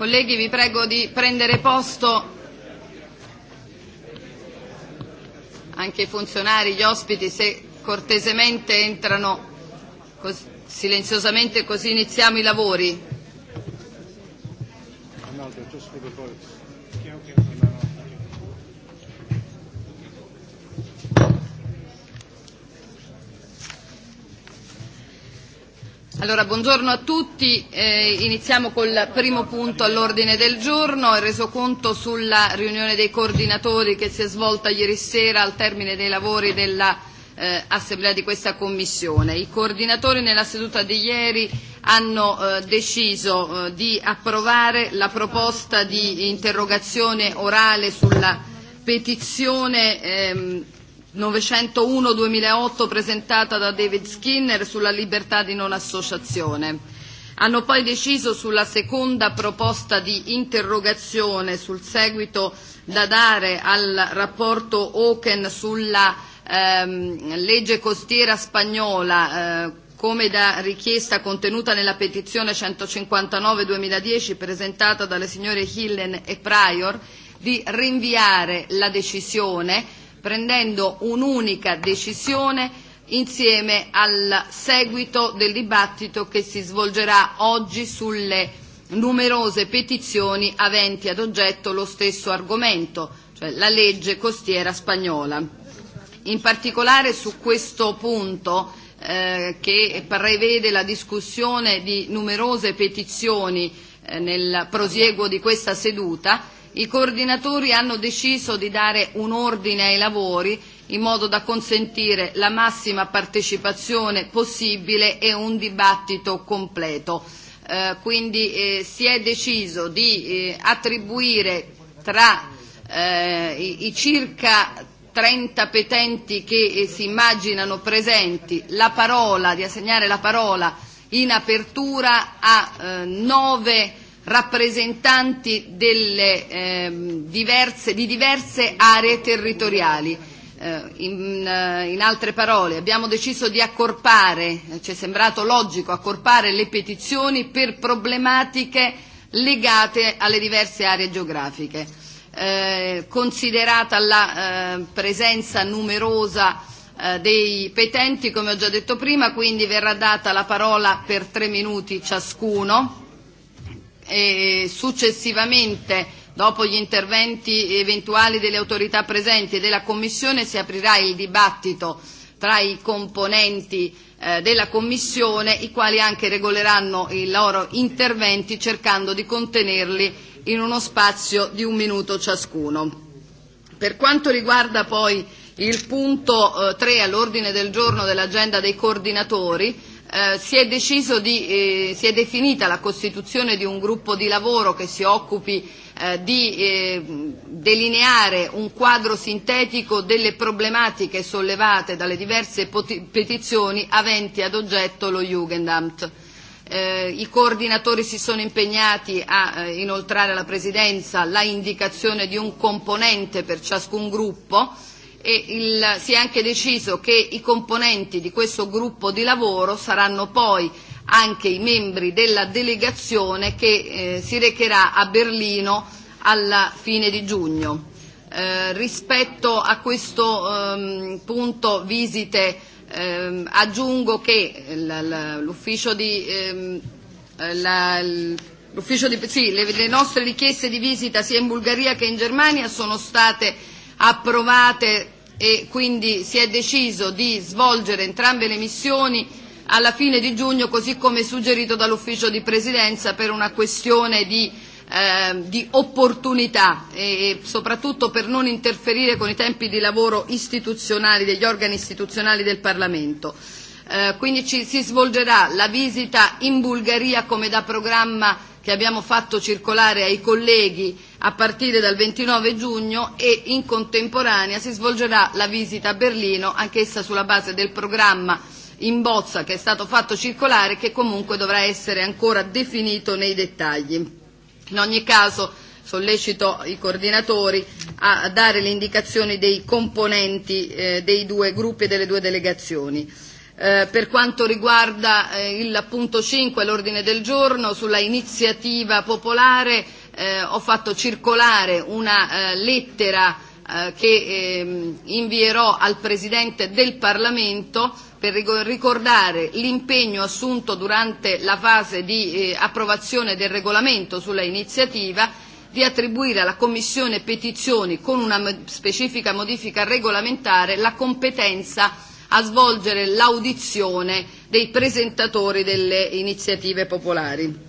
Colleghi, vi prego di prendere posto. Anche i funzionari, gli ospiti, se cortesemente entrano cos- silenziosamente così iniziamo i lavori. Allora, buongiorno a tutti. Eh, iniziamo col primo punto all'ordine del giorno, il resoconto sulla riunione dei coordinatori che si è svolta ieri sera al termine dei lavori dell'assemblea eh, di questa commissione. I coordinatori nella seduta di ieri hanno eh, deciso eh, di approvare la proposta di interrogazione orale sulla petizione ehm, 901-2008 presentata da David Skinner sulla libertà di non associazione. Hanno poi deciso sulla seconda proposta di interrogazione sul seguito da dare al rapporto Oken sulla ehm, legge costiera spagnola eh, come da richiesta contenuta nella petizione 159-2010 presentata dalle signore Hillen e Pryor, di rinviare la decisione prendendo un'unica decisione insieme al seguito del dibattito che si svolgerà oggi sulle numerose petizioni aventi ad oggetto lo stesso argomento, cioè la legge costiera spagnola. In particolare su questo punto eh, che prevede la discussione di numerose petizioni eh, nel prosieguo di questa seduta, I coordinatori hanno deciso di dare un ordine ai lavori in modo da consentire la massima partecipazione possibile e un dibattito completo. Eh, quindi eh, si è deciso di eh, attribuire tra eh, i, i circa 30 petenti che eh, si immaginano presenti la parola, di assegnare la parola in apertura a eh, 9 rappresentanti delle, eh, diverse, di diverse aree territoriali. Eh, in, eh, in altre parole, abbiamo deciso di accorpare, eh, ci è sembrato logico accorpare le petizioni per problematiche legate alle diverse aree geografiche. Eh, considerata la eh, presenza numerosa eh, dei petenti, come ho già detto prima, quindi verrà data la parola per tre minuti ciascuno E, e successivamente Dopo gli interventi eventuali delle autorità presenti e della Commissione si aprirà il dibattito tra i componenti eh, della Commissione, i quali anche regoleranno i loro interventi cercando di contenerli in uno spazio di un minuto ciascuno. Per quanto riguarda poi il punto eh, 3 all'ordine del giorno dell'agenda dei coordinatori, eh, si è deciso di, eh, si è definita la costituzione di un gruppo di lavoro che si occupi eh, di eh, delineare un quadro sintetico delle problematiche sollevate dalle diverse petizioni aventi ad oggetto lo Jugendamt. Eh, I coordinatori si sono impegnati a eh, inoltrare alla Presidenza la indicazione di un componente per ciascun gruppo e il, si è anche deciso che i componenti di questo gruppo di lavoro saranno poi anche i membri della delegazione che eh, si recherà a Berlino alla fine di giugno. Eh, rispetto a questo ehm, punto visite ehm, aggiungo che l'ufficio di, ehm, la, di sì, le, le nostre richieste di visita sia in Bulgaria che in Germania sono state approvate e quindi si è deciso di svolgere entrambe le missioni alla fine di giugno così come suggerito dall'ufficio di presidenza per una questione di, eh, di opportunità e, e soprattutto per non interferire con i tempi di lavoro istituzionali degli organi istituzionali del Parlamento. Eh, quindi ci, si svolgerà la visita in Bulgaria come da programma che abbiamo fatto circolare ai colleghi a partire dal 29 giugno e in contemporanea si svolgerà la visita a Berlino, anch'essa sulla base del programma in bozza che è stato fatto circolare e che comunque dovrà essere ancora definito nei dettagli. In ogni caso sollecito i coordinatori a dare le indicazioni dei componenti eh, dei due gruppi e delle due delegazioni. Eh, per quanto riguarda eh, il punto 5, l'ordine del giorno, sulla iniziativa popolare, eh, eh, ho fatto circolare una eh, lettera eh, che eh, invierò al Presidente del Parlamento per ricordare l'impegno assunto durante la fase di eh, approvazione del regolamento sulla iniziativa di attribuire alla Commissione petizioni con una specifica modifica regolamentare la competenza a svolgere l'audizione dei presentatori delle iniziative popolari.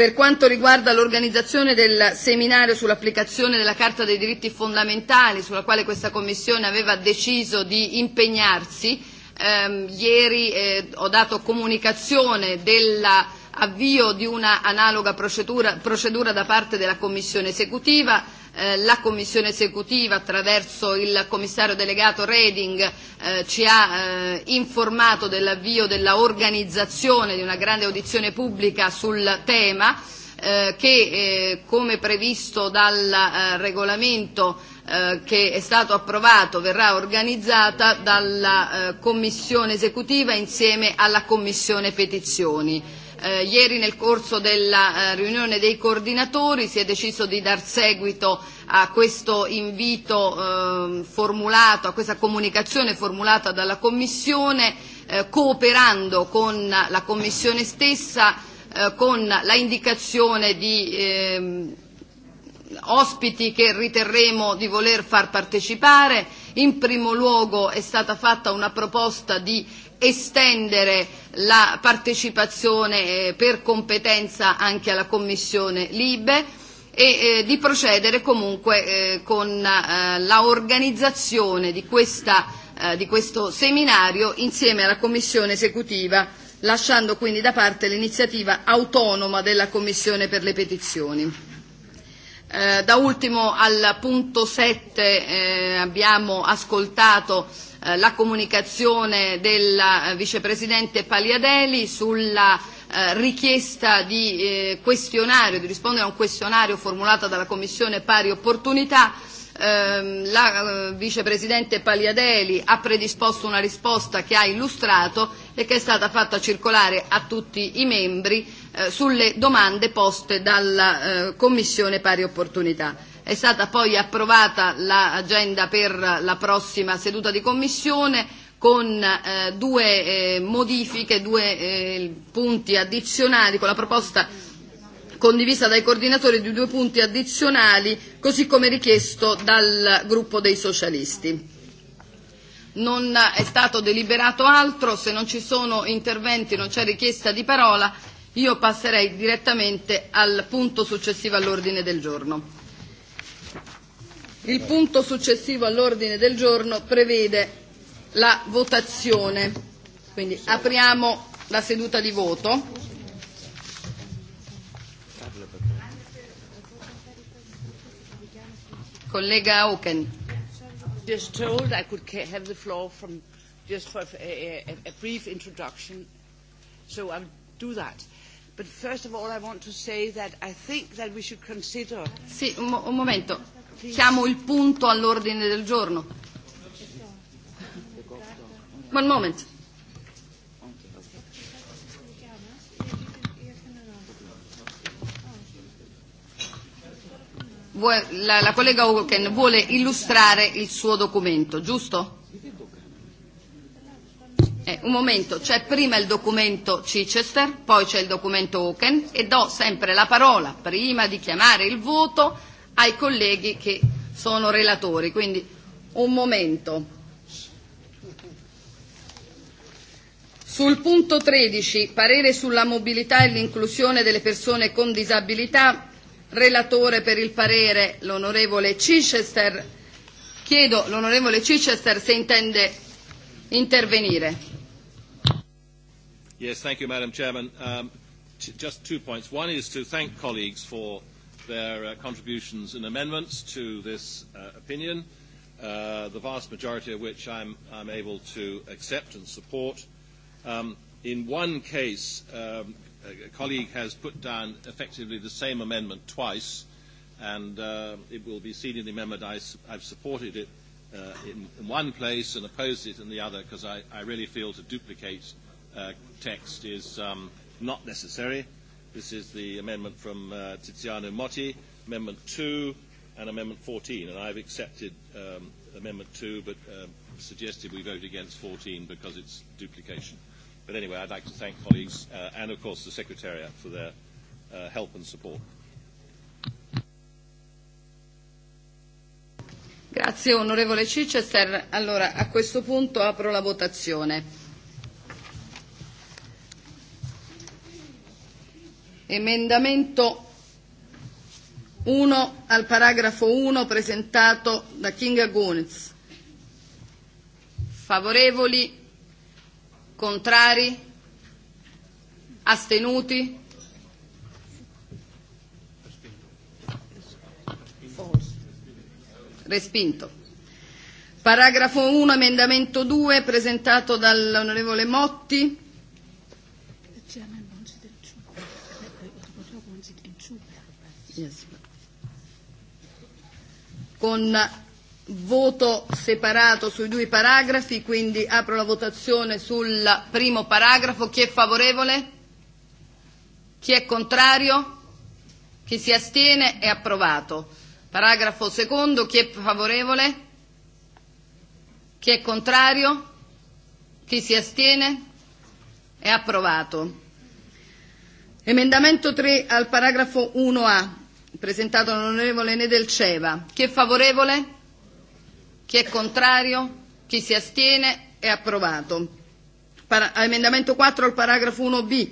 Per quanto riguarda l'organizzazione del seminario sull'applicazione della Carta dei diritti fondamentali, sulla quale questa Commissione aveva deciso di impegnarsi, ehm, ieri eh, ho dato comunicazione dell'avvio di una analoga procedura, procedura da parte della Commissione esecutiva Eh, la Commissione esecutiva attraverso il commissario delegato Reding eh, ci ha eh, informato dell'avvio dell'organizzazione di una grande audizione pubblica sul tema eh, che eh, come previsto dal eh, regolamento eh, che è stato approvato verrà organizzata dalla eh, Commissione esecutiva insieme alla Commissione petizioni. Eh, ieri nel corso della eh, riunione dei coordinatori si è deciso di dar seguito a questo invito eh, formulato, a questa comunicazione formulata dalla Commissione, eh, cooperando con la Commissione stessa eh, con la indicazione di eh, ospiti che riterremo di voler far partecipare. In primo luogo è stata fatta una proposta di estendere la partecipazione eh, per competenza anche alla Commissione Libe e eh, di procedere comunque eh, con eh, la organizzazione di, questa, eh, di questo seminario insieme alla Commissione esecutiva, lasciando quindi da parte l'iniziativa autonoma della Commissione per le petizioni. Eh, da ultimo al punto 7 eh, abbiamo ascoltato Eh, la comunicazione del eh, vicepresidente Pagliadeli sulla eh, richiesta di questionario, di rispondere a un questionario formulato dalla Commissione Pari Opportunità. Ehm, la vicepresidente Pagliadeli ha predisposto una risposta che ha illustrato e che è stata fatta circolare a tutti i membri sulle domande poste dalla Commissione Pari Opportunità. È stata poi approvata l'agenda per la prossima seduta di commissione con eh, due eh, modifiche, due eh, punti addizionali, con la proposta condivisa dai coordinatori di due punti addizionali, così come richiesto dal gruppo dei socialisti. Non è stato deliberato altro, se non ci sono interventi, non c'è richiesta di parola, io passerei direttamente al punto successivo all'ordine del giorno Il punto successivo all'ordine del giorno prevede la votazione. Quindi apriamo la seduta di voto. Collega Auken. Just told I could have the floor from just for a, a, a brief introduction, so I'll do that. But first of all, I want to say that I think that we should consider. Sì, un, mo- un momento. Siamo il punto all'ordine del giorno. One moment. La, la collega Oken vuole illustrare il suo documento, giusto? Eh, un momento, c'è prima il documento Chichester, poi c'è il documento Oken e do sempre la parola, prima di chiamare il voto, ai colleghi che sono relatori. Quindi un momento. Sul punto 13, parere sulla mobilità e l'inclusione delle persone con disabilità, relatore per il parere l'onorevole Cicester. Chiedo l'onorevole Cicester se intende intervenire. Yes, thank you, Madam Chairman. Um, just two points. One is to thank colleagues for their uh, contributions and amendments to this uh, opinion, uh, the vast majority of which I'm, I'm able to accept and support. Um, in one case, um, a colleague has put down effectively the same amendment twice, and uh, it will be seen in the amendment I, I've supported it uh, in, in one place and opposed it in the other because I, I really feel to duplicate uh, text is um, not necessary. Uh, This is the amendment from uh, Tiziano Motti, Amendment 2 and Amendment 14. And I've accepted um, Amendment 2 but uh, suggested we vote against 14 because it's duplication. But anyway, I'd like to thank colleagues uh, and, of course, the Secretariat for their uh, help and support. Grazie onorevole Cicester. Allora, a questo punto apro la votazione. Emendamento 1 al paragrafo 1 presentato da King Gunz. Favorevoli? Contrari? Astenuti? Respinto. Paragrafo 1, emendamento 2, presentato dall'onorevole Motti. con voto separato sui due paragrafi, quindi apro la votazione sul primo paragrafo. Chi è favorevole? Chi è contrario? Chi si astiene? È approvato. Paragrafo secondo. Chi è favorevole? Chi è contrario? Chi si astiene? È approvato. Emendamento 3 al paragrafo 1A presentato l'onorevole Nedelceva. Chi è favorevole? Chi è contrario? Chi si astiene? È approvato. Para- emendamento 4 al paragrafo 1b,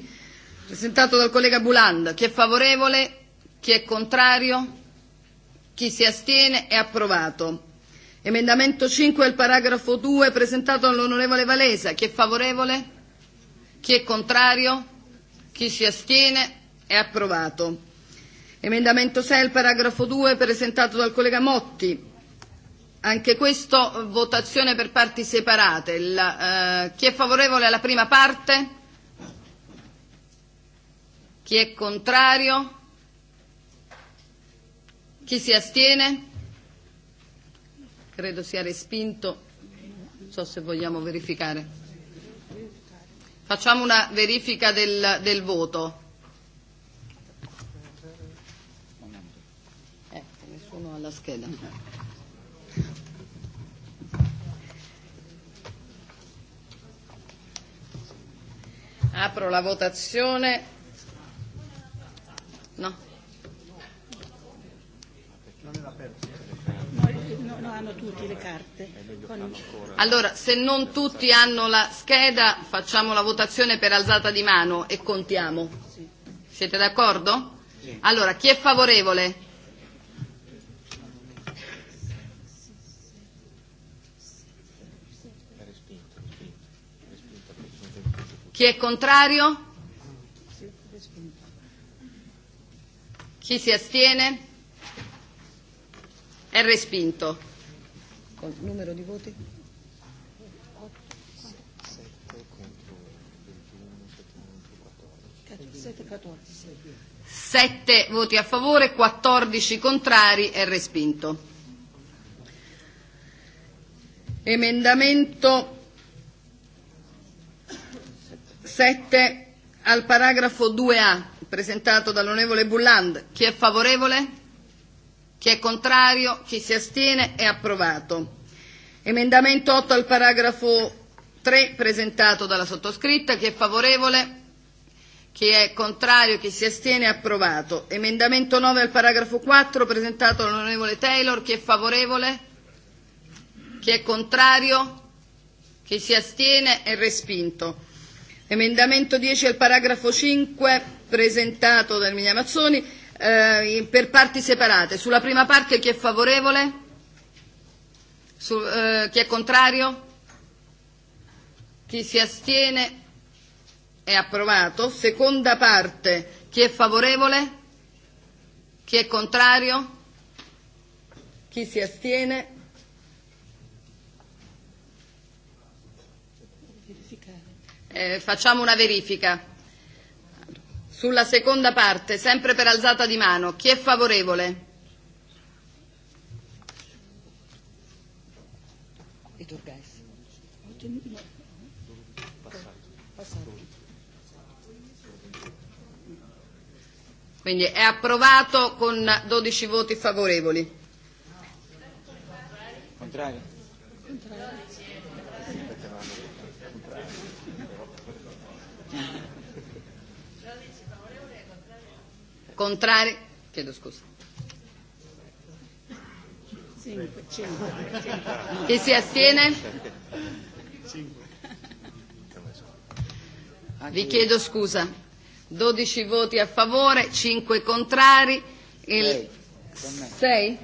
presentato dal collega Buland. Chi è favorevole? Chi è contrario? Chi si astiene? È approvato. Emendamento 5 al paragrafo 2, presentato dall'onorevole Valesa. Chi è favorevole? Chi è contrario? Chi si astiene? È approvato. Emendamento 6 al paragrafo 2 presentato dal collega Motti. Anche questo votazione per parti separate. Il, eh, chi è favorevole alla prima parte? Chi è contrario? Chi si astiene? Credo sia respinto. Non so se vogliamo verificare. Facciamo una verifica del, del voto. sulla scheda. Apro la votazione. No. no, hanno tutti le carte. Con... Allora, se non tutti hanno la scheda, facciamo la votazione per alzata di mano e contiamo. Siete d'accordo? Allora, chi è favorevole? Chi è contrario? Chi si astiene? È respinto. Con numero di voti? 7 voti a favore, 14 contrari, è respinto. Emendamento 7 al paragrafo 2A presentato dall'onorevole Bulland. Chi è favorevole? Chi è contrario? Chi si astiene? È approvato. Emendamento 8 al paragrafo 3 presentato dalla sottoscritta. Chi è favorevole? Chi è contrario? Chi si astiene? È approvato. Emendamento 9 al paragrafo 4 presentato dall'onorevole Taylor. Chi è favorevole? Chi è contrario? Chi si astiene? È respinto. Emendamento 10 al paragrafo 5 presentato da Emilia Mazzoni eh, per parti separate. Sulla prima parte chi è favorevole? Su, eh, chi è contrario? Chi si astiene? È approvato. Seconda parte. Chi è favorevole? Chi è contrario? Chi si astiene? eh, facciamo una verifica. Sulla seconda parte, sempre per alzata di mano, chi è favorevole? Quindi è approvato con 12 voti favorevoli. Contrario. Contrario. Contrari? Chiedo scusa. Chi si astiene? Vi chiedo scusa. 12 voti a favore, 5 contrari. Il 6?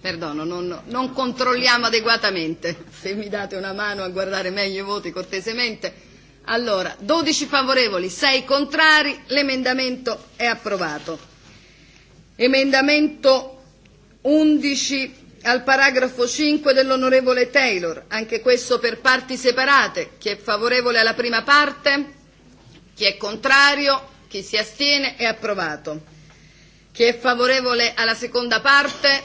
Perdono, non, non controlliamo adeguatamente. Se mi date una mano a guardare meglio i voti cortesemente. Allora, 12 favorevoli, 6 contrari, l'emendamento è approvato. Emendamento 11 al paragrafo 5 dell'onorevole Taylor, anche questo per parti separate. Chi è favorevole alla prima parte? Chi è contrario? Chi si astiene? È approvato. Chi è favorevole alla seconda parte?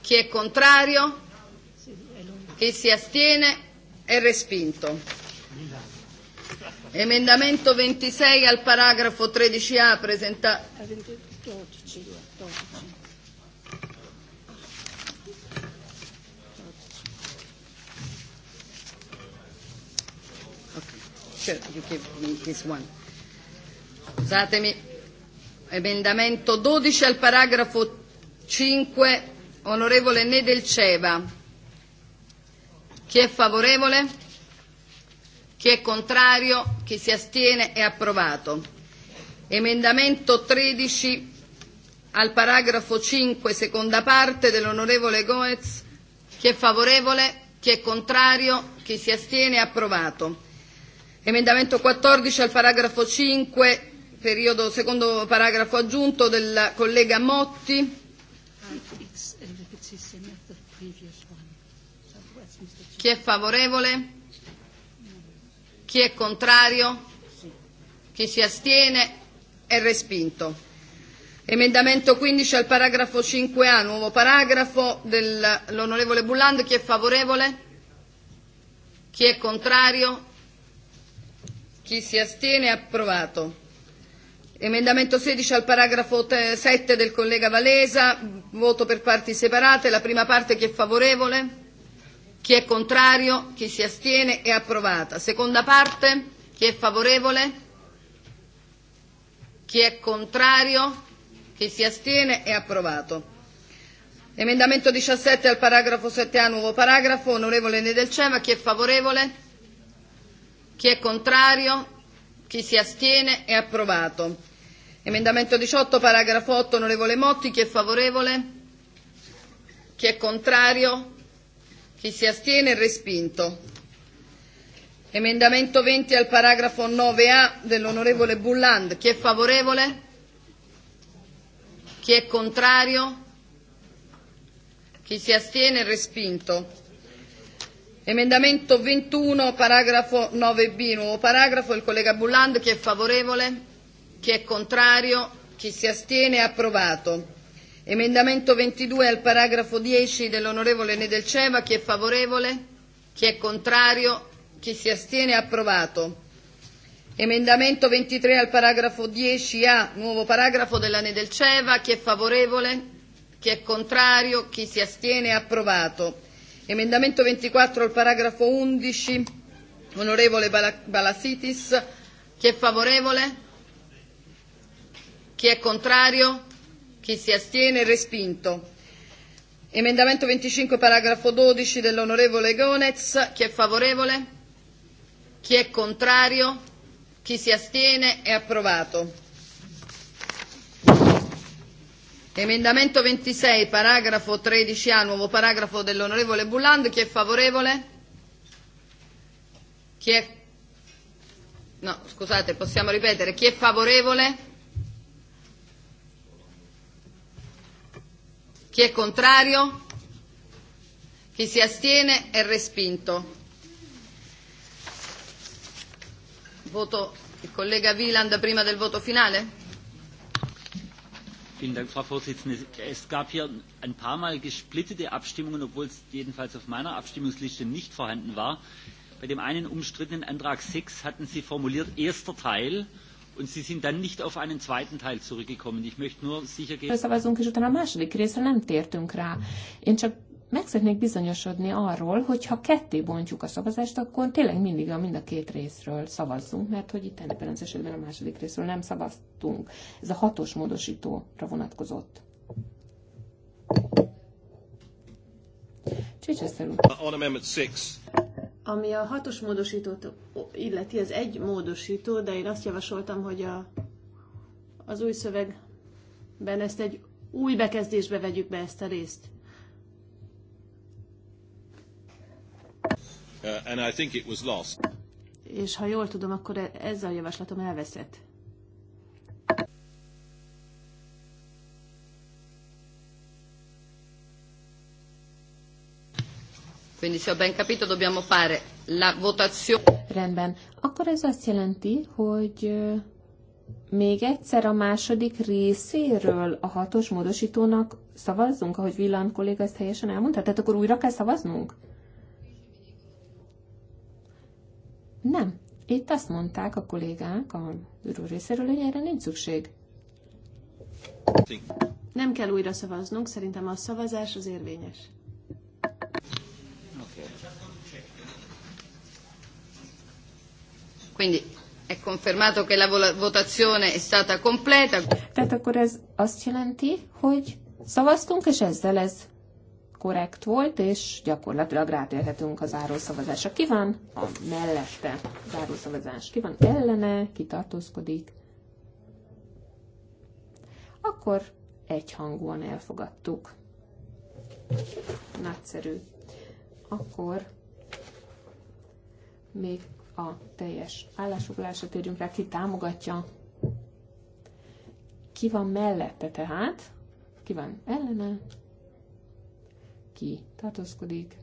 Chi è contrario? Chi si astiene? È respinto. Emendamento 26 al paragrafo 13A presentato. Scusatemi. Emendamento 12 al paragrafo 5, onorevole Nedelceva. Chi è favorevole? Chi è contrario? Chi si astiene? È approvato. Emendamento 13 al paragrafo 5, seconda parte dell'onorevole Goetz. Chi è favorevole? Chi è contrario? Chi si astiene? È approvato. Emendamento 14 al paragrafo 5, periodo, secondo paragrafo aggiunto del collega Motti. Chi è favorevole? Chi è contrario? Chi si astiene? È respinto. Emendamento 15 al paragrafo 5A, nuovo paragrafo dell'onorevole Bulland. Chi è favorevole? Chi è contrario? Chi si astiene? Approvato. Emendamento 16 al paragrafo 7 del collega Valesa, voto per parti separate. La prima parte chi è favorevole? Chi è contrario? Chi si astiene? È approvata. Seconda parte? Chi è favorevole? Chi è contrario? Chi si astiene? È approvato. Emendamento 17 al paragrafo 7a, nuovo paragrafo. Onorevole Nedelceva, chi è favorevole? Chi è contrario? Chi si astiene? È approvato. Emendamento 18, paragrafo 8, onorevole Motti, chi è favorevole? Chi è contrario? Chi si astiene è respinto. Emendamento 20 al paragrafo 9A dell'onorevole Bulland. Chi è favorevole? Chi è contrario? Chi si astiene è respinto. Emendamento 21, paragrafo 9b, nuovo paragrafo, il collega Bulland. Chi è favorevole? Chi è contrario? Chi si astiene è approvato. Emendamento 22 al paragrafo 10 dell'onorevole Nedelceva, chi è favorevole? Chi è contrario? Chi si astiene? Approvato. Emendamento 23 al paragrafo 10a, nuovo paragrafo della Nedelceva, chi è favorevole? Chi è contrario? Chi si astiene? Approvato. Emendamento 24 al paragrafo 11, onorevole Balasitis, chi è favorevole? Chi è contrario? Chi si astiene? Respinto. Emendamento 25, paragrafo 12 dell'onorevole Gonez. Chi è favorevole? Chi è contrario? Chi si astiene? È approvato. Emendamento 26, paragrafo 13a, nuovo paragrafo dell'onorevole Bulland. Chi è favorevole? Chi è... No, scusate, possiamo ripetere. Chi è favorevole? Chi è contrario? Chi si astiene è respinto. Voto il collega Wieland prima del voto finale. Vielen Dank, Frau Vorsitzende. Es gab hier ein paar Mal gesplittete Abstimmungen, obwohl es jedenfalls auf meiner Abstimmungsliste nicht vorhanden war. Bei dem einen umstrittenen Antrag 6 hatten Sie formuliert, erster Teil, und sie sind dann nicht auf einen zweiten Teil zurückgekommen. Ich möchte nur sicher gehen. Szavazunk, és utána a második részre nem tértünk rá. Én csak meg szeretnék bizonyosodni arról, hogy ha ketté bontjuk a szavazást, akkor tényleg mindig a mind a két részről szavazzunk, mert hogy itt ebben az esetben a második részről nem szavaztunk. Ez a hatos módosítóra vonatkozott. Chichester úr. On amendment ami a hatos módosítót illeti, ez egy módosító, de én azt javasoltam, hogy a, az új szövegben ezt egy új bekezdésbe vegyük be ezt a részt. Uh, and I think it was lost. És ha jól tudom, akkor e- ezzel a javaslatom elveszett. Quindi se ho ben capito dobbiamo fare la votazione. Rendben. Akkor ez azt jelenti, hogy még egyszer a második részéről a hatos módosítónak szavazzunk, ahogy Villan kolléga ezt helyesen elmondta? Tehát akkor újra kell szavaznunk? Nem. Itt azt mondták a kollégák a bűrő részéről, hogy erre nincs szükség. Nem kell újra szavaznunk, szerintem a szavazás az érvényes. Quindi è confermato che la votazione è stata completa. Tehát akkor ez azt jelenti, hogy szavaztunk, és ezzel ez korrekt volt, és gyakorlatilag rátérhetünk a zárószavazásra. Ki van a mellette zárószavazás? Ki van ellene? Ki tartózkodik? Akkor egyhangúan elfogadtuk. Nagyszerű. Akkor még a teljes állásfoglalásra térjünk rá, ki támogatja, ki van mellette tehát, ki van ellene, ki tartózkodik.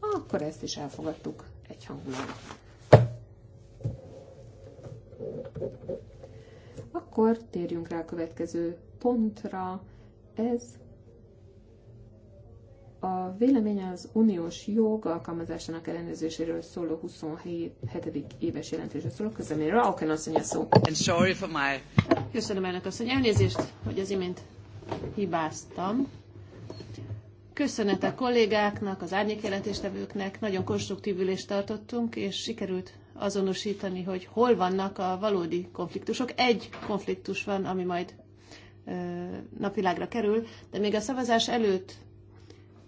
Akkor ezt is elfogadtuk hangulat. Akkor térjünk rá a következő pontra. Ez a vélemény az uniós jog alkalmazásának ellenőrzéséről szóló 27. éves jelentésről szóló közleményről. Auken asszony a szó. And sorry for my... Köszönöm elnök asszony. Elnézést, hogy az imént hibáztam. Köszönet a kollégáknak, az árnyékjelentéstevőknek, nagyon konstruktív ülést tartottunk, és sikerült azonosítani, hogy hol vannak a valódi konfliktusok. Egy konfliktus van, ami majd ö, napvilágra kerül, de még a szavazás előtt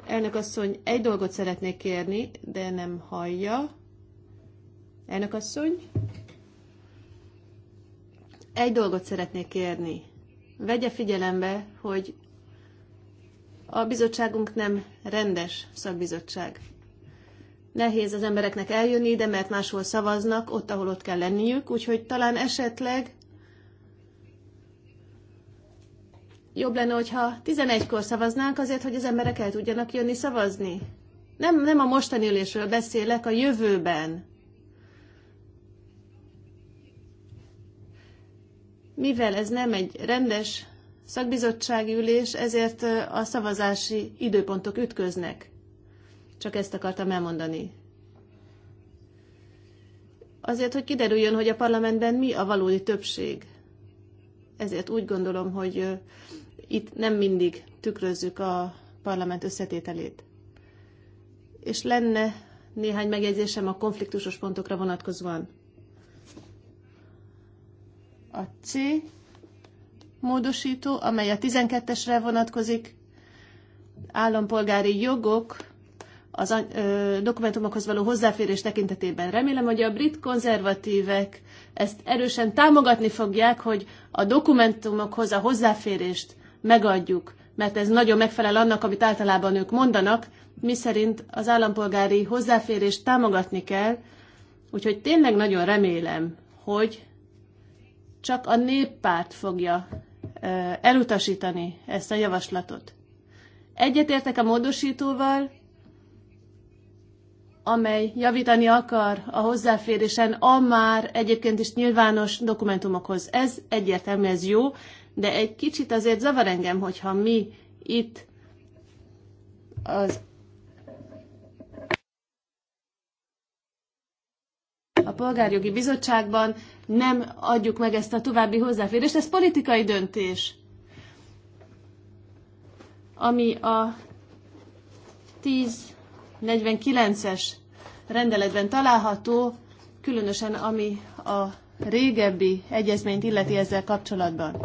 Elnök asszony, egy dolgot szeretnék kérni, de nem hallja. Elnök asszony, egy dolgot szeretnék kérni. Vegye figyelembe, hogy a bizottságunk nem rendes szakbizottság. Nehéz az embereknek eljönni ide, mert máshol szavaznak, ott, ahol ott kell lenniük, úgyhogy talán esetleg jobb lenne, hogyha 11-kor szavaznánk azért, hogy az emberek el tudjanak jönni szavazni. Nem, nem a mostani ülésről beszélek, a jövőben. Mivel ez nem egy rendes szakbizottsági ülés, ezért a szavazási időpontok ütköznek. Csak ezt akartam elmondani. Azért, hogy kiderüljön, hogy a parlamentben mi a valódi többség. Ezért úgy gondolom, hogy itt nem mindig tükrözzük a parlament összetételét. És lenne néhány megjegyzésem a konfliktusos pontokra vonatkozóan. A C módosító, amely a 12-esre vonatkozik, állampolgári jogok az ö, dokumentumokhoz való hozzáférés tekintetében. Remélem, hogy a brit konzervatívek ezt erősen támogatni fogják, hogy a dokumentumokhoz a hozzáférést megadjuk, mert ez nagyon megfelel annak, amit általában ők mondanak, miszerint az állampolgári hozzáférést támogatni kell, úgyhogy tényleg nagyon remélem, hogy csak a néppárt fogja elutasítani ezt a javaslatot. Egyetértek a módosítóval, amely javítani akar a hozzáférésen a már egyébként is nyilvános dokumentumokhoz. Ez egyértelmű, ez jó, de egy kicsit azért zavar engem, hogyha mi itt az a Polgárjogi Bizottságban nem adjuk meg ezt a további hozzáférést. Ez politikai döntés, ami a 1049-es rendeletben található, különösen ami a régebbi egyezményt illeti ezzel kapcsolatban.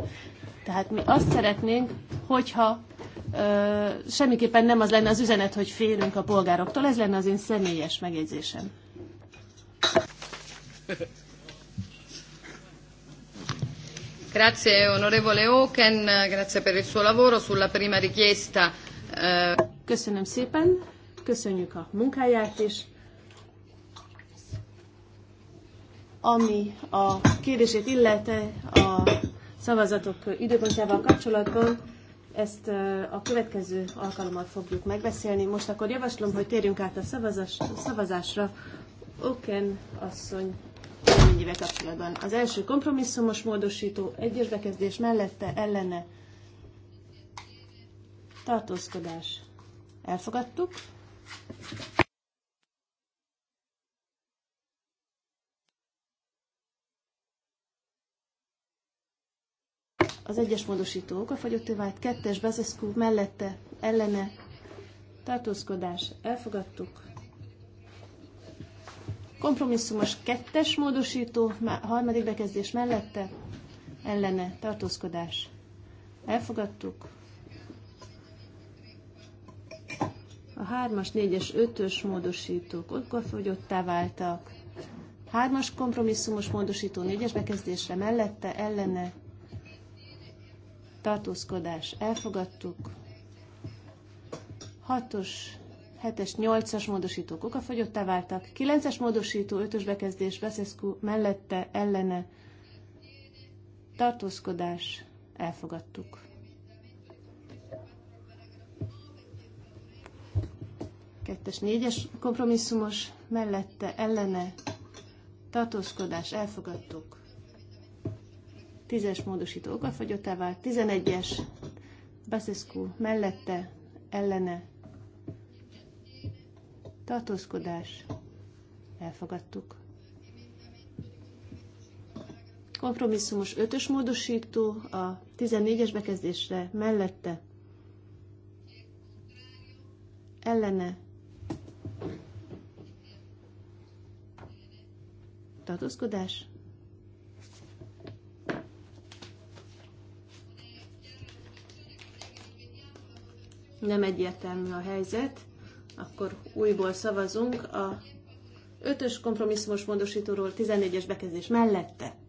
Tehát mi azt szeretnénk, hogyha ö, semmiképpen nem az lenne az üzenet, hogy félünk a polgároktól. Ez lenne az én személyes megjegyzésem. Grazie onorevole Oken, grazie per il suo lavoro sulla prima richiesta. Eh, Köszönöm szépen, köszönjük a munkáját is. Ami a kérdését illete a szavazatok időpontjával kapcsolatban ezt a következő alkalommal fogjuk megbeszélni. Most akkor javaslom, hogy térjünk át a szavazás, szavazásra. Oken asszony véleményével kapcsolatban. Az első kompromisszumos módosító egyesbekezdés mellette ellene tartózkodás. Elfogadtuk. az egyes módosító okafogyottá vált, kettes Bezeszkú mellette, ellene, tartózkodás, elfogadtuk. Kompromisszumos kettes módosító, harmadik bekezdés mellette, ellene, tartózkodás, elfogadtuk. A hármas, négyes, ötös módosítók okafogyottá váltak. Hármas kompromisszumos módosító négyes bekezdésre mellette, ellene, tartózkodás elfogadtuk. 6-os, 7-es, 8-as módosítók okafogyottá váltak. 9-es módosító, 5-ös bekezdés, Veszeszkú mellette, ellene tartózkodás elfogadtuk. Kettes, négyes kompromisszumos mellette, ellene tartózkodás elfogadtuk. 10-es módosító okafogyottá vált, 11-es Basescu mellette, ellene, tartózkodás, elfogadtuk. Kompromisszumos 5-ös módosító a 14-es bekezdésre mellette, ellene, tartózkodás, nem egyértelmű a helyzet, akkor újból szavazunk a 5-ös kompromisszumos módosítóról 14-es bekezdés mellette.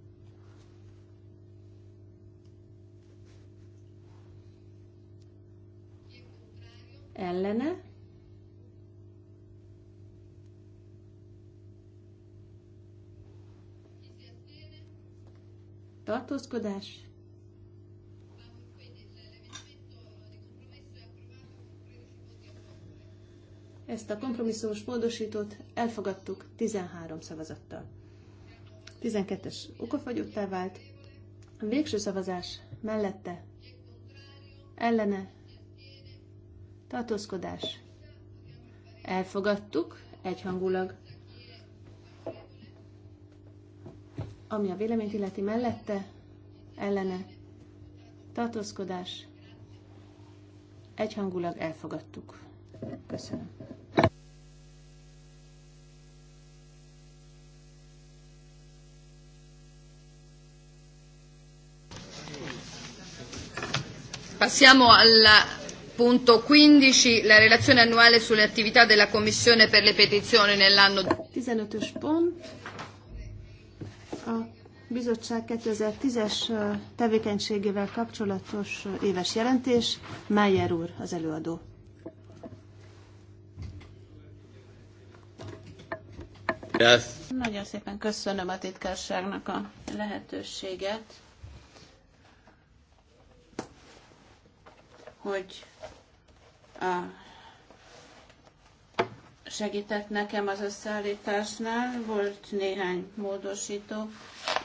Ellene. Tartózkodás. Ezt a kompromisszumos módosítót elfogadtuk 13 szavazattal. 12-es okafagyottá vált. A végső szavazás mellette ellene tartózkodás. Elfogadtuk egyhangulag. Ami a véleményt illeti mellette ellene tartózkodás. Egyhangulag elfogadtuk. Köszönöm. Passiamo al punto 15, la relazione annuale sulle attività della Commissione per le petizioni nell'anno A bizottság 2010-es tevékenységével kapcsolatos éves jelentés, Meyer úr az előadó. Yes. Nagyon szépen köszönöm a titkárságnak a lehetőséget hogy a segített nekem az összeállításnál, volt néhány módosító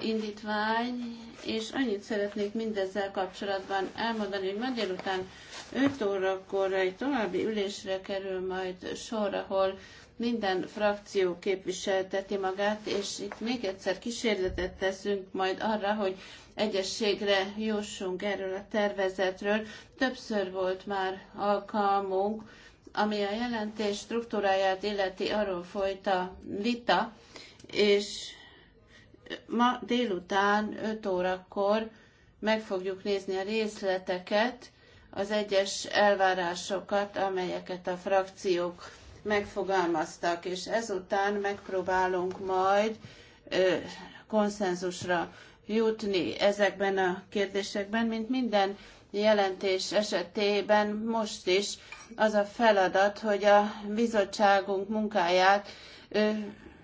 indítvány, és annyit szeretnék mindezzel kapcsolatban elmondani, hogy ma délután 5 órakor egy további ülésre kerül majd sor, ahol minden frakció képviselteti magát, és itt még egyszer kísérletet teszünk majd arra, hogy egyességre jussunk erről a tervezetről. Többször volt már alkalmunk, ami a jelentés struktúráját illeti, arról folyt a vita, és ma délután 5 órakor meg fogjuk nézni a részleteket, az egyes elvárásokat, amelyeket a frakciók megfogalmaztak, és ezután megpróbálunk majd ö, konszenzusra jutni ezekben a kérdésekben, mint minden jelentés esetében most is az a feladat, hogy a bizottságunk munkáját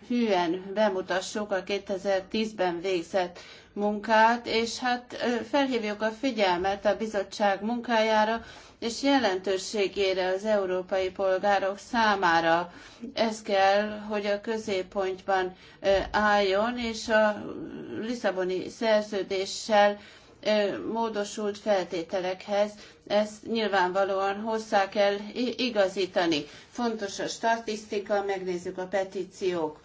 hűen bemutassuk a 2010-ben végzett munkát, és hát felhívjuk a figyelmet a bizottság munkájára és jelentőségére az európai polgárok számára. Ez kell, hogy a középpontban álljon, és a Lisszaboni szerződéssel módosult feltételekhez. Ezt nyilvánvalóan hozzá kell igazítani. Fontos a statisztika, megnézzük a petíciók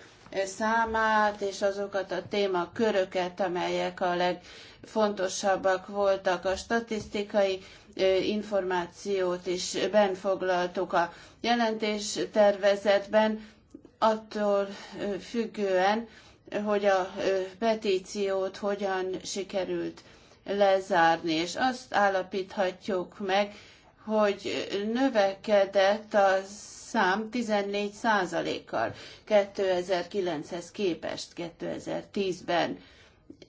számát és azokat a témaköröket, amelyek a legfontosabbak voltak. A statisztikai információt is benfoglaltuk a jelentés tervezetben, attól függően, hogy a petíciót hogyan sikerült lezárni, és azt állapíthatjuk meg, hogy növekedett az szám 14 kal 2009-hez képest 2010-ben.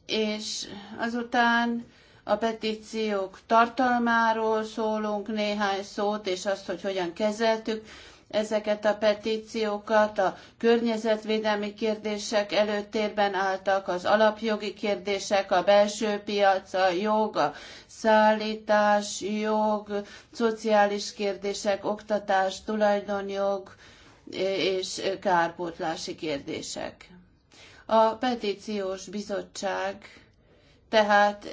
És azután a petíciók tartalmáról szólunk néhány szót, és azt, hogy hogyan kezeltük ezeket a petíciókat, a környezetvédelmi kérdések előtérben álltak, az alapjogi kérdések, a belső piac, a jog, a szállítás, jog, szociális kérdések, oktatás, tulajdonjog és kárpótlási kérdések. A petíciós bizottság tehát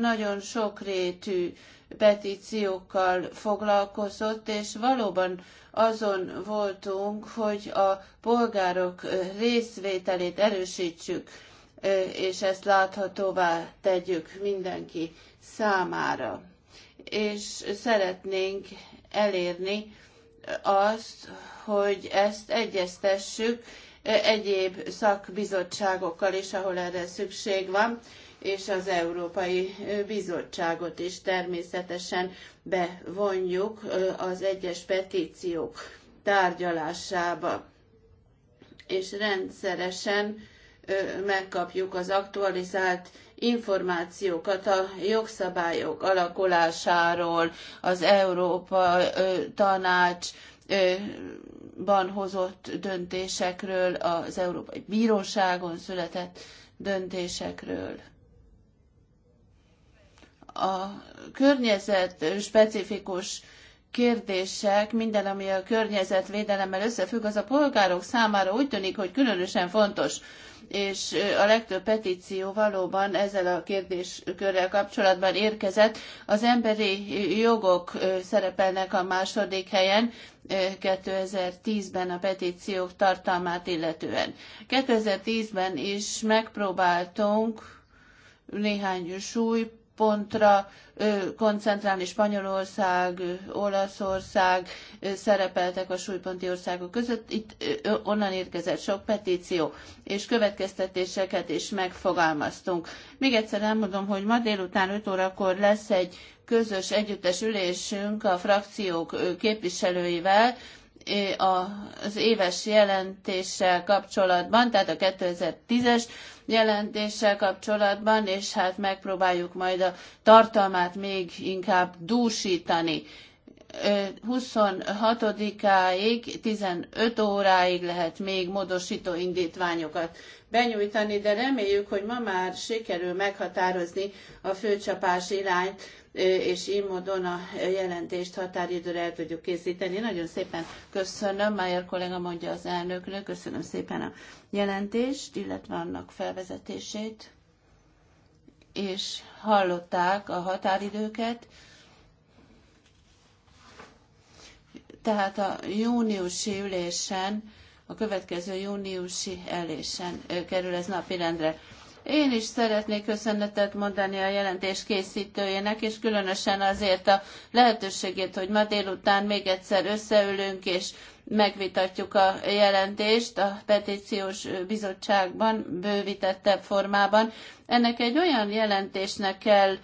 nagyon sokrétű petíciókkal foglalkozott, és valóban azon voltunk, hogy a polgárok részvételét erősítsük, és ezt láthatóvá tegyük mindenki számára. És szeretnénk elérni azt, hogy ezt egyeztessük egyéb szakbizottságokkal is, ahol erre szükség van, és az Európai Bizottságot is természetesen bevonjuk az egyes petíciók tárgyalásába. És rendszeresen megkapjuk az aktualizált információkat a jogszabályok alakulásáról, az Európa tanácsban hozott döntésekről, az Európai Bíróságon született döntésekről a környezet specifikus kérdések, minden, ami a környezetvédelemmel összefügg, az a polgárok számára úgy tűnik, hogy különösen fontos, és a legtöbb petíció valóban ezzel a kérdéskörrel kapcsolatban érkezett. Az emberi jogok szerepelnek a második helyen 2010-ben a petíciók tartalmát illetően. 2010-ben is megpróbáltunk néhány súly pontra koncentrálni Spanyolország, Olaszország szerepeltek a súlyponti országok között. Itt onnan érkezett sok petíció és következtetéseket is megfogalmaztunk. Még egyszer elmondom, hogy ma délután 5 órakor lesz egy közös együttes ülésünk a frakciók képviselőivel, az éves jelentéssel kapcsolatban, tehát a 2010-es jelentéssel kapcsolatban, és hát megpróbáljuk majd a tartalmát még inkább dúsítani. 26-áig, 15 óráig lehet még módosító indítványokat benyújtani, de reméljük, hogy ma már sikerül meghatározni a főcsapás irányt és így módon a jelentést határidőre el tudjuk készíteni. Nagyon szépen köszönöm, Májer kollega mondja az elnöknek, köszönöm szépen a jelentést, illetve annak felvezetését, és hallották a határidőket. Tehát a júniusi ülésen, a következő júniusi elésen kerül ez napirendre. rendre én is szeretnék köszönetet mondani a jelentés készítőjének, és különösen azért a lehetőségét, hogy ma délután még egyszer összeülünk, és megvitatjuk a jelentést a petíciós bizottságban, bővítettebb formában. Ennek egy olyan jelentésnek kell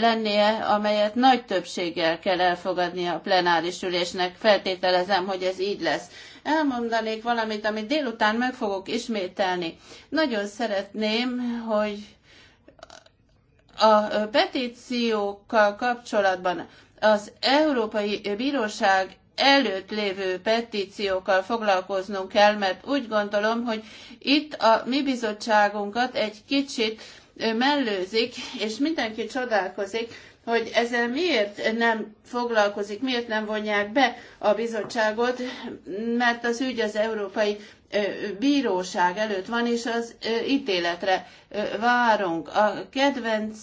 lennie, amelyet nagy többséggel kell elfogadnia a plenáris ülésnek. Feltételezem, hogy ez így lesz elmondanék valamit, amit délután meg fogok ismételni. Nagyon szeretném, hogy a petíciókkal kapcsolatban az Európai Bíróság előtt lévő petíciókkal foglalkoznunk kell, mert úgy gondolom, hogy itt a mi bizottságunkat egy kicsit mellőzik, és mindenki csodálkozik, hogy ezzel miért nem foglalkozik, miért nem vonják be a bizottságot, mert az ügy az Európai Bíróság előtt van, és az ítéletre várunk. A kedvenc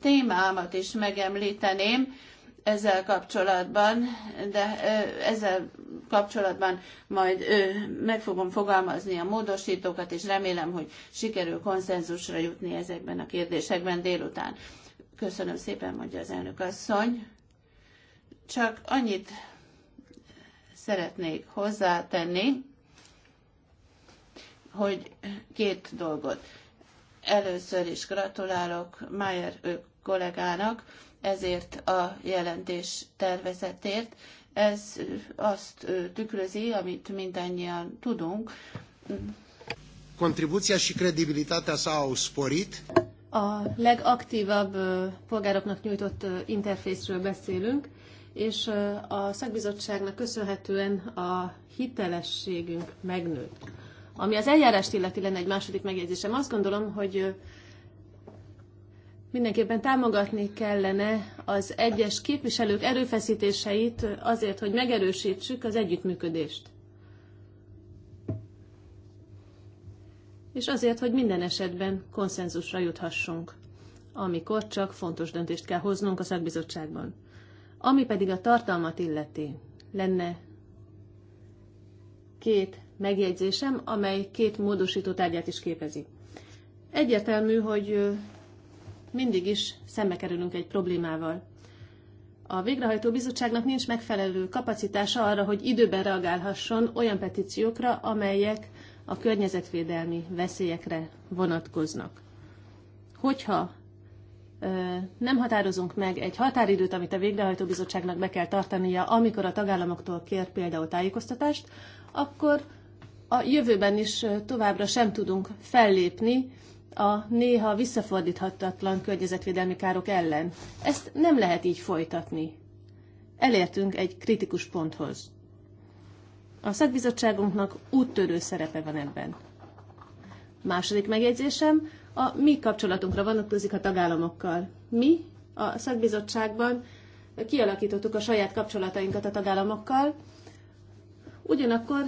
témámat is megemlíteném ezzel kapcsolatban, de ezzel kapcsolatban majd meg fogom fogalmazni a módosítókat, és remélem, hogy sikerül konszenzusra jutni ezekben a kérdésekben délután. Köszönöm szépen, mondja az elnök asszony. Csak annyit szeretnék hozzátenni, hogy két dolgot. Először is gratulálok Mayer ők kollégának ezért a jelentés tervezetért. Ez azt tükrözi, amit mindannyian tudunk. Contribuția și credibilitatea s-au sporit a legaktívabb polgároknak nyújtott interfészről beszélünk, és a szakbizottságnak köszönhetően a hitelességünk megnőtt. Ami az eljárást illeti lenne egy második megjegyzésem, azt gondolom, hogy mindenképpen támogatni kellene az egyes képviselők erőfeszítéseit azért, hogy megerősítsük az együttműködést. és azért, hogy minden esetben konszenzusra juthassunk, amikor csak fontos döntést kell hoznunk a szakbizottságban. Ami pedig a tartalmat illeti, lenne két megjegyzésem, amely két módosító tárgyát is képezi. Egyértelmű, hogy mindig is szembe kerülünk egy problémával. A végrehajtó bizottságnak nincs megfelelő kapacitása arra, hogy időben reagálhasson olyan petíciókra, amelyek a környezetvédelmi veszélyekre vonatkoznak. Hogyha nem határozunk meg egy határidőt, amit a végrehajtó bizottságnak be kell tartania, amikor a tagállamoktól kér például tájékoztatást, akkor a jövőben is továbbra sem tudunk fellépni a néha visszafordíthatatlan környezetvédelmi károk ellen. Ezt nem lehet így folytatni. Elértünk egy kritikus ponthoz. A szakbizottságunknak úttörő szerepe van ebben. Második megjegyzésem, a mi kapcsolatunkra vonatkozik a tagállamokkal. Mi a szakbizottságban kialakítottuk a saját kapcsolatainkat a tagállamokkal, ugyanakkor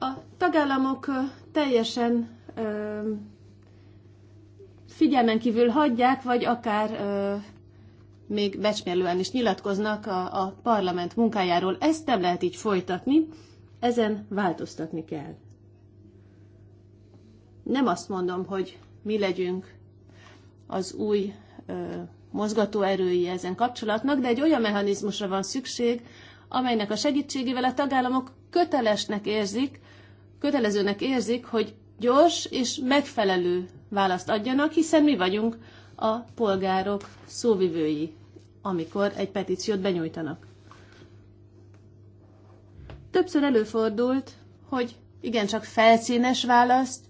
a tagállamok teljesen ö, figyelmen kívül hagyják, vagy akár ö, még becsmérlően is nyilatkoznak a, a parlament munkájáról. Ezt nem lehet így folytatni, ezen változtatni kell. Nem azt mondom, hogy mi legyünk az új ö, mozgatóerői ezen kapcsolatnak, de egy olyan mechanizmusra van szükség, amelynek a segítségével a tagállamok kötelesnek érzik, kötelezőnek érzik, hogy gyors és megfelelő választ adjanak, hiszen mi vagyunk a polgárok szóvivői, amikor egy petíciót benyújtanak. Többször előfordult, hogy igencsak felszínes választ,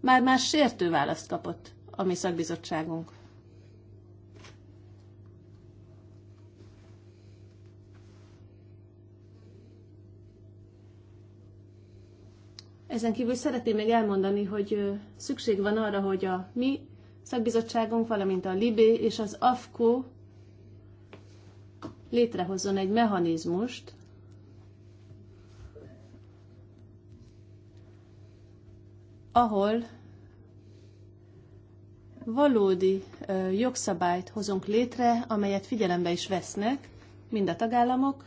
már más sértő választ kapott a mi szakbizottságunk. Ezen kívül szeretném még elmondani, hogy szükség van arra, hogy a mi szakbizottságunk, valamint a Libé és az AFKO létrehozzon egy mechanizmust, ahol valódi jogszabályt hozunk létre, amelyet figyelembe is vesznek mind a tagállamok,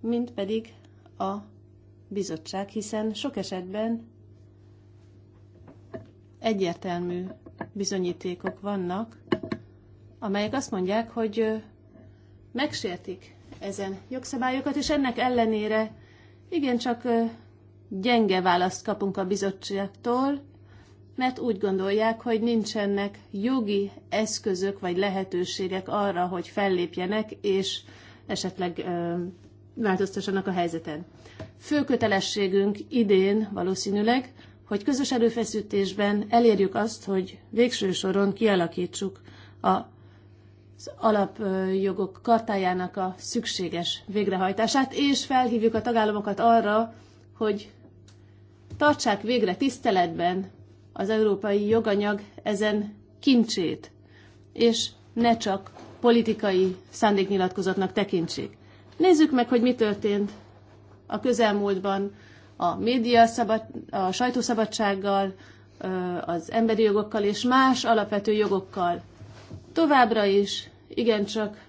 mind pedig a bizottság, hiszen sok esetben egyértelmű bizonyítékok vannak, amelyek azt mondják, hogy megsértik ezen jogszabályokat, és ennek ellenére igencsak gyenge választ kapunk a bizottságtól, mert úgy gondolják, hogy nincsenek jogi eszközök vagy lehetőségek arra, hogy fellépjenek és esetleg ö, változtassanak a helyzeten. Fő kötelességünk idén valószínűleg, hogy közös előfeszítésben elérjük azt, hogy végső soron kialakítsuk a az alapjogok kartájának a szükséges végrehajtását, és felhívjuk a tagállamokat arra, hogy tartsák végre tiszteletben az európai joganyag ezen kincsét, és ne csak politikai szándéknyilatkozatnak tekintsék. Nézzük meg, hogy mi történt a közelmúltban a média szabad, a sajtószabadsággal, az emberi jogokkal és más alapvető jogokkal. Továbbra is igencsak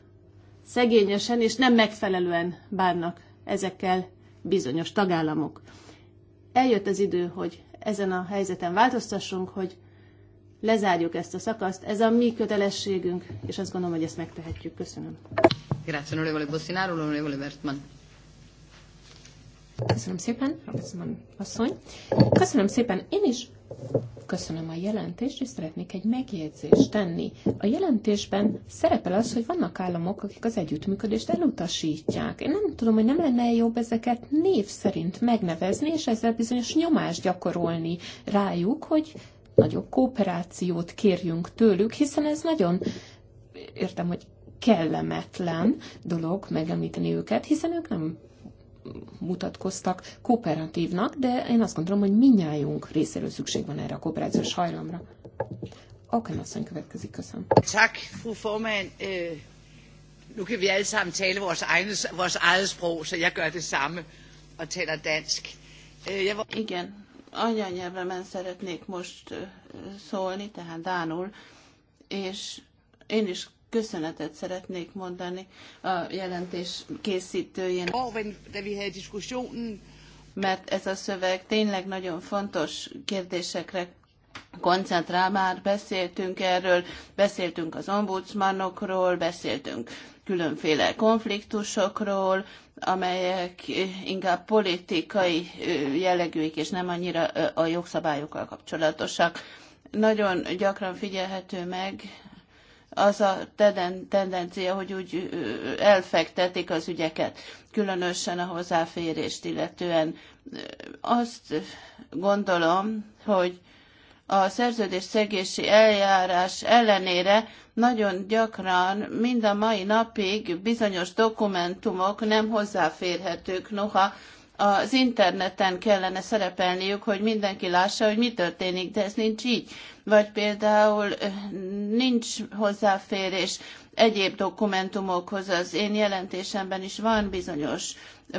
szegényesen és nem megfelelően bánnak ezekkel bizonyos tagállamok. Eljött az idő, hogy ezen a helyzeten változtassunk, hogy lezárjuk ezt a szakaszt. Ez a mi kötelességünk, és azt gondolom, hogy ezt megtehetjük. Köszönöm. Grazie, onorevole Bossinaro, onorevole Bertman. Köszönöm szépen, Köszönöm, asszony. Köszönöm szépen. Én is köszönöm a jelentést, és szeretnék egy megjegyzést tenni. A jelentésben szerepel az, hogy vannak államok, akik az együttműködést elutasítják. Én nem tudom, hogy nem lenne jobb ezeket név szerint megnevezni, és ezzel bizonyos nyomást gyakorolni rájuk, hogy nagyobb kooperációt kérjünk tőlük, hiszen ez nagyon, értem, hogy kellemetlen dolog megemlíteni őket, hiszen ők nem mutatkoztak kooperatívnak, de én azt gondolom, hogy minnyájunk részéről szükség van erre a kooperációs hajlamra. Oké, okay, asszony következik, köszönöm. Tak, fru formand. Øh, nu kan vi alle sammen tale vores, egne, vores eget sprog, så jeg gør det samme og taler dansk. Uh, Jeg Igen, anyanyelvemen szeretnék most uh, szólni, tehát Dánul, és én is köszönetet szeretnék mondani a jelentés készítőjének. Mert ez a szöveg tényleg nagyon fontos kérdésekre koncentrál, már beszéltünk erről, beszéltünk az ombudsmanokról, beszéltünk különféle konfliktusokról, amelyek inkább politikai jellegűek, és nem annyira a jogszabályokkal kapcsolatosak. Nagyon gyakran figyelhető meg az a tendencia, hogy úgy elfektetik az ügyeket, különösen a hozzáférést illetően. Azt gondolom, hogy a szerződés szegési eljárás ellenére nagyon gyakran mind a mai napig bizonyos dokumentumok nem hozzáférhetők, noha az interneten kellene szerepelniük, hogy mindenki lássa, hogy mi történik, de ez nincs így. Vagy például nincs hozzáférés egyéb dokumentumokhoz. Az én jelentésemben is van bizonyos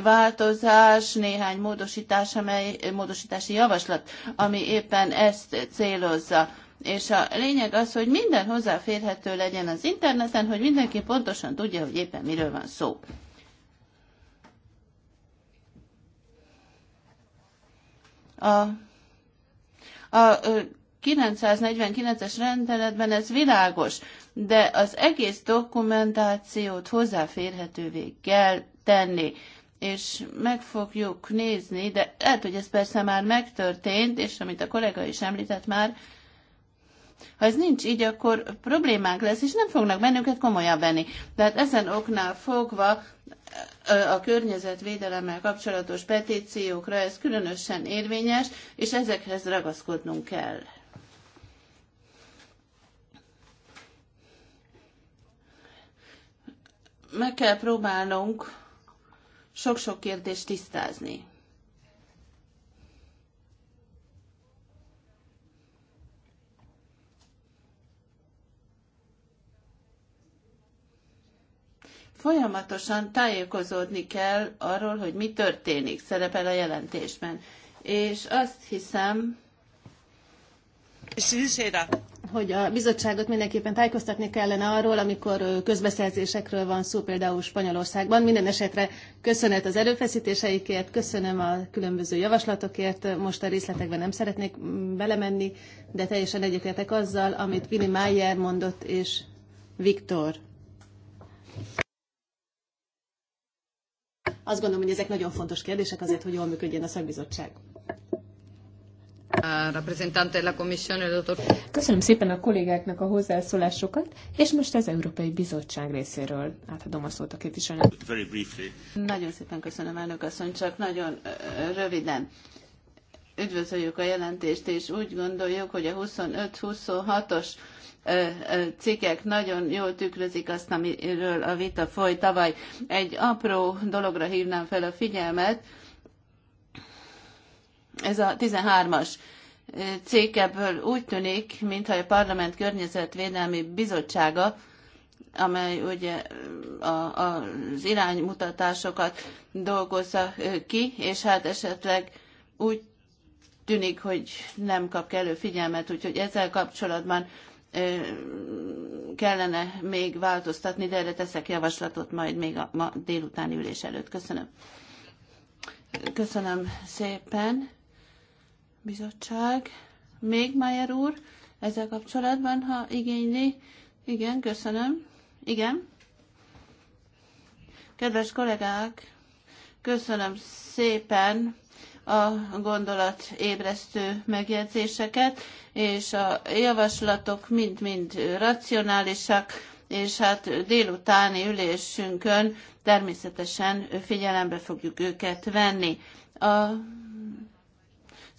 változás, néhány módosítás, amely, módosítási javaslat, ami éppen ezt célozza. És a lényeg az, hogy minden hozzáférhető legyen az interneten, hogy mindenki pontosan tudja, hogy éppen miről van szó. A, a 949-es rendeletben ez világos, de az egész dokumentációt hozzáférhetővé kell tenni és meg fogjuk nézni, de lehet, hogy ez persze már megtörtént, és amit a kollega is említett már, ha ez nincs így, akkor problémák lesz, és nem fognak bennünket komolyan venni. Tehát ezen oknál fogva a környezetvédelemmel kapcsolatos petíciókra ez különösen érvényes, és ezekhez ragaszkodnunk kell. Meg kell próbálnunk sok-sok kérdést tisztázni. folyamatosan tájékozódni kell arról, hogy mi történik, szerepel a jelentésben. És azt hiszem, hogy a bizottságot mindenképpen tájékoztatni kellene arról, amikor közbeszerzésekről van szó, például Spanyolországban. Minden esetre köszönet az előfeszítéseikért, köszönöm a különböző javaslatokért. Most a részletekben nem szeretnék mm, belemenni, de teljesen egyetértek azzal, amit Vini Mayer mondott, és Viktor. Azt gondolom, hogy ezek nagyon fontos kérdések azért, hogy jól működjön a szakbizottság. Köszönöm szépen a kollégáknak a hozzászólásokat, és most az Európai Bizottság részéről átadom a szót a képviselőnek. Nagyon szépen köszönöm, elnök asszony, csak nagyon röviden üdvözöljük a jelentést, és úgy gondoljuk, hogy a 25-26-os cikkek nagyon jól tükrözik azt, amiről a vita foly tavaly. Egy apró dologra hívnám fel a figyelmet, ez a 13-as cikk ebből úgy tűnik, mintha a Parlament Környezetvédelmi Bizottsága amely ugye a, a, az iránymutatásokat dolgozza ki, és hát esetleg úgy tűnik, hogy nem kap kellő figyelmet, úgyhogy ezzel kapcsolatban kellene még változtatni, de erre teszek javaslatot majd még a ma délutáni ülés előtt. Köszönöm. Köszönöm szépen. Bizottság. Még Mayer úr, ezzel kapcsolatban, ha igényli. Igen, köszönöm. Igen. Kedves kollégák, köszönöm szépen a gondolatébresztő megjegyzéseket, és a javaslatok mind-mind racionálisak, és hát délutáni ülésünkön természetesen figyelembe fogjuk őket venni. A, az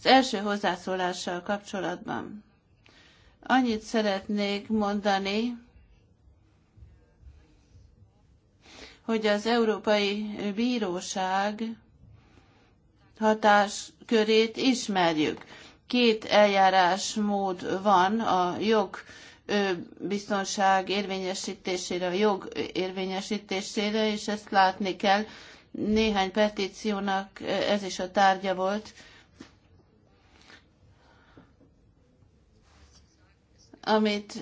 első hozzászólással kapcsolatban annyit szeretnék mondani, hogy az Európai Bíróság hatáskörét ismerjük. Két eljárásmód van a jog biztonság érvényesítésére, a jog érvényesítésére, és ezt látni kell. Néhány petíciónak ez is a tárgya volt. Amit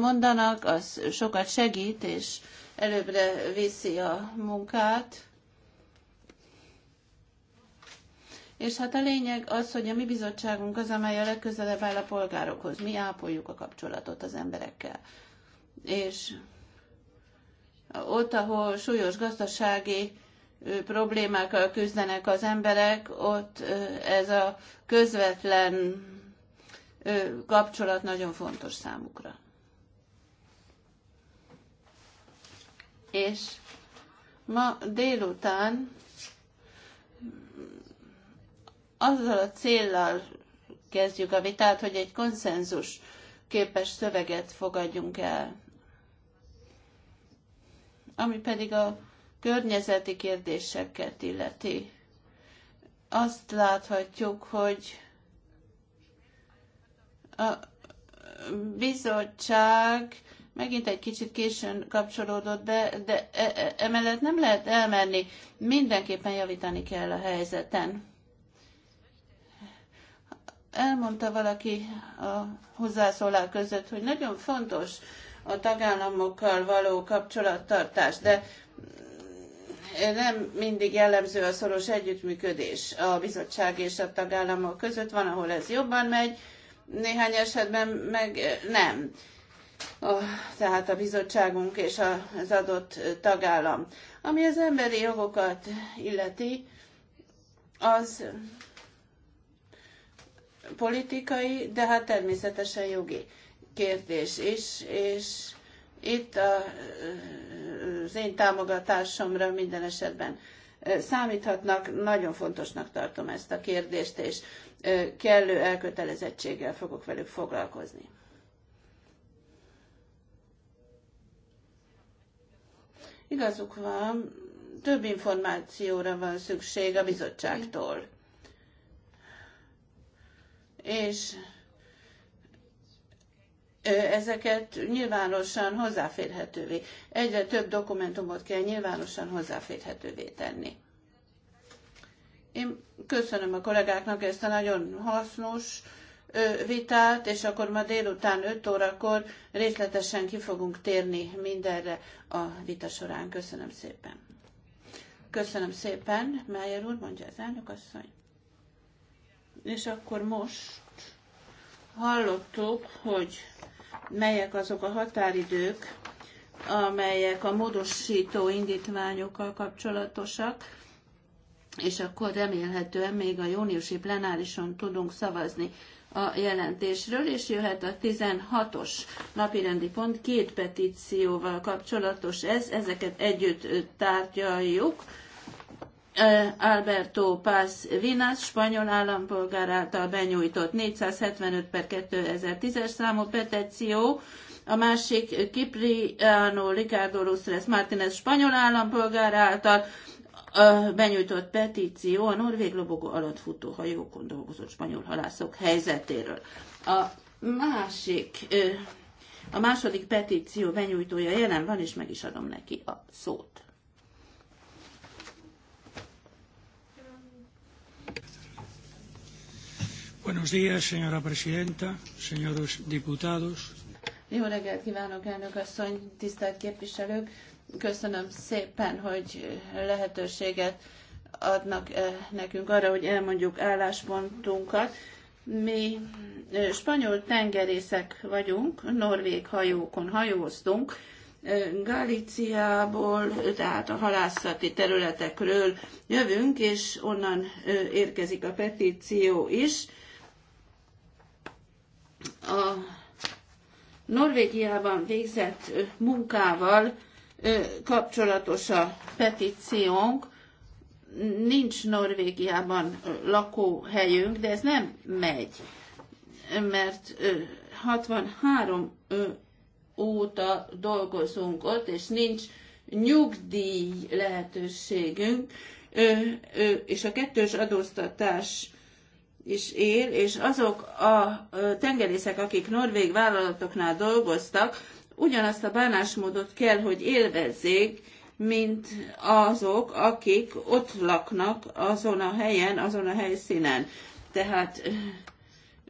mondanak, az sokat segít, és előbbre viszi a munkát És hát a lényeg az, hogy a mi bizottságunk az, amely a legközelebb áll a polgárokhoz. Mi ápoljuk a kapcsolatot az emberekkel. És ott, ahol súlyos gazdasági problémákkal küzdenek az emberek, ott ez a közvetlen kapcsolat nagyon fontos számukra. És ma délután azzal a céllal kezdjük a vitát, hogy egy konszenzus képes szöveget fogadjunk el. Ami pedig a környezeti kérdéseket illeti. Azt láthatjuk, hogy a bizottság megint egy kicsit későn kapcsolódott be, de e, e, emellett nem lehet elmenni. Mindenképpen javítani kell a helyzeten elmondta valaki a hozzászólás között, hogy nagyon fontos a tagállamokkal való kapcsolattartás, de nem mindig jellemző a szoros együttműködés a bizottság és a tagállamok között. Van, ahol ez jobban megy, néhány esetben meg nem. A, tehát a bizottságunk és az adott tagállam. Ami az emberi jogokat illeti, az politikai, de hát természetesen jogi kérdés is, és itt a, az én támogatásomra minden esetben számíthatnak, nagyon fontosnak tartom ezt a kérdést, és kellő elkötelezettséggel fogok velük foglalkozni. Igazuk van, több információra van szükség a bizottságtól és ezeket nyilvánosan hozzáférhetővé, egyre több dokumentumot kell nyilvánosan hozzáférhetővé tenni. Én köszönöm a kollégáknak ezt a nagyon hasznos vitát, és akkor ma délután 5 órakor részletesen ki fogunk térni mindenre a vita során. Köszönöm szépen. Köszönöm szépen, Meyer úr, mondja az elnök asszony. És akkor most hallottuk, hogy melyek azok a határidők, amelyek a módosító indítványokkal kapcsolatosak, és akkor remélhetően még a júniusi plenárison tudunk szavazni a jelentésről, és jöhet a 16-os napirendi pont, két petícióval kapcsolatos ez, ezeket együtt tárgyaljuk. Alberto Paz Vinas, spanyol állampolgár által benyújtott 475 per 2010-es számú petíció, a másik Kipriano Ricardo Lustres Martinez spanyol állampolgár által benyújtott petíció a norvég lobogó alatt futó hajókon dolgozó spanyol halászok helyzetéről. A másik, a második petíció benyújtója jelen van, és meg is adom neki a szót. Buenos días, señora presidenta, señoros diputados. Jó reggelt kívánok, elnök asszony, tisztelt képviselők! Köszönöm szépen, hogy lehetőséget adnak eh, nekünk arra, hogy elmondjuk álláspontunkat. Mi eh, spanyol tengerészek vagyunk, norvég hajókon hajóztunk, eh, Galíciából, tehát a halászati területekről jövünk, és onnan érkezik a petíció is a Norvégiában végzett munkával kapcsolatos a petíciónk. Nincs Norvégiában lakóhelyünk, de ez nem megy, mert 63 óta dolgozunk ott, és nincs nyugdíj lehetőségünk, és a kettős adóztatás is él, és azok a tengerészek, akik norvég vállalatoknál dolgoztak, ugyanazt a bánásmódot kell, hogy élvezzék, mint azok, akik ott laknak azon a helyen, azon a helyszínen. Tehát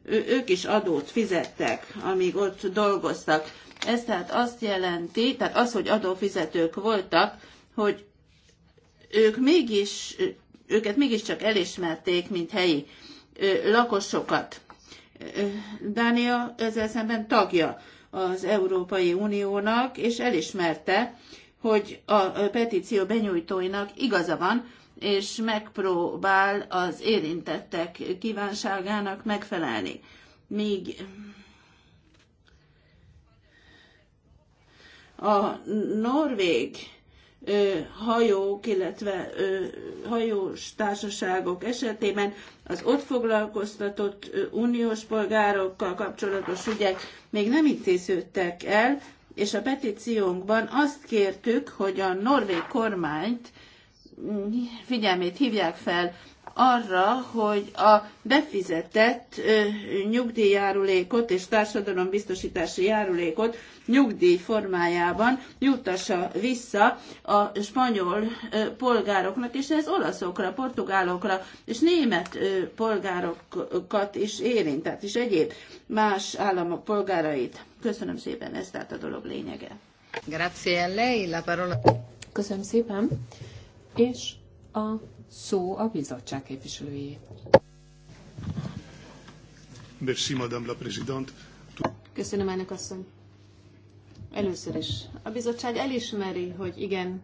ők is adót fizettek, amíg ott dolgoztak. Ez tehát azt jelenti, tehát az, hogy adófizetők voltak, hogy ők mégis, őket mégiscsak elismerték, mint helyi lakosokat. Dánia ezzel szemben tagja az Európai Uniónak, és elismerte, hogy a petíció benyújtóinak igaza van, és megpróbál az érintettek kívánságának megfelelni. Míg a norvég hajók, illetve hajós társaságok esetében az ott foglalkoztatott uniós polgárokkal kapcsolatos ügyek még nem intéződtek el, és a petíciónkban azt kértük, hogy a norvég kormányt mm, figyelmét hívják fel arra, hogy a befizetett nyugdíjjárulékot és társadalombiztosítási járulékot nyugdíj formájában jutassa vissza a spanyol polgároknak, és ez olaszokra, portugálokra és német polgárokat is érint, tehát is egyéb más államok polgárait. Köszönöm szépen, ez tehát a dolog lényege. Grazie a lei, la parola. Köszönöm szépen, és a szó a bizottság képviselőjé. Merci, Madame la Présidente. Köszönöm, elnök asszony. Először is. A bizottság elismeri, hogy igen,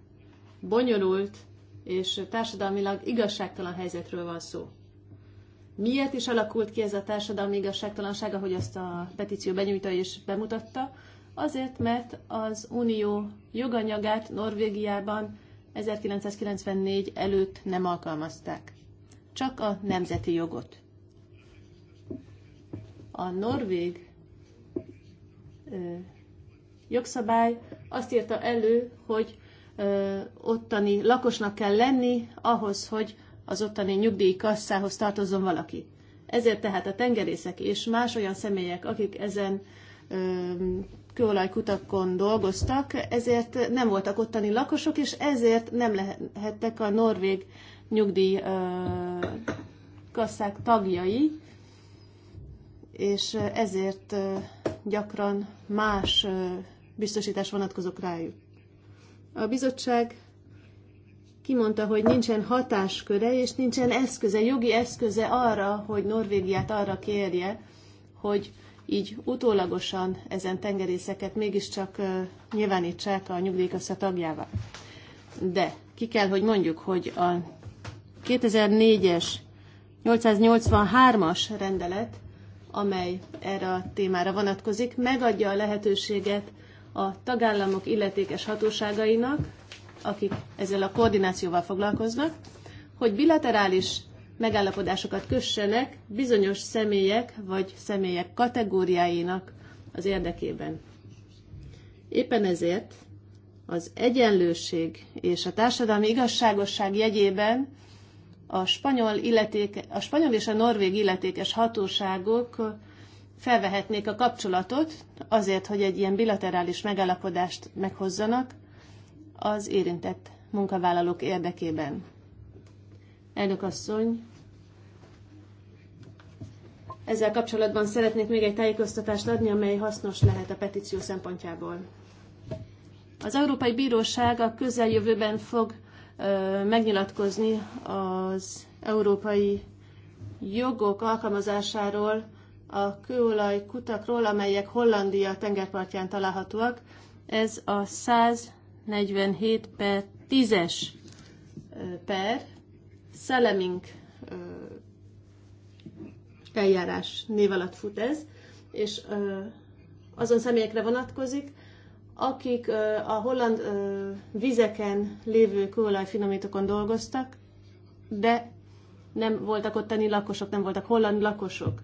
bonyolult és társadalmilag igazságtalan helyzetről van szó. Miért is alakult ki ez a társadalmi igazságtalanság, ahogy azt a petíció benyújta és bemutatta? Azért, mert az Unió joganyagát Norvégiában 1994 előtt nem alkalmazták. Csak a nemzeti jogot. A norvég ö, jogszabály azt írta elő, hogy ö, ottani lakosnak kell lenni ahhoz, hogy az ottani kasszához tartozzon valaki. Ezért tehát a tengerészek és más olyan személyek, akik ezen ö, kőolajkutakon dolgoztak, ezért nem voltak ottani lakosok, és ezért nem lehettek a norvég nyugdíj kasszák tagjai, és ezért gyakran más biztosítás vonatkozok rájuk. A bizottság kimondta, hogy nincsen hatásköre, és nincsen eszköze, jogi eszköze arra, hogy Norvégiát arra kérje, hogy így utólagosan ezen tengerészeket mégiscsak nyilvánítsák a nyugdíjkassa tagjává. De ki kell, hogy mondjuk, hogy a 2004-es 883-as rendelet, amely erre a témára vonatkozik, megadja a lehetőséget a tagállamok illetékes hatóságainak, akik ezzel a koordinációval foglalkoznak, hogy bilaterális megállapodásokat kössenek bizonyos személyek vagy személyek kategóriáinak az érdekében. Éppen ezért az egyenlőség és a társadalmi igazságosság jegyében a spanyol, illetéke, a spanyol és a norvég illetékes hatóságok felvehetnék a kapcsolatot azért, hogy egy ilyen bilaterális megállapodást meghozzanak az érintett munkavállalók érdekében. Elnök asszony, ezzel kapcsolatban szeretnék még egy tájékoztatást adni, amely hasznos lehet a petíció szempontjából. Az Európai Bíróság a közeljövőben fog ö, megnyilatkozni az európai jogok alkalmazásáról, a kőolaj kutakról, amelyek Hollandia tengerpartján találhatóak. Ez a 147 per 10-es per Szelemink eljárás név alatt fut ez, és azon személyekre vonatkozik, akik a holland vizeken lévő kőolajfinomítokon dolgoztak, de nem voltak ottani lakosok, nem voltak holland lakosok.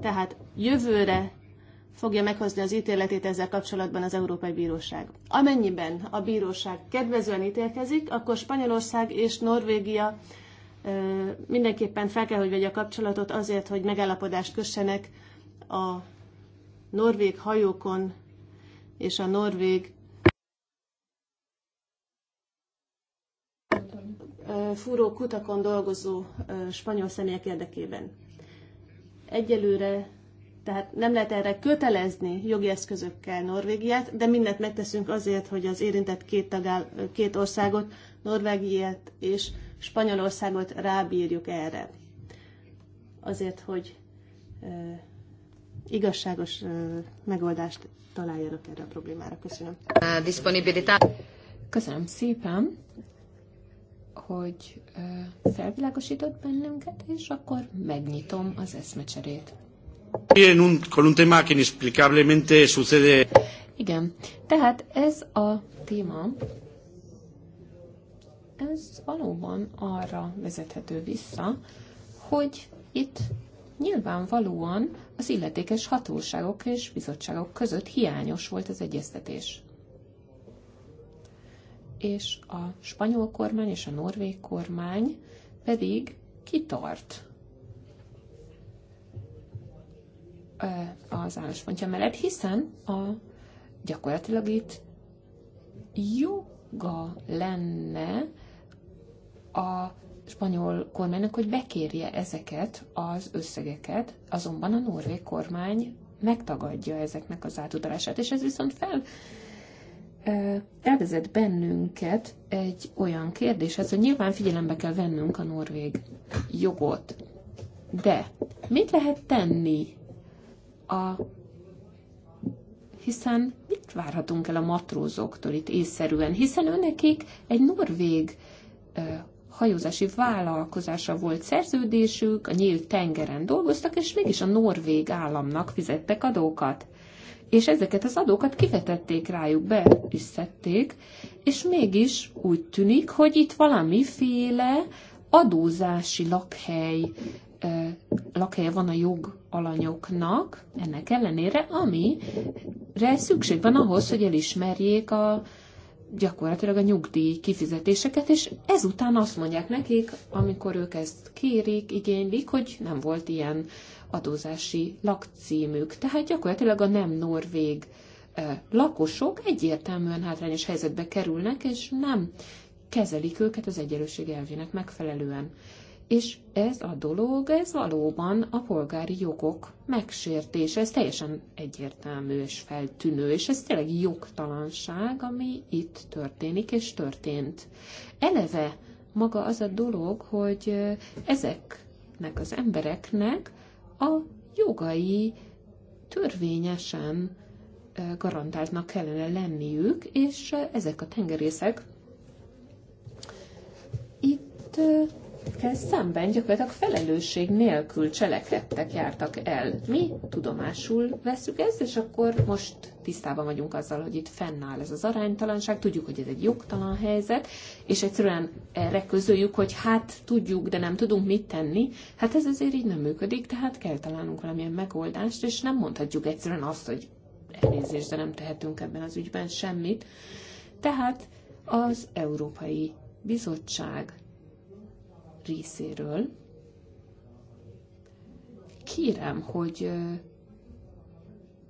Tehát jövőre fogja meghozni az ítéletét ezzel kapcsolatban az Európai Bíróság. Amennyiben a bíróság kedvezően ítélkezik, akkor Spanyolország és Norvégia mindenképpen fel kell, hogy vegye a kapcsolatot azért, hogy megállapodást kössenek a norvég hajókon és a norvég fúró kutakon dolgozó spanyol személyek érdekében. Egyelőre, tehát nem lehet erre kötelezni jogi eszközökkel Norvégiát, de mindent megteszünk azért, hogy az érintett két, tagál, két országot, Norvégiát és Spanyolországot rábírjuk erre. Azért, hogy igazságos megoldást találjanak erre a problémára. Köszönöm. Köszönöm szépen, hogy felvilágosított bennünket, és akkor megnyitom az eszmecserét. En un, con un tema que inexplicablemente sucede. Igen, tehát ez a téma, ez valóban arra vezethető vissza, hogy itt nyilvánvalóan az illetékes hatóságok és bizottságok között hiányos volt az egyeztetés. És a spanyol kormány és a norvég kormány pedig kitart az álláspontja mellett, hiszen a gyakorlatilag itt joga lenne a spanyol kormánynak, hogy bekérje ezeket az összegeket, azonban a norvég kormány megtagadja ezeknek az átutalását, és ez viszont fel elvezet bennünket egy olyan kérdéshez, hogy nyilván figyelembe kell vennünk a norvég jogot. De mit lehet tenni a hiszen mit várhatunk el a matrózoktól itt észszerűen, hiszen nekik egy norvég hajózási vállalkozása volt szerződésük, a nyílt tengeren dolgoztak, és mégis a norvég államnak fizettek adókat. És ezeket az adókat kivetették rájuk, be is szedték, és mégis úgy tűnik, hogy itt valamiféle adózási lakhely lakhelye van a jogalanyoknak, ennek ellenére, amire szükség van ahhoz, hogy elismerjék a gyakorlatilag a nyugdíj kifizetéseket, és ezután azt mondják nekik, amikor ők ezt kérik, igénylik, hogy nem volt ilyen adózási lakcímük. Tehát gyakorlatilag a nem norvég lakosok egyértelműen hátrányos helyzetbe kerülnek, és nem kezelik őket az egyenlőség elvének megfelelően. És ez a dolog, ez valóban a polgári jogok megsértése, ez teljesen egyértelmű és feltűnő, és ez tényleg jogtalanság, ami itt történik és történt. Eleve maga az a dolog, hogy ezeknek az embereknek a jogai törvényesen garantáltnak kellene lenniük, és ezek a tengerészek itt szemben gyakorlatilag felelősség nélkül cselekedtek, jártak el. Mi tudomásul veszük ezt, és akkor most tisztában vagyunk azzal, hogy itt fennáll ez az aránytalanság, tudjuk, hogy ez egy jogtalan helyzet, és egyszerűen erre közöljük, hogy hát tudjuk, de nem tudunk mit tenni, hát ez azért így nem működik, tehát kell találnunk valamilyen megoldást, és nem mondhatjuk egyszerűen azt, hogy elnézést, de nem tehetünk ebben az ügyben semmit. Tehát az Európai Bizottság részéről. Kérem, hogy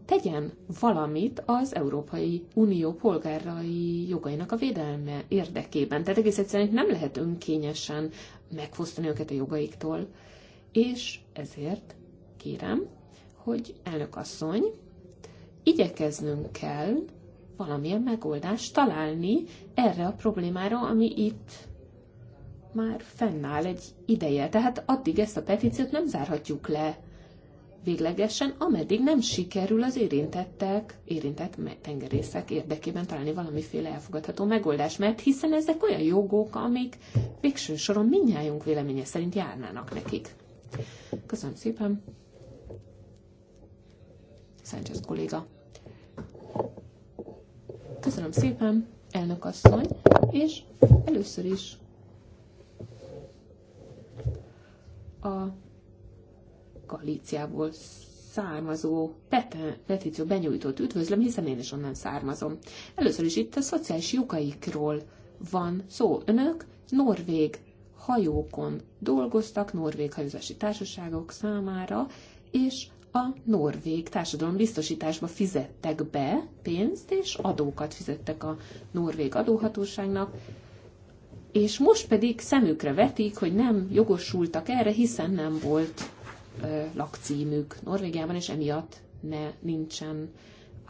tegyen valamit az Európai Unió polgárai jogainak a védelme érdekében. Tehát egész egyszerűen nem lehet önkényesen megfosztani őket a jogaiktól. És ezért kérem, hogy asszony, igyekeznünk kell valamilyen megoldást találni erre a problémára, ami itt már fennáll egy ideje, tehát addig ezt a petíciót nem zárhatjuk le véglegesen, ameddig nem sikerül az érintettek, érintett tengerészek érdekében találni valamiféle elfogadható megoldást, mert hiszen ezek olyan jogok, amik végső soron minnyájunk véleménye szerint járnának nekik. Köszönöm szépen. Sánchez kolléga. Köszönöm szépen, elnök asszony, és először is a Galíciából származó petíció benyújtott üdvözlöm, hiszen én is onnan származom. Először is itt a szociális jogaikról van szó. Önök norvég hajókon dolgoztak, norvég hajózási társaságok számára, és a norvég biztosításba fizettek be pénzt, és adókat fizettek a norvég adóhatóságnak, és most pedig szemükre vetik, hogy nem jogosultak erre, hiszen nem volt ö, lakcímük Norvégiában, és emiatt ne, nincsen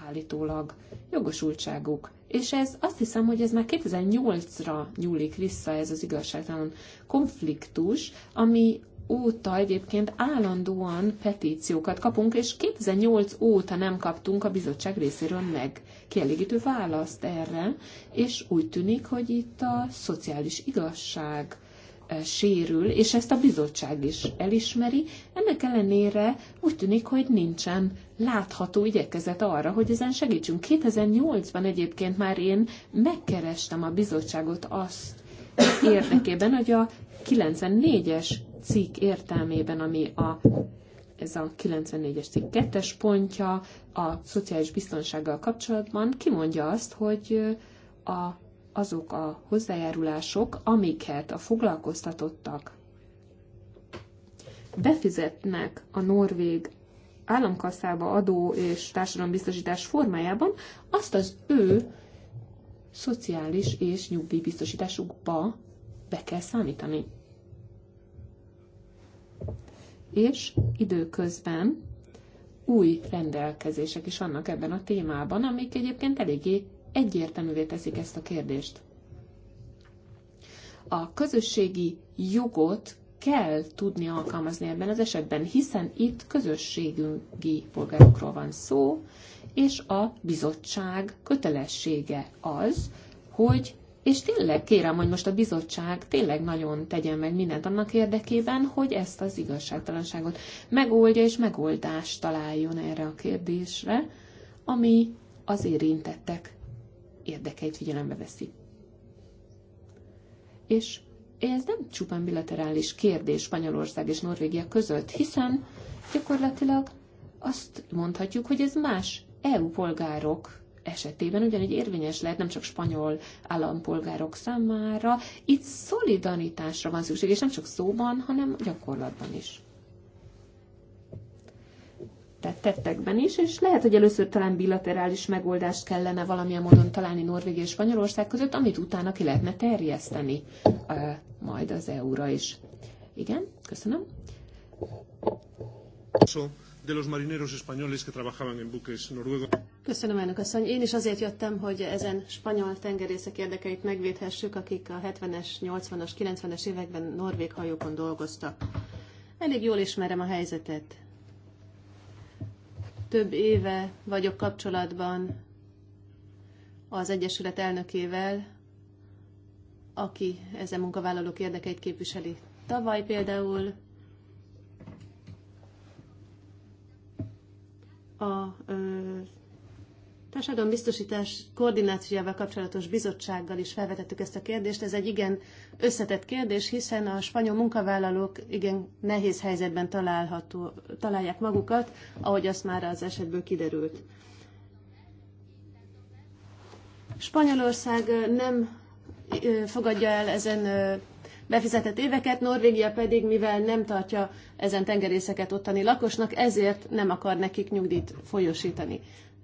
állítólag jogosultságuk. És ez azt hiszem, hogy ez már 2008-ra nyúlik vissza ez az igazságtalan konfliktus, ami óta egyébként állandóan petíciókat kapunk, és 2008 óta nem kaptunk a bizottság részéről meg kielégítő választ erre, és úgy tűnik, hogy itt a szociális igazság eh, sérül, és ezt a bizottság is elismeri. Ennek ellenére úgy tűnik, hogy nincsen látható igyekezet arra, hogy ezen segítsünk. 2008-ban egyébként már én megkerestem a bizottságot azt érdekében, hogy a 94-es cikk értelmében, ami a ez a 94-es cikk kettes pontja a szociális biztonsággal kapcsolatban kimondja azt, hogy a, azok a hozzájárulások, amiket a foglalkoztatottak befizetnek a norvég államkasszába adó és társadalombiztosítás formájában, azt az ő szociális és nyugdíjbiztosításukba be kell számítani és időközben új rendelkezések is vannak ebben a témában, amik egyébként eléggé egyértelművé teszik ezt a kérdést. A közösségi jogot kell tudni alkalmazni ebben az esetben, hiszen itt közösségüngi polgárokról van szó, és a bizottság kötelessége az, hogy és tényleg kérem, hogy most a bizottság tényleg nagyon tegyen meg mindent annak érdekében, hogy ezt az igazságtalanságot megoldja és megoldást találjon erre a kérdésre, ami az érintettek érdekeit figyelembe veszi. És ez nem csupán bilaterális kérdés Spanyolország és Norvégia között, hiszen gyakorlatilag azt mondhatjuk, hogy ez más EU polgárok esetében ugyanígy érvényes lehet nem csak spanyol állampolgárok számára, itt szolidaritásra van szükség, és nem csak szóban, hanem gyakorlatban is. Tehát tettekben is, és lehet, hogy először talán bilaterális megoldást kellene valamilyen módon találni Norvégia és Spanyolország között, amit utána ki lehetne terjeszteni majd az EU-ra is. Igen, köszönöm. Köszönöm de los marineros españoles que trabajaban en buques noruegos. Köszönöm, elnök asszony. Én is azért jöttem, hogy ezen spanyol tengerészek érdekeit megvédhessük, akik a 70-es, 80-as, 90-es években norvég hajókon dolgoztak. Elég jól ismerem a helyzetet. Több éve vagyok kapcsolatban az Egyesület elnökével, aki ezen munkavállalók érdekeit képviseli. Tavaly például a biztosítás koordinációjával kapcsolatos bizottsággal is felvetettük ezt a kérdést. Ez egy igen összetett kérdés, hiszen a spanyol munkavállalók igen nehéz helyzetben található, találják magukat, ahogy azt már az esetből kiderült. Spanyolország nem fogadja el ezen befizetett éveket, Norvégia pedig, mivel nem tartja ezen tengerészeket ottani lakosnak, ezért nem akar nekik nyugdíjt folyosítani.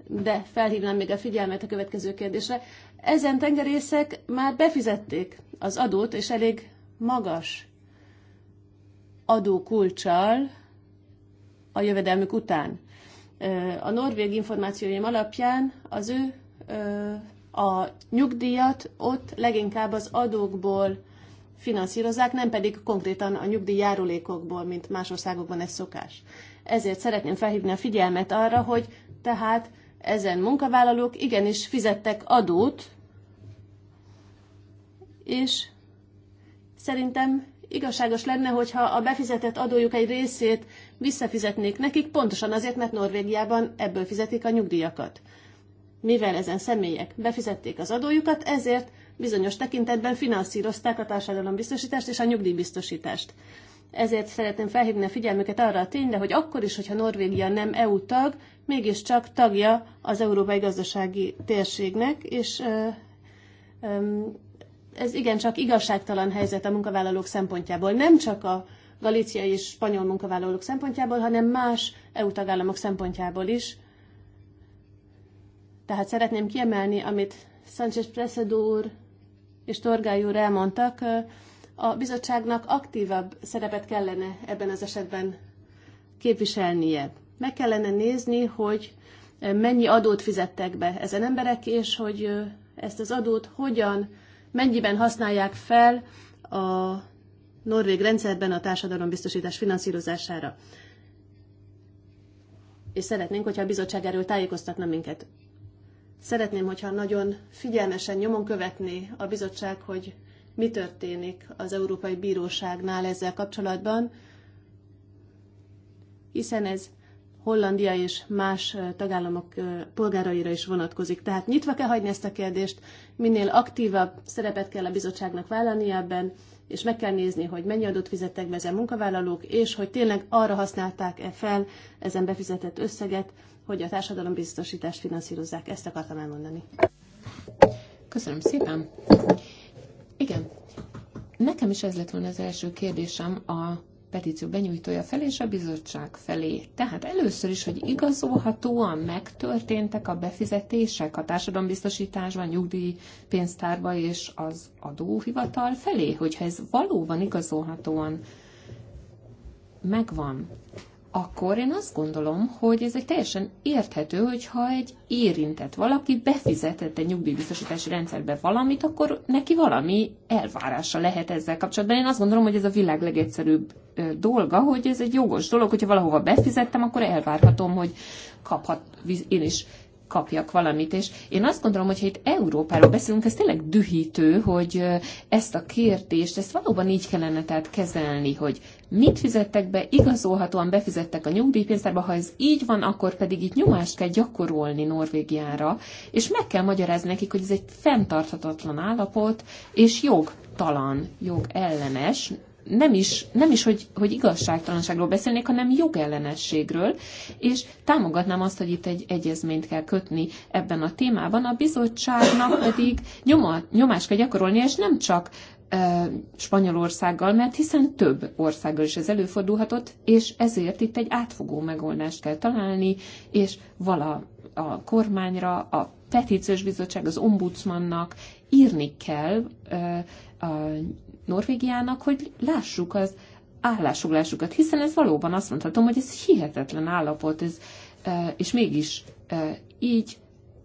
De felhívnám még a figyelmet a következő kérdésre. Ezen tengerészek már befizették az adót, és elég magas adókulcsal a jövedelmük után. A norvég információim alapján az ő a nyugdíjat ott leginkább az adókból finanszírozzák, nem pedig konkrétan a nyugdíjjárulékokból, mint más országokban ez szokás. Ezért szeretném felhívni a figyelmet arra, hogy tehát ezen munkavállalók igenis fizettek adót, és szerintem igazságos lenne, hogyha a befizetett adójuk egy részét visszafizetnék nekik, pontosan azért, mert Norvégiában ebből fizetik a nyugdíjakat. Mivel ezen személyek befizették az adójukat, ezért bizonyos tekintetben finanszírozták a társadalombiztosítást és a nyugdíjbiztosítást. Ezért szeretném felhívni a figyelmüket arra a tényre, hogy akkor is, hogyha Norvégia nem EU tag, mégiscsak tagja az Európai Gazdasági Térségnek, és ez igencsak igazságtalan helyzet a munkavállalók szempontjából. Nem csak a galíciai és spanyol munkavállalók szempontjából, hanem más EU tagállamok szempontjából is. Tehát szeretném kiemelni, amit Sánchez Presedo úr és Torgály úr elmondtak, a bizottságnak aktívabb szerepet kellene ebben az esetben képviselnie. Meg kellene nézni, hogy mennyi adót fizettek be ezen emberek, és hogy ezt az adót hogyan, mennyiben használják fel a norvég rendszerben a társadalombiztosítás finanszírozására. És szeretnénk, hogyha a bizottság erről tájékoztatna minket. Szeretném, hogyha nagyon figyelmesen nyomon követné a bizottság, hogy mi történik az Európai Bíróságnál ezzel kapcsolatban, hiszen ez Hollandia és más tagállamok polgáraira is vonatkozik. Tehát nyitva kell hagyni ezt a kérdést, minél aktívabb szerepet kell a bizottságnak vállalnia ebben, és meg kell nézni, hogy mennyi adót fizettek be ezen munkavállalók, és hogy tényleg arra használták-e fel ezen befizetett összeget, hogy a társadalombiztosítást finanszírozzák. Ezt akartam elmondani. Köszönöm szépen. Igen, nekem is ez lett volna az első kérdésem a petíció benyújtója felé és a bizottság felé. Tehát először is, hogy igazolhatóan megtörténtek a befizetések a társadalombiztosításban, nyugdíj, pénztárba és az adóhivatal felé, hogyha ez valóban igazolhatóan megvan, akkor én azt gondolom, hogy ez egy teljesen érthető, hogyha egy érintett valaki befizetett egy nyugdíjbiztosítási rendszerbe valamit, akkor neki valami elvárása lehet ezzel kapcsolatban. Én azt gondolom, hogy ez a világ legegyszerűbb dolga, hogy ez egy jogos dolog, hogyha valahova befizettem, akkor elvárhatom, hogy kaphat, én is kapjak valamit. És én azt gondolom, hogy ha itt Európáról beszélünk, ez tényleg dühítő, hogy ezt a kérdést, ezt valóban így kellene tehát kezelni, hogy mit fizettek be, igazolhatóan befizettek a nyugdíjpénztárba, ha ez így van, akkor pedig itt nyomást kell gyakorolni Norvégiára, és meg kell magyarázni nekik, hogy ez egy fenntarthatatlan állapot, és jogtalan, jogellenes, nem is, nem is hogy, hogy igazságtalanságról beszélnék, hanem jogellenességről, és támogatnám azt, hogy itt egy egyezményt kell kötni ebben a témában, a bizottságnak pedig nyoma, nyomást kell gyakorolni, és nem csak Spanyolországgal, mert hiszen több országgal is ez előfordulhatott, és ezért itt egy átfogó megoldást kell találni, és vala a kormányra, a petíciós bizottság, az ombudsmannak írni kell a Norvégiának, hogy lássuk az állásuglásukat, hiszen ez valóban azt mondhatom, hogy ez hihetetlen állapot, ez, és mégis így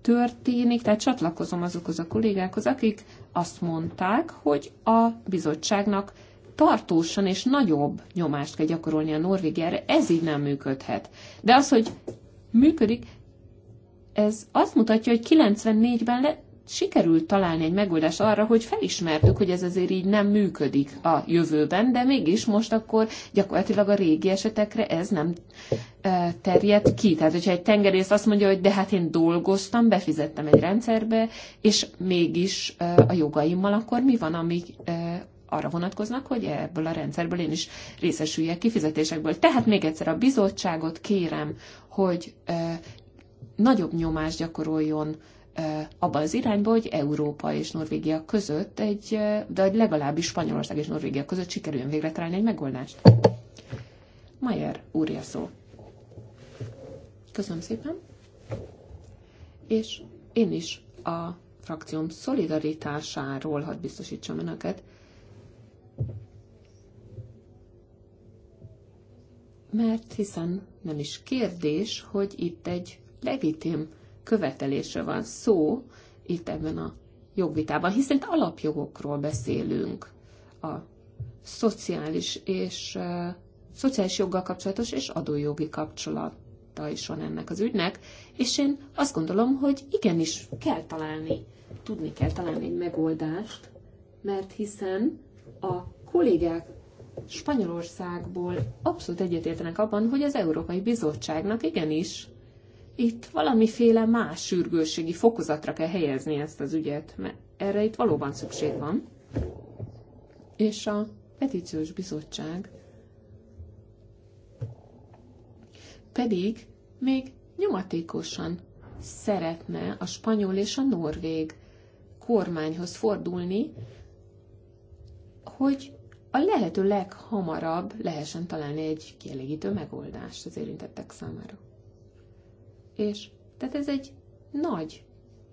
történik, tehát csatlakozom azokhoz a kollégákhoz, akik azt mondták, hogy a bizottságnak tartósan és nagyobb nyomást kell gyakorolni a Norvégiára, ez így nem működhet. De az, hogy működik, ez azt mutatja, hogy 94-ben le, sikerült találni egy megoldást arra, hogy felismertük, hogy ez azért így nem működik a jövőben, de mégis most akkor gyakorlatilag a régi esetekre ez nem terjed ki. Tehát, hogyha egy tengerész azt mondja, hogy de hát én dolgoztam, befizettem egy rendszerbe, és mégis a jogaimmal akkor mi van, amik arra vonatkoznak, hogy ebből a rendszerből én is részesüljek kifizetésekből. Tehát még egyszer a bizottságot kérem, hogy nagyobb nyomást gyakoroljon abba az irányba, hogy Európa és Norvégia között egy, de legalábbis Spanyolország és Norvégia között sikerüljön végre találni egy megoldást. Mayer úrja szó. Köszönöm szépen. És én is a frakcióm szolidaritásáról hadd biztosítsam önöket, mert hiszen nem is kérdés, hogy itt egy legitim követelésre van szó itt ebben a jogvitában, hiszen itt alapjogokról beszélünk, a szociális és uh, szociális joggal kapcsolatos és adójogi kapcsolata is van ennek az ügynek, és én azt gondolom, hogy igenis kell találni, tudni kell találni egy megoldást, mert hiszen a kollégák Spanyolországból abszolút egyetértenek abban, hogy az Európai Bizottságnak igenis itt valamiféle más sürgősségi fokozatra kell helyezni ezt az ügyet, mert erre itt valóban szükség van. És a petíciós bizottság pedig még nyomatékosan szeretne a spanyol és a norvég kormányhoz fordulni, hogy a lehető leghamarabb lehessen találni egy kielégítő megoldást az érintettek számára. És tehát ez egy nagy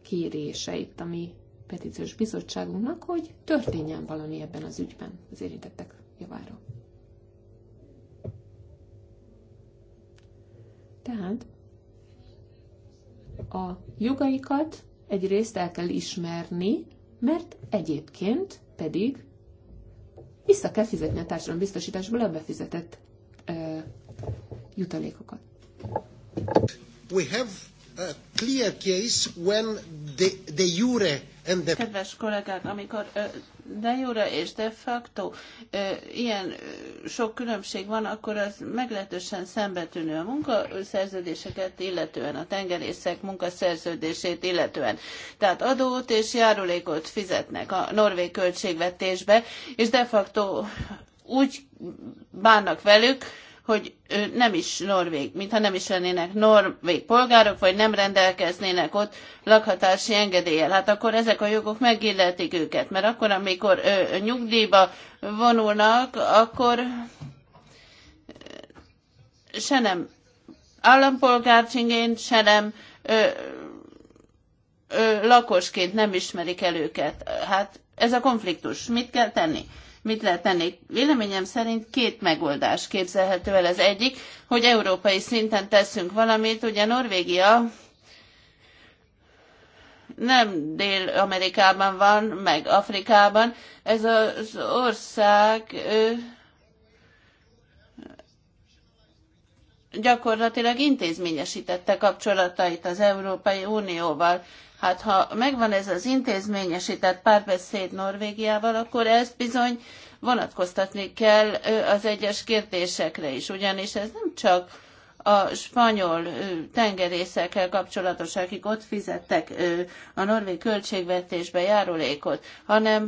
kérése itt a mi petíciós bizottságunknak, hogy történjen valami ebben az ügyben az érintettek javára. Tehát a jogaikat egyrészt el kell ismerni, mert egyébként pedig vissza kell fizetni a társadalombiztosításból a befizetett ö, jutalékokat we have a clear case when the, the jure and the... Kedves kollégák, amikor de jure és de facto ilyen sok különbség van, akkor az meglehetősen szembetűnő a munkaszerződéseket, illetően a tengerészek munkaszerződését, illetően. Tehát adót és járulékot fizetnek a norvég költségvetésbe, és de facto úgy bánnak velük, hogy nem is norvég, mintha nem is lennének norvég polgárok, vagy nem rendelkeznének ott lakhatási engedéllyel. Hát akkor ezek a jogok megilletik őket, mert akkor, amikor ö, nyugdíjba vonulnak, akkor se nem állampolgárcsingén, se nem ö, ö, lakosként nem ismerik el őket. Hát ez a konfliktus. Mit kell tenni? mit lehet tenni. Véleményem szerint két megoldás képzelhető el. Az egyik, hogy európai szinten teszünk valamit, ugye Norvégia nem Dél-Amerikában van, meg Afrikában. Ez az ország ő, gyakorlatilag intézményesítette kapcsolatait az Európai Unióval. Hát ha megvan ez az intézményesített párbeszéd Norvégiával, akkor ezt bizony vonatkoztatni kell az egyes kérdésekre is, ugyanis ez nem csak a spanyol tengerészekkel kapcsolatos, akik ott fizettek a norvég költségvetésbe járulékot, hanem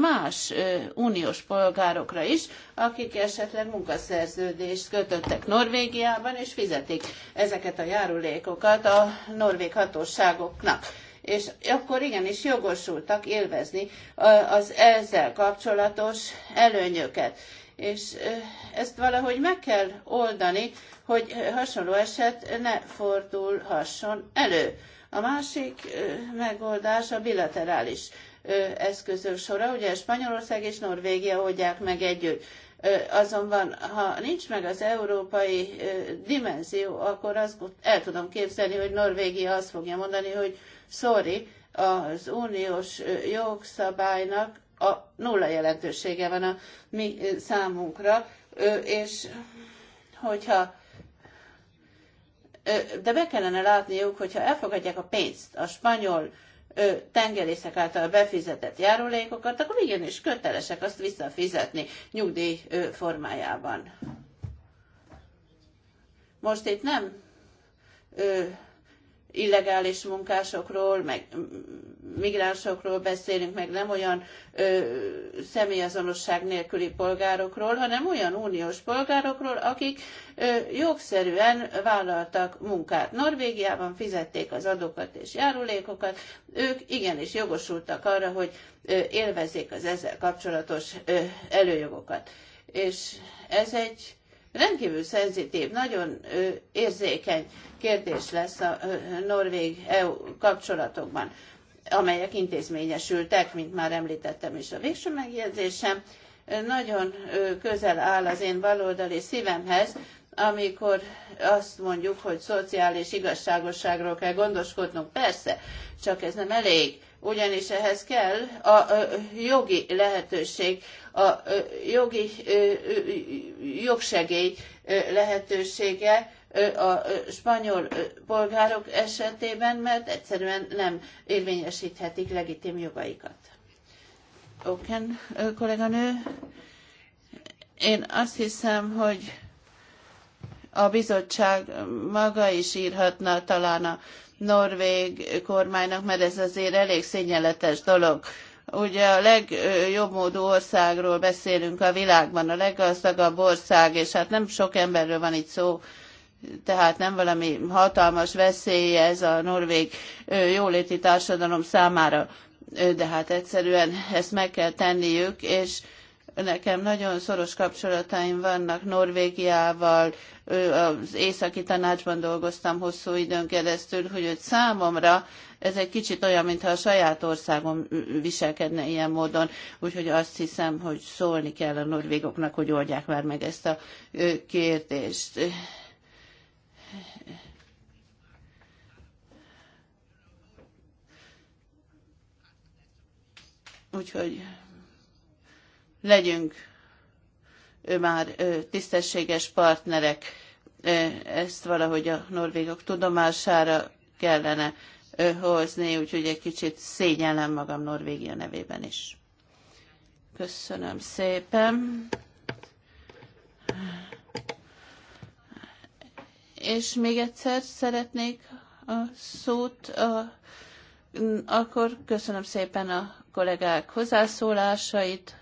más uniós polgárokra is, akik esetleg munkaszerződést kötöttek Norvégiában, és fizetik ezeket a járulékokat a norvég hatóságoknak és akkor igenis jogosultak élvezni az ezzel kapcsolatos előnyöket. És ezt valahogy meg kell oldani, hogy hasonló eset ne fordulhasson elő. A másik megoldás a bilaterális eszközök sora, ugye Spanyolország és Norvégia oldják meg együtt. Azonban, ha nincs meg az európai dimenzió, akkor azt el tudom képzelni, hogy Norvégia azt fogja mondani, hogy sorry, az uniós jogszabálynak a nulla jelentősége van a mi számunkra, és hogyha de be kellene látniuk, hogyha elfogadják a pénzt, a spanyol tengerészek által befizetett járulékokat, akkor igenis kötelesek azt visszafizetni nyugdíj formájában. Most itt nem illegális munkásokról, meg migránsokról beszélünk, meg nem olyan ö, személyazonosság nélküli polgárokról, hanem olyan uniós polgárokról, akik ö, jogszerűen vállaltak munkát. Norvégiában fizették az adókat és járulékokat, ők igenis jogosultak arra, hogy ö, élvezzék az ezzel kapcsolatos ö, előjogokat. És ez egy rendkívül szenzitív, nagyon érzékeny kérdés lesz a norvég-EU kapcsolatokban, amelyek intézményesültek, mint már említettem is a végső megjegyzésem. Nagyon közel áll az én baloldali szívemhez, amikor azt mondjuk, hogy szociális igazságosságról kell gondoskodnunk. Persze, csak ez nem elég ugyanis ehhez kell a jogi lehetőség, a jogi jogsegély lehetősége a spanyol polgárok esetében, mert egyszerűen nem érvényesíthetik legitim jogaikat. Oken kolléganő, én azt hiszem, hogy a bizottság maga is írhatna talán a norvég kormánynak, mert ez azért elég szégyenletes dolog. Ugye a legjobb módú országról beszélünk a világban, a leggazdagabb ország, és hát nem sok emberről van itt szó, tehát nem valami hatalmas veszély ez a norvég jóléti társadalom számára, de hát egyszerűen ezt meg kell tenniük, és Nekem nagyon szoros kapcsolataim vannak Norvégiával, az északi tanácsban dolgoztam hosszú időn keresztül, hogy őt számomra ez egy kicsit olyan, mintha a saját országom viselkedne ilyen módon, úgyhogy azt hiszem, hogy szólni kell a norvégoknak, hogy oldják már meg ezt a kérdést. Úgyhogy legyünk már tisztességes partnerek, ezt valahogy a norvégok tudomására kellene hozni, úgyhogy egy kicsit szégyellem magam Norvégia nevében is. Köszönöm szépen. És még egyszer szeretnék a szót, a, akkor köszönöm szépen a kollégák hozzászólásait,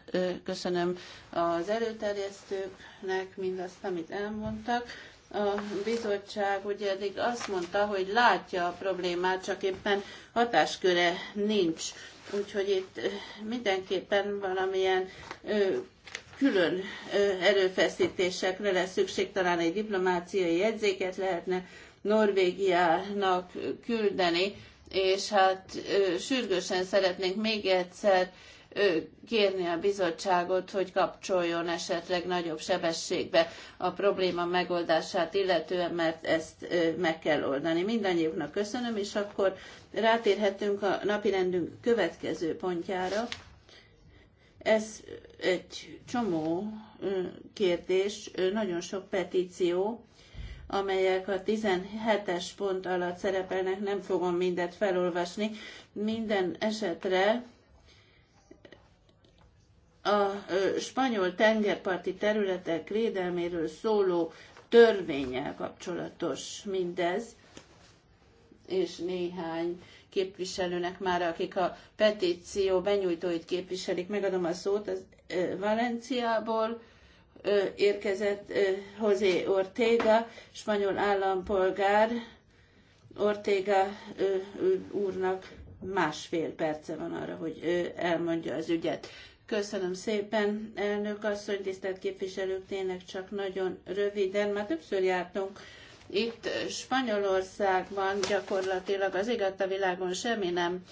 köszönöm az előterjesztőknek mindazt, amit elmondtak. A bizottság ugye eddig azt mondta, hogy látja a problémát, csak éppen hatásköre nincs. Úgyhogy itt mindenképpen valamilyen külön erőfeszítésekre lesz szükség, talán egy diplomáciai jegyzéket lehetne Norvégiának küldeni, és hát sürgősen szeretnénk még egyszer kérni a bizottságot, hogy kapcsoljon esetleg nagyobb sebességbe a probléma megoldását, illetően mert ezt meg kell oldani. Mindannyiuknak köszönöm, és akkor rátérhetünk a napirendünk következő pontjára. Ez egy csomó kérdés, nagyon sok petíció, amelyek a 17-es pont alatt szerepelnek, nem fogom mindet felolvasni. Minden esetre a spanyol tengerparti területek védelméről szóló törvényel kapcsolatos mindez, és néhány képviselőnek már, akik a petíció benyújtóit képviselik, megadom a szót, az Valenciából érkezett José Ortega, spanyol állampolgár. Ortega úrnak másfél perce van arra, hogy elmondja az ügyet. Köszönöm szépen, elnök asszony, tisztelt képviselők, tényleg csak nagyon röviden, már többször jártunk itt Spanyolországban gyakorlatilag az ég a világon semmi nem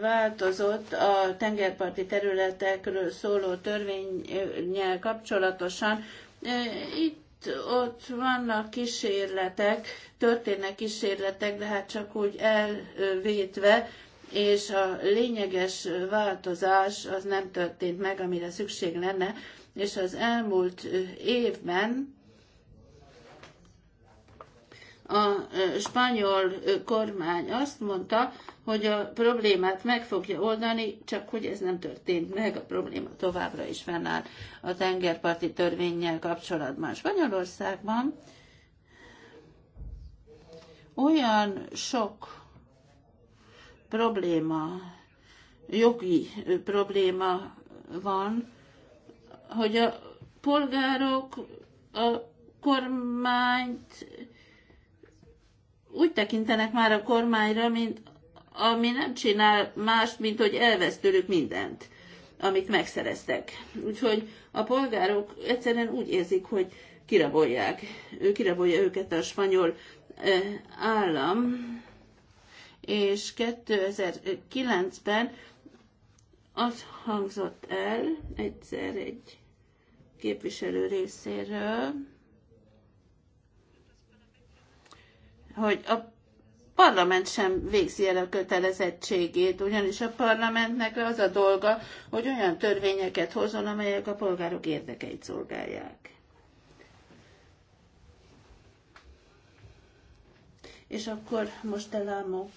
változott a tengerparti területekről szóló törvényel kapcsolatosan. Itt ott vannak kísérletek, történnek kísérletek, de hát csak úgy elvétve, és a lényeges változás az nem történt meg, amire szükség lenne, és az elmúlt évben a spanyol kormány azt mondta, hogy a problémát meg fogja oldani, csak hogy ez nem történt meg, a probléma továbbra is fennáll a tengerparti törvényel kapcsolatban. Spanyolországban olyan sok probléma, jogi probléma van, hogy a polgárok a kormányt úgy tekintenek már a kormányra, mint ami nem csinál más, mint hogy elvesz tőlük mindent, amit megszereztek. Úgyhogy a polgárok egyszerűen úgy érzik, hogy kirabolják, ő kirabolja őket a spanyol eh, állam, és 2009-ben az hangzott el egyszer egy képviselő részéről, hogy a parlament sem végzi el a kötelezettségét, ugyanis a parlamentnek az a dolga, hogy olyan törvényeket hozzon, amelyek a polgárok érdekeit szolgálják. És akkor most Elámó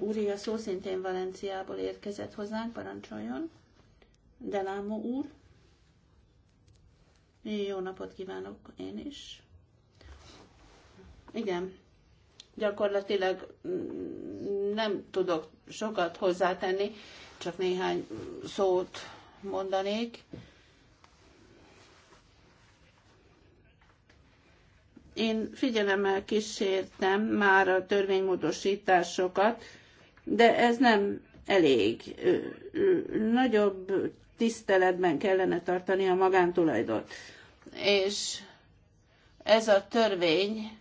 úr, a szó szintén Valenciából érkezett hozzánk, parancsoljon. Delámo úr. Jó napot kívánok én is. Igen, gyakorlatilag mm, nem tudok sokat hozzátenni, csak néhány szót mondanék. Én figyelemmel kísértem már a törvénymódosításokat, de ez nem elég. Nagyobb tiszteletben kellene tartani a magántulajdot. És ez a törvény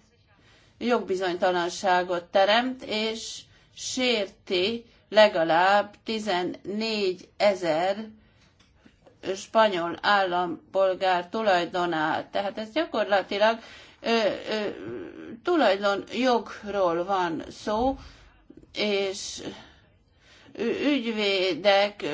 jogbizonytalanságot teremt, és sérti legalább 14 ezer spanyol állampolgár tulajdonát. Tehát ez gyakorlatilag ö, ö, tulajdonjogról van szó, és ügyvédek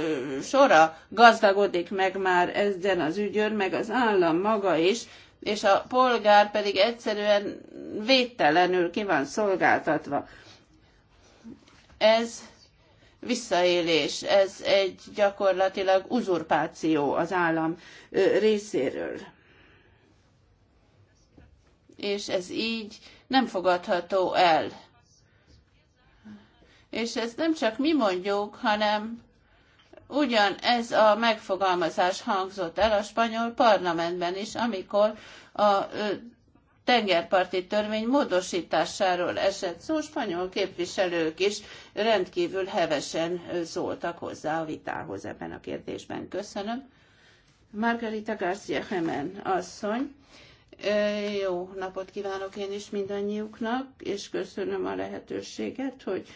sora gazdagodik meg már ezen az ügyön, meg az állam maga is, és a polgár pedig egyszerűen védtelenül ki van szolgáltatva. Ez visszaélés, ez egy gyakorlatilag uzurpáció az állam részéről. És ez így nem fogadható el. És ezt nem csak mi mondjuk, hanem Ugyan ez a megfogalmazás hangzott el a spanyol parlamentben is, amikor a tengerparti törvény módosításáról esett szó, spanyol képviselők is rendkívül hevesen szóltak hozzá a vitához ebben a kérdésben. Köszönöm. Margarita García Hemen asszony. Jó napot kívánok én is mindannyiuknak, és köszönöm a lehetőséget, hogy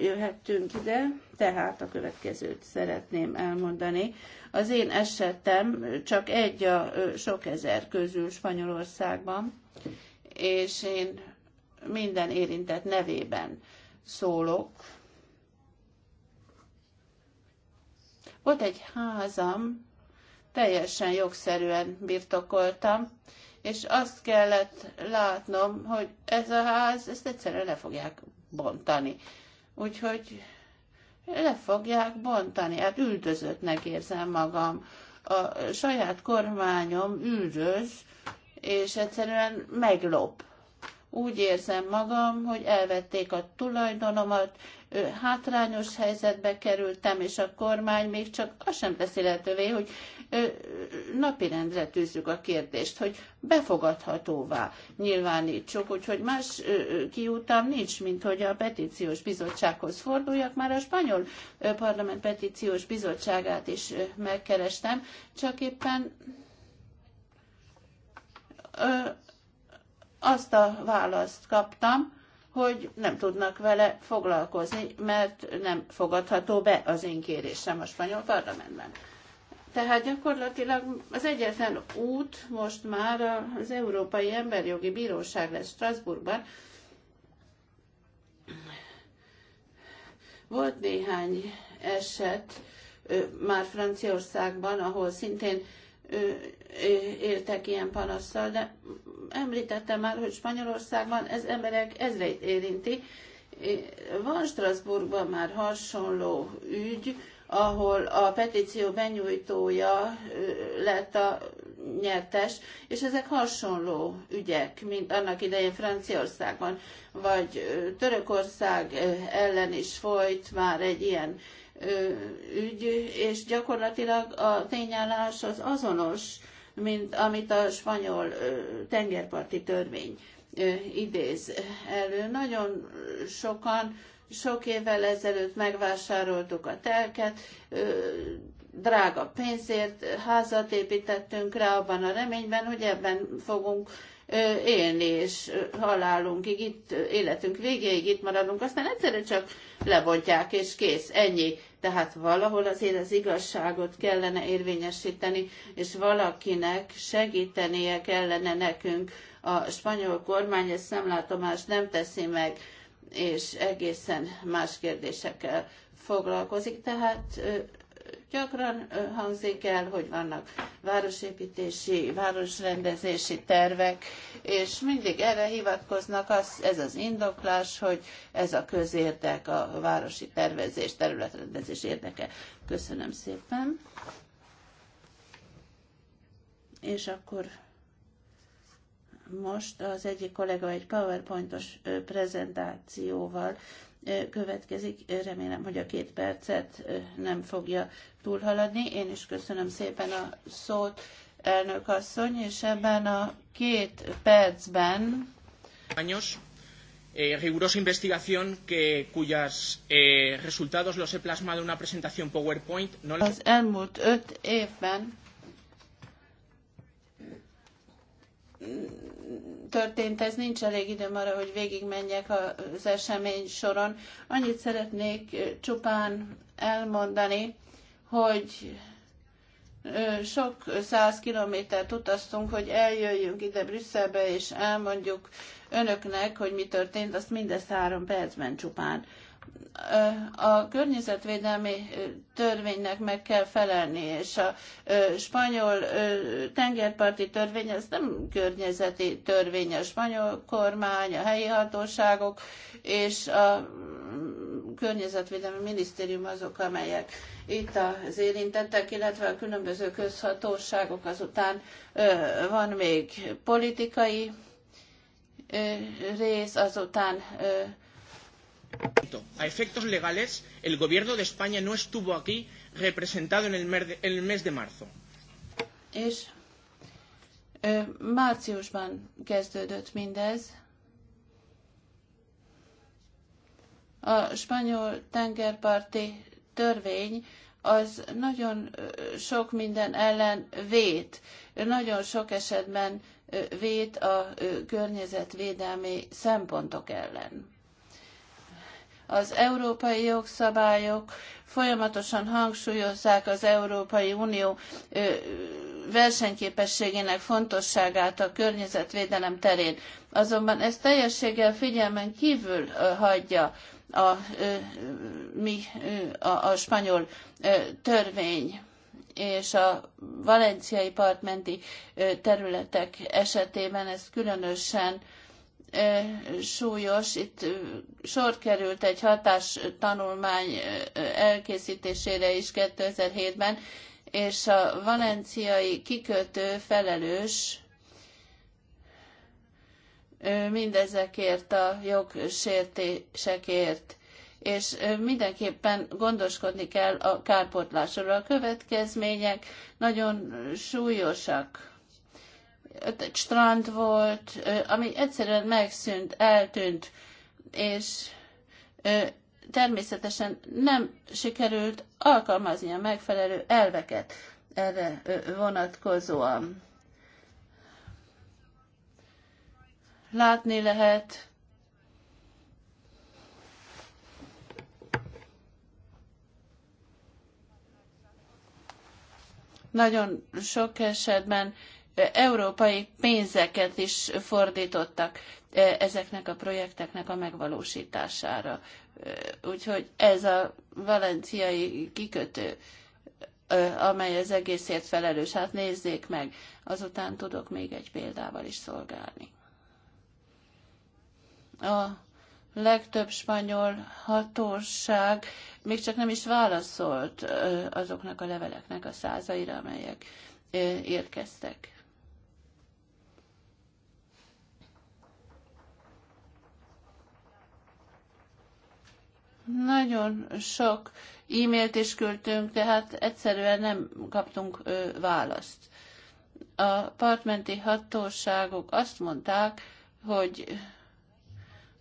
jöhettünk ide, tehát a következőt szeretném elmondani. Az én esetem csak egy a sok ezer közül Spanyolországban, és én minden érintett nevében szólok. Volt egy házam, teljesen jogszerűen birtokoltam, és azt kellett látnom, hogy ez a ház, ezt egyszerűen le fogják bontani. Úgyhogy le fogják bontani. Hát üldözöttnek érzem magam. A saját kormányom üldöz, és egyszerűen meglop. Úgy érzem magam, hogy elvették a tulajdonomat, hátrányos helyzetbe kerültem, és a kormány még csak azt sem teszi lehetővé, hogy napirendre tűzzük a kérdést, hogy befogadhatóvá nyilvánítsuk, úgyhogy más kiútam nincs, mint hogy a petíciós bizottsághoz forduljak. Már a spanyol parlament petíciós bizottságát is megkerestem, csak éppen azt a választ kaptam, hogy nem tudnak vele foglalkozni, mert nem fogadható be az én kérésem a spanyol parlamentben. Tehát gyakorlatilag az egyetlen út most már az Európai Emberjogi Bíróság lesz Strasbourgban. Volt néhány eset már Franciaországban, ahol szintén éltek ilyen panasszal, de említettem már, hogy Spanyolországban ez emberek ezreit érinti. Van Strasbourgban már hasonló ügy, ahol a petíció benyújtója lett a nyertes, és ezek hasonló ügyek, mint annak idején Franciaországban, vagy Törökország ellen is folyt már egy ilyen ügy, és gyakorlatilag a tényállás az azonos, mint amit a spanyol tengerparti törvény idéz elő. Nagyon sokan sok évvel ezelőtt megvásároltuk a telket, drága pénzért házat építettünk rá abban a reményben, hogy ebben fogunk élni, és halálunkig itt, életünk végéig itt maradunk, aztán egyszerűen csak lebontják, és kész, ennyi. Tehát valahol azért az igazságot kellene érvényesíteni, és valakinek segítenie kellene nekünk. A spanyol kormány ezt szemlátomást nem teszi meg, és egészen más kérdésekkel foglalkozik, tehát Gyakran hangzik el, hogy vannak városépítési, városrendezési tervek, és mindig erre hivatkoznak, az, ez az indoklás, hogy ez a közérdek, a városi tervezés, területrendezés érdeke. Köszönöm szépen. És akkor most az egyik kollega egy PowerPointos prezentációval következik. Remélem, hogy a két percet nem fogja túlhaladni. Én is köszönöm szépen a szót, elnök asszony, és ebben a két percben... Años. Eh, rigurosa investigación que, cuyas eh, resultados los he plasmado en una presentación PowerPoint. No... Az elmúlt öt évben történt ez, nincs elég időm arra, hogy végigmenjek az esemény soron. Annyit szeretnék csupán elmondani, hogy sok száz kilométert utaztunk, hogy eljöjjünk ide Brüsszelbe, és elmondjuk önöknek, hogy mi történt, azt mindezt három percben csupán a környezetvédelmi törvénynek meg kell felelni, és a spanyol tengerparti törvény, ez nem környezeti törvény, a spanyol kormány, a helyi hatóságok és a mm, környezetvédelmi minisztérium azok, amelyek itt az érintettek, illetve a különböző közhatóságok, azután van még politikai rész, azután a efectos legales, el gobierno de España no estuvo aquí representado en el, mer- en el mes de marzo. És ö, márciusban kezdődött mindez. A spanyol tengerparti törvény az nagyon sok minden ellen vét, nagyon sok esetben vét a környezetvédelmi szempontok ellen az európai jogszabályok folyamatosan hangsúlyozzák az Európai Unió versenyképességének fontosságát a környezetvédelem terén. Azonban ez teljességgel figyelmen kívül hagyja a, mi, a, a spanyol törvény és a valenciai partmenti területek esetében ez különösen súlyos. Itt sor került egy hatástanulmány elkészítésére is 2007-ben, és a valenciai kikötő felelős mindezekért a jogsértésekért és mindenképpen gondoskodni kell a kárpótlásról. A következmények nagyon súlyosak ott egy strand volt, ami egyszerűen megszűnt, eltűnt, és természetesen nem sikerült alkalmazni a megfelelő elveket erre vonatkozóan. Látni lehet, nagyon sok esetben európai pénzeket is fordítottak e, ezeknek a projekteknek a megvalósítására. E, úgyhogy ez a valenciai kikötő, e, amely az egészért felelős, hát nézzék meg, azután tudok még egy példával is szolgálni. A legtöbb spanyol hatóság még csak nem is válaszolt azoknak a leveleknek a százaira, amelyek érkeztek. Nagyon sok e-mailt is küldtünk, tehát egyszerűen nem kaptunk ö, választ. A partmenti hatóságok azt mondták, hogy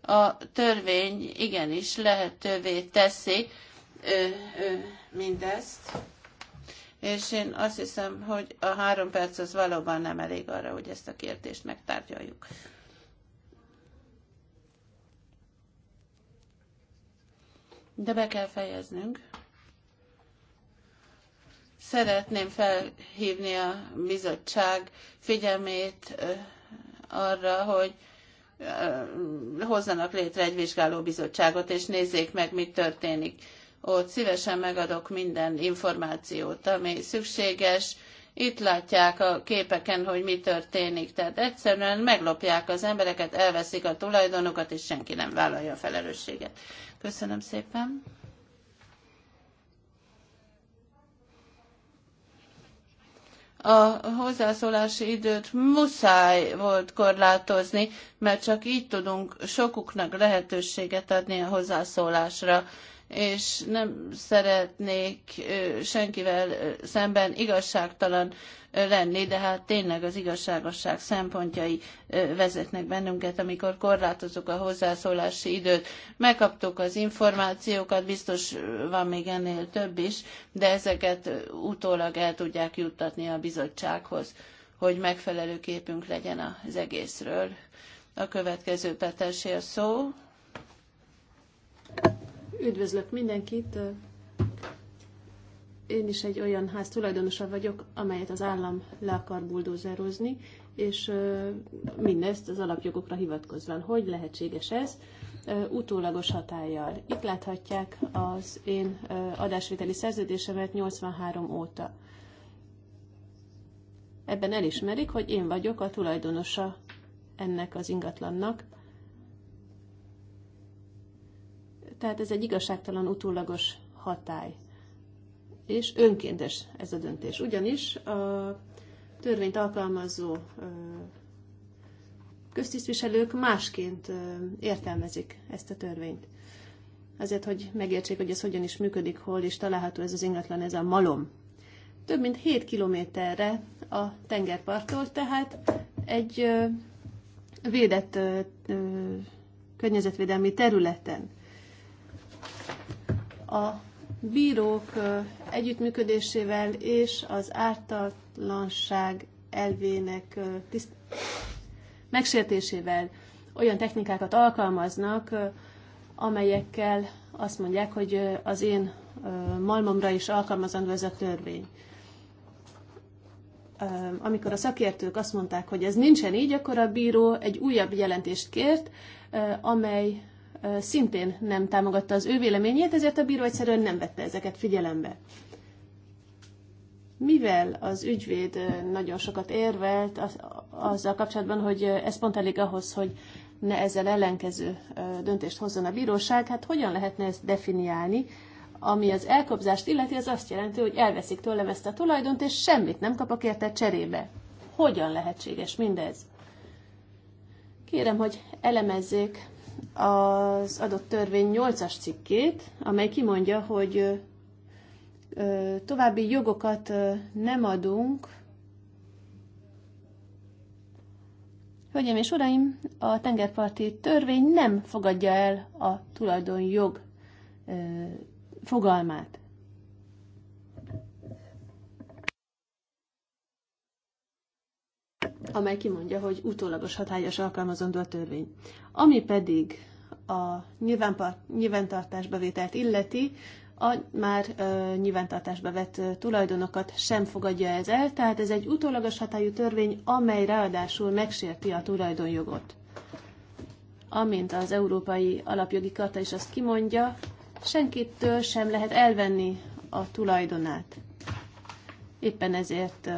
a törvény igenis lehetővé teszi ö, ö, mindezt, és én azt hiszem, hogy a három perc az valóban nem elég arra, hogy ezt a kérdést megtárgyaljuk. de be kell fejeznünk. Szeretném felhívni a bizottság figyelmét arra, hogy hozzanak létre egy bizottságot, és nézzék meg, mi történik. Ott szívesen megadok minden információt, ami szükséges, itt látják a képeken, hogy mi történik. Tehát egyszerűen meglopják az embereket, elveszik a tulajdonukat, és senki nem vállalja a felelősséget. Köszönöm szépen. a hozzászólási időt muszáj volt korlátozni, mert csak így tudunk sokuknak lehetőséget adni a hozzászólásra, és nem szeretnék senkivel szemben igazságtalan lenni, de hát tényleg az igazságosság szempontjai vezetnek bennünket, amikor korlátozunk a hozzászólási időt. Megkaptuk az információkat, biztos van még ennél több is, de ezeket utólag el tudják juttatni a bizottsághoz, hogy megfelelő képünk legyen az egészről. A következő Petelsé a szó. Üdvözlök mindenkit! Én is egy olyan ház tulajdonosa vagyok, amelyet az állam le akar buldózerozni, és mindezt az alapjogokra hivatkozva, Hogy lehetséges ez? Utólagos hatállyal. Itt láthatják az én adásvételi szerződésemet 83 óta. Ebben elismerik, hogy én vagyok a tulajdonosa ennek az ingatlannak, Tehát ez egy igazságtalan utólagos hatály. És önkéntes ez a döntés. Ugyanis a törvényt alkalmazó köztisztviselők másként értelmezik ezt a törvényt. Azért, hogy megértsék, hogy ez hogyan is működik, hol is található ez az ingatlan, ez a malom. Több mint 7 kilométerre a tengerparttól, tehát egy védett környezetvédelmi területen a bírók együttműködésével és az ártatlanság elvének tiszt- megsértésével olyan technikákat alkalmaznak, amelyekkel azt mondják, hogy az én malmomra is alkalmazandó ez a törvény. Amikor a szakértők azt mondták, hogy ez nincsen így, akkor a bíró egy újabb jelentést kért, amely szintén nem támogatta az ő véleményét, ezért a bíró egyszerűen nem vette ezeket figyelembe. Mivel az ügyvéd nagyon sokat érvelt az, azzal kapcsolatban, hogy ez pont elég ahhoz, hogy ne ezzel ellenkező döntést hozzon a bíróság, hát hogyan lehetne ezt definiálni? Ami az elkobzást illeti, az azt jelenti, hogy elveszik tőlem ezt a tulajdont, és semmit nem kapok érte cserébe. Hogyan lehetséges mindez? Kérem, hogy elemezzék az adott törvény 8-as cikkét, amely kimondja, hogy további jogokat nem adunk. Hölgyeim és uraim, a tengerparti törvény nem fogadja el a tulajdonjog fogalmát. amely kimondja, hogy utólagos hatályos alkalmazandó a törvény. Ami pedig a nyilvántartásba vételt illeti, a már ö, nyilvántartásba vett ö, tulajdonokat sem fogadja ez el, tehát ez egy utólagos hatályú törvény, amely ráadásul megsérti a tulajdonjogot. Amint az Európai Alapjogi Karta is azt kimondja, senkitől sem lehet elvenni a tulajdonát. Éppen ezért ö,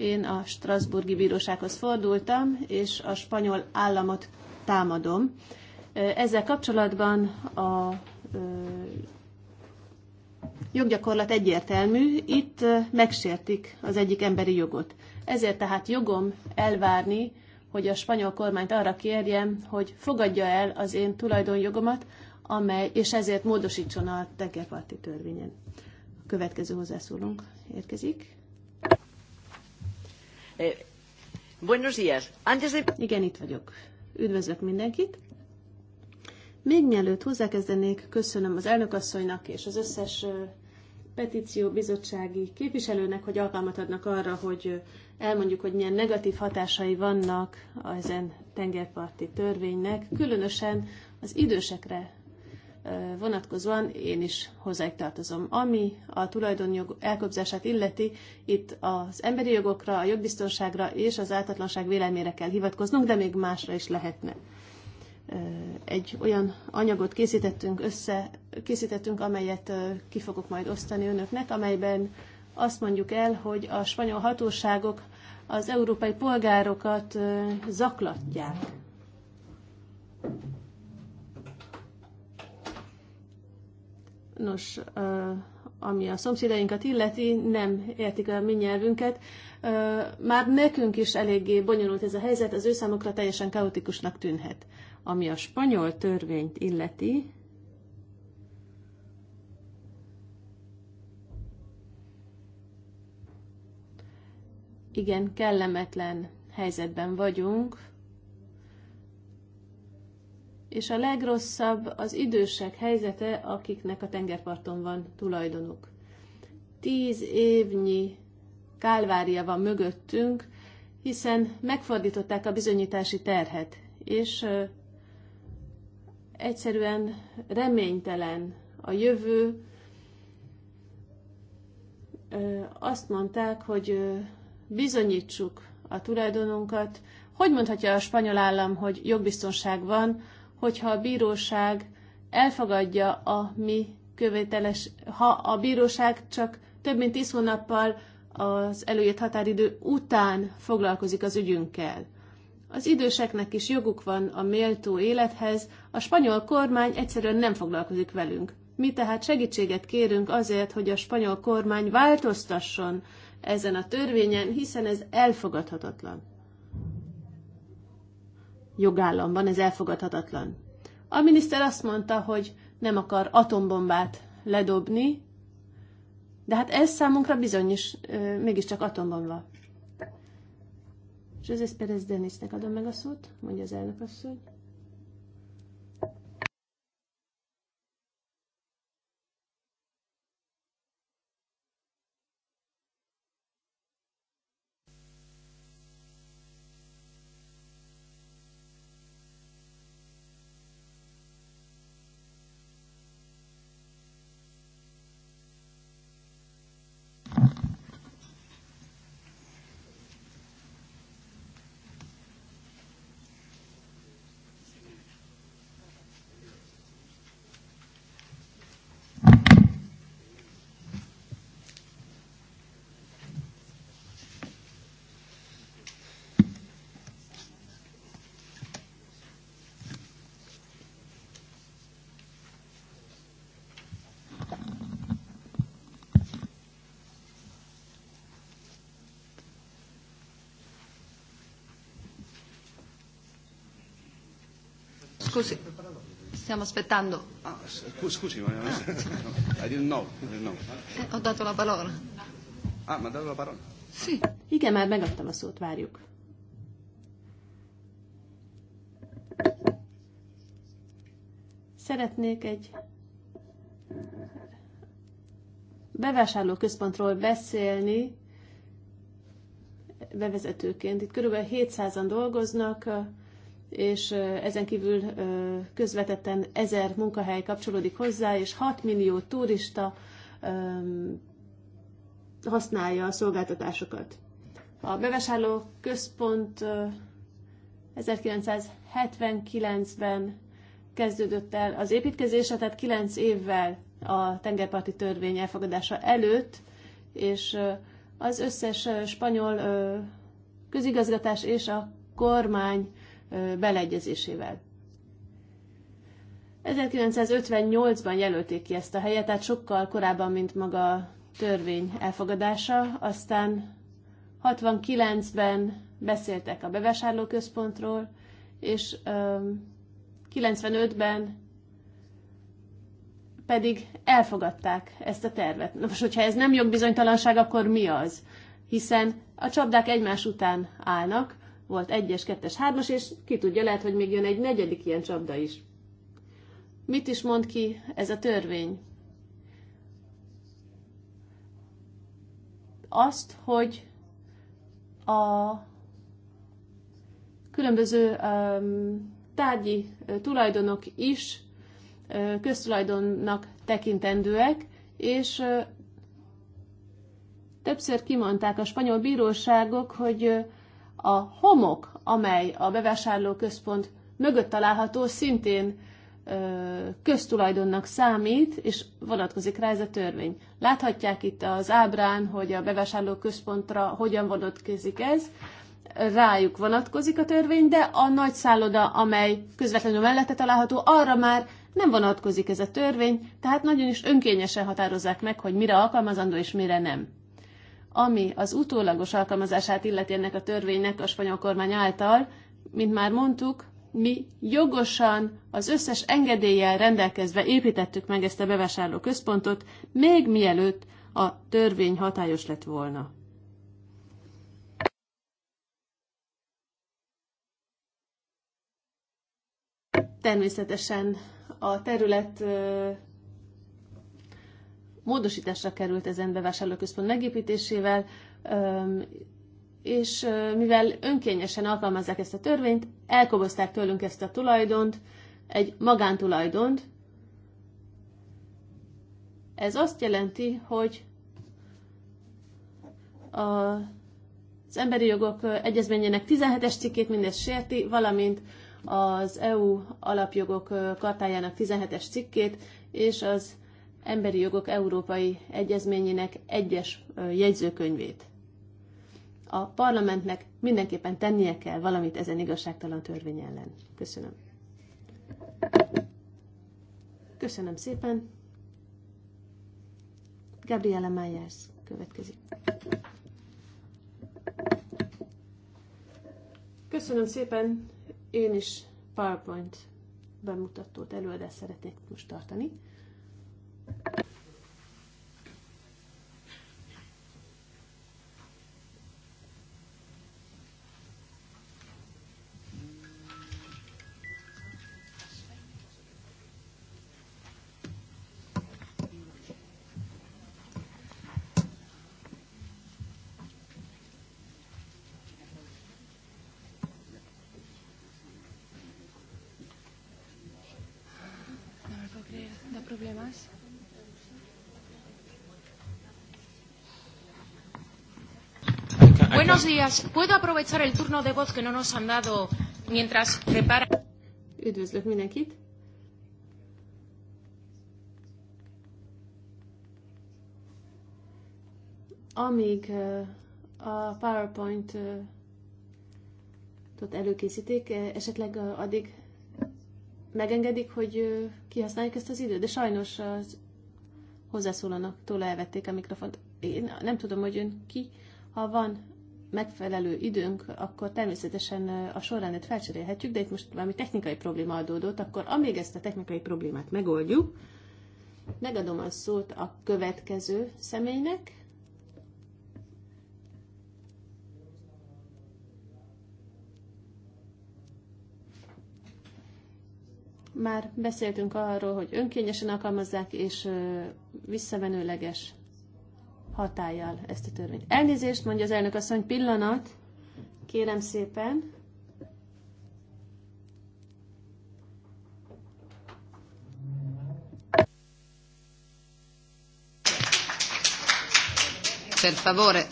én a Strasburgi Bírósághoz fordultam, és a spanyol államot támadom. Ezzel kapcsolatban a joggyakorlat egyértelmű, itt megsértik az egyik emberi jogot. Ezért tehát jogom elvárni, hogy a spanyol kormányt arra kérjem, hogy fogadja el az én tulajdonjogomat, amely, és ezért módosítson a tengerparti törvényen. A következő hozzászólónk érkezik. Eh, buenos días. Antes de... Igen, itt vagyok. Üdvözlök mindenkit. Még mielőtt hozzákezdenék, köszönöm az elnökasszonynak és az összes petíció bizottsági képviselőnek, hogy alkalmat adnak arra, hogy elmondjuk, hogy milyen negatív hatásai vannak ezen tengerparti törvénynek, különösen az idősekre vonatkozóan én is hozzáig tartozom. Ami a tulajdonjog elkobzását illeti, itt az emberi jogokra, a jogbiztonságra és az áltatlanság vélelmére kell hivatkoznunk, de még másra is lehetne. Egy olyan anyagot készítettünk össze, készítettünk, amelyet ki fogok majd osztani önöknek, amelyben azt mondjuk el, hogy a spanyol hatóságok az európai polgárokat zaklatják Nos, ami a szomszédainkat illeti, nem értik a mi nyelvünket. Már nekünk is eléggé bonyolult ez a helyzet, az ő számukra teljesen kaotikusnak tűnhet. Ami a spanyol törvényt illeti, igen, kellemetlen helyzetben vagyunk, és a legrosszabb az idősek helyzete, akiknek a tengerparton van tulajdonuk. Tíz évnyi kálvária van mögöttünk, hiszen megfordították a bizonyítási terhet, és egyszerűen reménytelen a jövő. Azt mondták, hogy bizonyítsuk a tulajdonunkat. Hogy mondhatja a spanyol állam, hogy jogbiztonság van, hogyha a bíróság elfogadja a mi követeles, ha a bíróság csak több mint tíz hónappal az előírt határidő után foglalkozik az ügyünkkel. Az időseknek is joguk van a méltó élethez, a spanyol kormány egyszerűen nem foglalkozik velünk. Mi tehát segítséget kérünk azért, hogy a spanyol kormány változtasson ezen a törvényen, hiszen ez elfogadhatatlan jogállamban, ez elfogadhatatlan. A miniszter azt mondta, hogy nem akar atombombát ledobni, de hát ez számunkra bizony is mégiscsak atombomba. José Perez Denisnek adom meg a szót, mondja az elnök asszony. Hogy... Scusi, stiamo aspettando. Ah, scusi, ma... Ah. I didn't know. I didn't know. Eh, ho dato la parola. Ah, ma dato la parola? Sì. Ah. Igen, már megadtam a szót, várjuk. Szeretnék egy bevásárlóközpontról beszélni bevezetőként. Itt körülbelül 700-an dolgoznak, és ezen kívül közvetetten ezer munkahely kapcsolódik hozzá, és 6 millió turista használja a szolgáltatásokat. A bevásárló központ 1979-ben kezdődött el az építkezése, tehát 9 évvel a tengerparti törvény elfogadása előtt, és az összes spanyol közigazgatás és a kormány beleegyezésével. 1958-ban jelölték ki ezt a helyet, tehát sokkal korábban, mint maga a törvény elfogadása. Aztán 69-ben beszéltek a bevásárlóközpontról, és 95-ben pedig elfogadták ezt a tervet. Na most, hogyha ez nem jogbizonytalanság, akkor mi az? Hiszen a csapdák egymás után állnak, volt egyes, kettes, hármas, és ki tudja, lehet, hogy még jön egy negyedik ilyen csapda is. Mit is mond ki ez a törvény? Azt, hogy a különböző um, tárgyi tulajdonok is köztulajdonnak tekintendőek, és többször kimondták a spanyol bíróságok, hogy a homok, amely a bevásárlóközpont mögött található, szintén köztulajdonnak számít, és vonatkozik rá ez a törvény. Láthatják itt az ábrán, hogy a bevásárló központra hogyan vonatkozik ez. Rájuk vonatkozik a törvény, de a nagy szálloda, amely közvetlenül mellette található, arra már nem vonatkozik ez a törvény, tehát nagyon is önkényesen határozzák meg, hogy mire alkalmazandó és mire nem. Ami az utólagos alkalmazását illeti ennek a törvénynek a spanyol kormány által, mint már mondtuk, mi jogosan az összes engedéllyel rendelkezve építettük meg ezt a központot, még mielőtt a törvény hatályos lett volna. Természetesen a terület módosításra került ezen bevásárlóközpont megépítésével, és mivel önkényesen alkalmazzák ezt a törvényt, elkobozták tőlünk ezt a tulajdont, egy magántulajdont. Ez azt jelenti, hogy a, az emberi jogok egyezményének 17-es cikkét mindez sérti, valamint az EU alapjogok kartájának 17-es cikkét, és az Emberi Jogok Európai Egyezményének egyes jegyzőkönyvét. A parlamentnek mindenképpen tennie kell valamit ezen igazságtalan törvény ellen. Köszönöm. Köszönöm szépen. Gabriela Myers következik. Köszönöm szépen, én is PowerPoint bemutatót előadást szeretnék most tartani. Buenos días. ¿Puedo aprovechar el turno de voz que no nos han dado mientras prepara? Üdvözlök mindenkit! Amíg eh, a PowerPoint-ot előkészítik, eh, esetleg eh, addig megengedik, hogy kihasználjuk ezt az időt, de sajnos az hozzászólanak, tőle elvették a mikrofont. Én nem tudom, hogy ön ki, ha van megfelelő időnk, akkor természetesen a sorrendet felcserélhetjük, de itt most valami technikai probléma adódott, akkor amíg ezt a technikai problémát megoldjuk, megadom a szót a következő személynek. Már beszéltünk arról, hogy önkényesen alkalmazzák, és visszamenőleges hatállyal ezt a törvényt. Elnézést, mondja az elnök asszony, pillanat, kérem szépen. Per favore.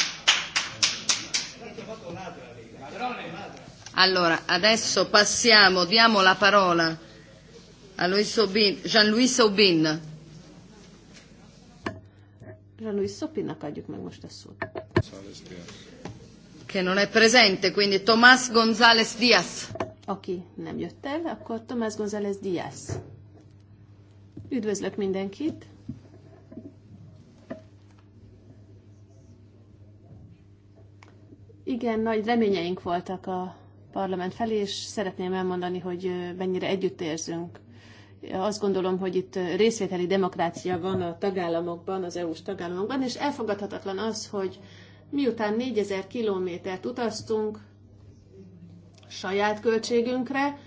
Allora, adesso passiamo, diamo la parola a Jean-Louis Aubin. Jean Jean-Louis Szopinak adjuk meg most a szót. Que non è presente, quindi Tomás González Díaz. Aki nem jött el, akkor Tomás González Díaz. Üdvözlök mindenkit! Igen, nagy reményeink voltak a parlament felé, és szeretném elmondani, hogy mennyire együttérzünk azt gondolom, hogy itt részvételi demokrácia van a tagállamokban, az EU-s tagállamokban, és elfogadhatatlan az, hogy miután 4000 kilométert utaztunk saját költségünkre,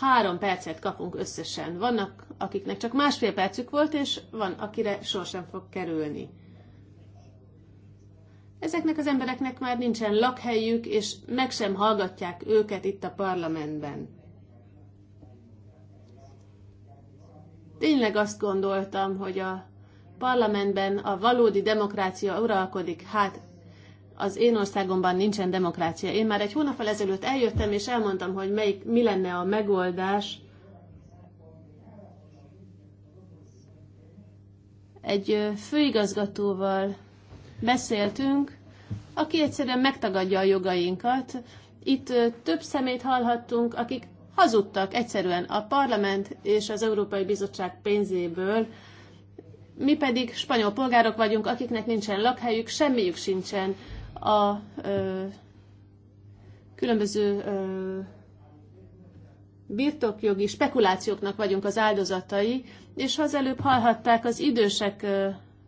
három percet kapunk összesen. Vannak, akiknek csak másfél percük volt, és van, akire sosem fog kerülni. Ezeknek az embereknek már nincsen lakhelyük, és meg sem hallgatják őket itt a parlamentben. Tényleg azt gondoltam, hogy a parlamentben a valódi demokrácia uralkodik, hát az én országomban nincsen demokrácia. Én már egy hónap ezelőtt eljöttem, és elmondtam, hogy melyik, mi lenne a megoldás egy főigazgatóval beszéltünk, aki egyszerűen megtagadja a jogainkat. Itt több szemét hallhattunk, akik hazudtak egyszerűen a parlament és az Európai Bizottság pénzéből, mi pedig spanyol polgárok vagyunk, akiknek nincsen lakhelyük, semmiük sincsen a ö, különböző ö, birtokjogi spekulációknak vagyunk az áldozatai, és az előbb hallhatták az idősek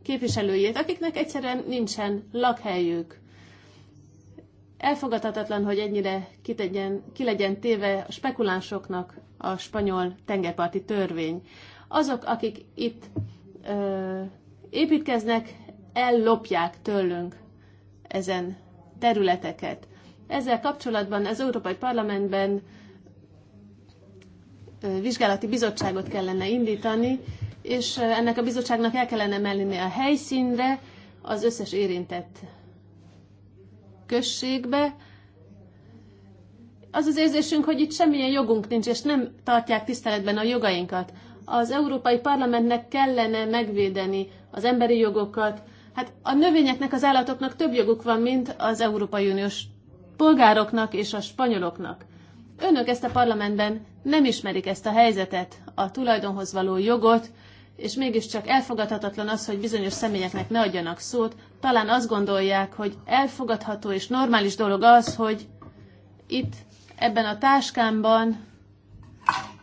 képviselőjét, akiknek egyszerűen nincsen lakhelyük. Elfogadhatatlan, hogy ennyire kitegyen, ki legyen téve a spekulánsoknak a spanyol tengerparti törvény. Azok, akik itt ö, építkeznek, ellopják tőlünk ezen területeket. Ezzel kapcsolatban az Európai Parlamentben vizsgálati bizottságot kellene indítani, és ennek a bizottságnak el kellene mennie a helyszínre az összes érintett kösségbe. az az érzésünk, hogy itt semmilyen jogunk nincs, és nem tartják tiszteletben a jogainkat. Az Európai Parlamentnek kellene megvédeni az emberi jogokat. Hát a növényeknek, az állatoknak több joguk van, mint az Európai Uniós polgároknak és a spanyoloknak. Önök ezt a parlamentben nem ismerik ezt a helyzetet, a tulajdonhoz való jogot, és mégiscsak elfogadhatatlan az, hogy bizonyos személyeknek ne adjanak szót. Talán azt gondolják, hogy elfogadható és normális dolog az, hogy itt ebben a táskámban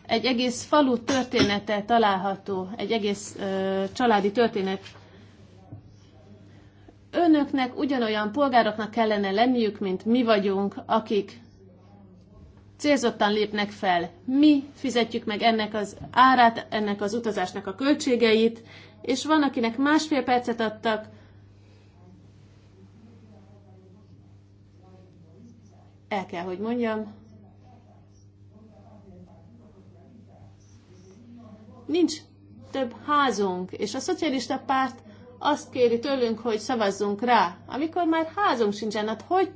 egy egész falu története található, egy egész ö, családi történet. Önöknek ugyanolyan polgároknak kellene lenniük, mint mi vagyunk, akik célzottan lépnek fel. Mi fizetjük meg ennek az árát, ennek az utazásnak a költségeit, és van, akinek másfél percet adtak, el kell, hogy mondjam, nincs több házunk, és a szocialista párt azt kéri tőlünk, hogy szavazzunk rá, amikor már házunk sincsen, hát hogy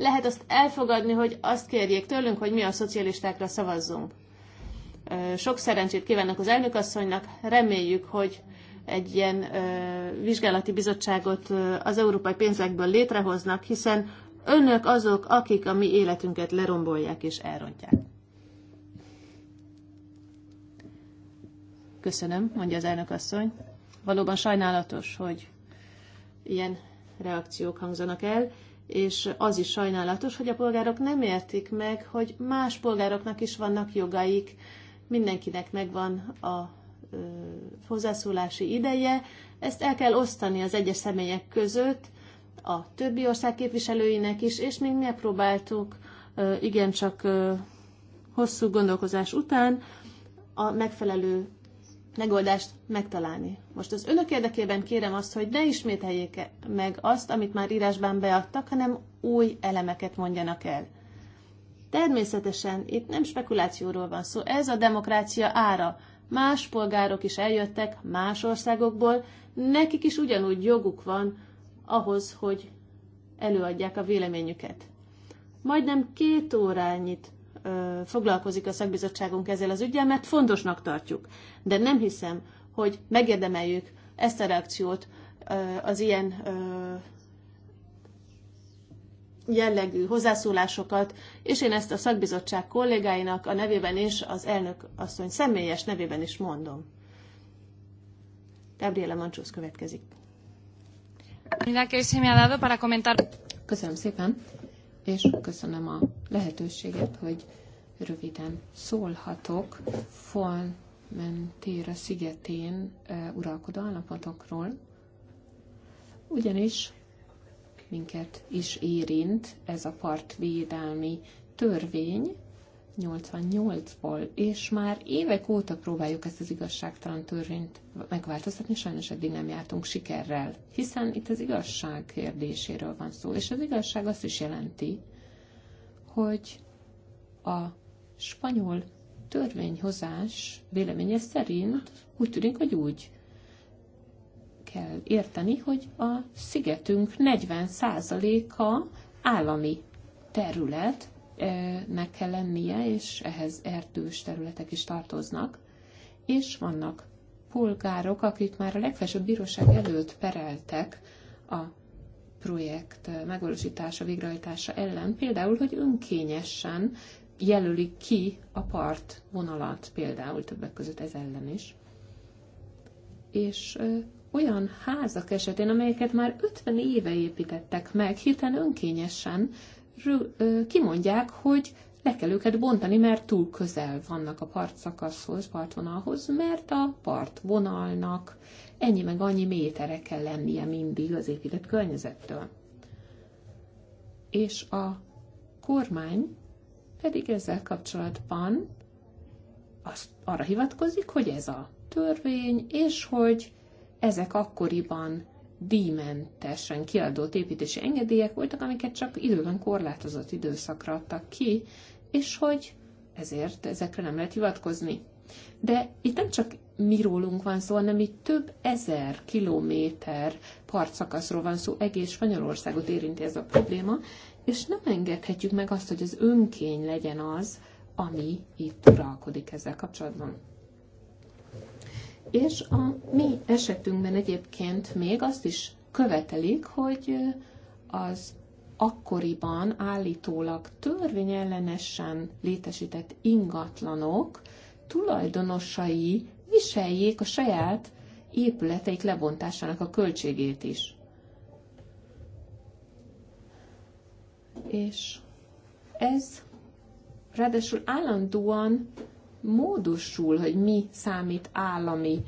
lehet azt elfogadni, hogy azt kérjék tőlünk, hogy mi a szocialistákra szavazzunk. Sok szerencsét kívánok az elnökasszonynak, reméljük, hogy egy ilyen vizsgálati bizottságot az európai pénzekből létrehoznak, hiszen önök azok, akik a mi életünket lerombolják és elrontják. Köszönöm, mondja az elnökasszony. Valóban sajnálatos, hogy ilyen reakciók hangzanak el és az is sajnálatos, hogy a polgárok nem értik meg, hogy más polgároknak is vannak jogaik, mindenkinek megvan a ö, hozzászólási ideje, ezt el kell osztani az egyes személyek között, a többi ország képviselőinek is, és még megpróbáltuk igencsak hosszú gondolkozás után a megfelelő megoldást megtalálni. Most az önök érdekében kérem azt, hogy ne ismételjék meg azt, amit már írásban beadtak, hanem új elemeket mondjanak el. Természetesen itt nem spekulációról van szó, ez a demokrácia ára. Más polgárok is eljöttek más országokból, nekik is ugyanúgy joguk van ahhoz, hogy előadják a véleményüket. Majdnem két órányit foglalkozik a szakbizottságunk ezzel az ügyel, mert fontosnak tartjuk. De nem hiszem, hogy megérdemeljük ezt a reakciót az ilyen jellegű hozzászólásokat, és én ezt a szakbizottság kollégáinak a nevében is, az elnök asszony személyes nevében is mondom. Gabriela Mancsúsz következik. Köszönöm szépen és köszönöm a lehetőséget, hogy röviden szólhatok Folmentéra szigetén uralkodó állapotokról, ugyanis minket is érint ez a partvédelmi törvény, 88-ból, és már évek óta próbáljuk ezt az igazságtalan törvényt megváltoztatni, sajnos eddig nem jártunk sikerrel, hiszen itt az igazság kérdéséről van szó, és az igazság azt is jelenti, hogy a spanyol törvényhozás véleménye szerint úgy tűnik, hogy úgy kell érteni, hogy a szigetünk 40%-a állami terület, nek kell lennie, és ehhez erdős területek is tartoznak, és vannak polgárok, akik már a legfelsőbb bíróság előtt pereltek a projekt megvalósítása, végrehajtása ellen, például, hogy önkényesen jelölik ki a part vonalat, például többek között ez ellen is. És ö, olyan házak esetén, amelyeket már 50 éve építettek meg, hirtelen önkényesen kimondják, hogy le kell őket bontani, mert túl közel vannak a partszakaszhoz, partvonalhoz, mert a partvonalnak ennyi meg annyi méterre kell lennie mindig az épített környezettől. És a kormány pedig ezzel kapcsolatban azt arra hivatkozik, hogy ez a törvény, és hogy ezek akkoriban díjmentesen kiadott építési engedélyek voltak, amiket csak időben korlátozott időszakra adtak ki, és hogy ezért ezekre nem lehet hivatkozni. De itt nem csak mi rólunk van szó, hanem itt több ezer kilométer partszakaszról van szó, egész Spanyolországot érinti ez a probléma, és nem engedhetjük meg azt, hogy az önkény legyen az, ami itt uralkodik ezzel kapcsolatban. És a mi esetünkben egyébként még azt is követelik, hogy az akkoriban állítólag törvényellenesen létesített ingatlanok tulajdonosai viseljék a saját épületeik lebontásának a költségét is. És ez ráadásul állandóan módosul, hogy mi számít állami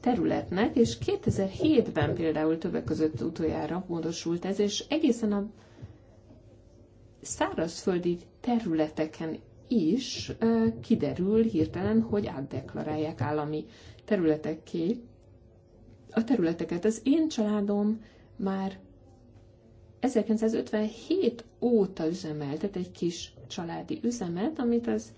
területnek, és 2007-ben például többek között utoljára módosult ez, és egészen a szárazföldi területeken is ö, kiderül hirtelen, hogy átdeklarálják állami területekké a területeket. Az én családom már 1957 óta üzemeltet egy kis családi üzemet, amit az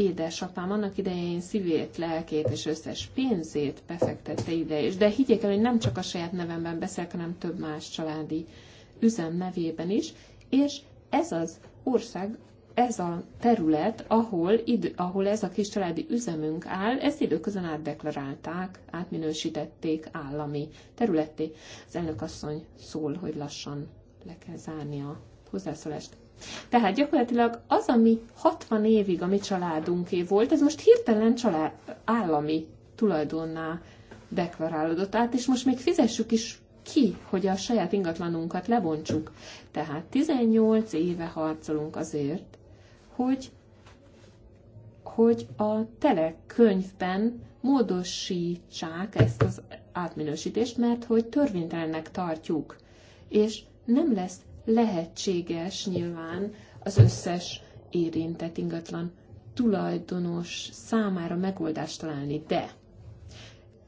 édesapám annak idején szívét, lelkét és összes pénzét befektette ide, és de higgyék el, hogy nem csak a saját nevemben beszélek, hanem több más családi üzem nevében is, és ez az ország, ez a terület, ahol, idő, ahol ez a kis családi üzemünk áll, ezt időközben átdeklarálták, átminősítették állami területté. Az elnök asszony szól, hogy lassan le kell zárni a hozzászólást. Tehát gyakorlatilag az, ami 60 évig a mi családunké volt, ez most hirtelen család, állami tulajdonná deklarálódott át, és most még fizessük is ki, hogy a saját ingatlanunkat lebontsuk. Tehát 18 éve harcolunk azért, hogy, hogy a telekönyvben módosítsák ezt az átminősítést, mert hogy törvénytelennek tartjuk, és nem lesz lehetséges nyilván az összes érintett ingatlan tulajdonos számára megoldást találni, de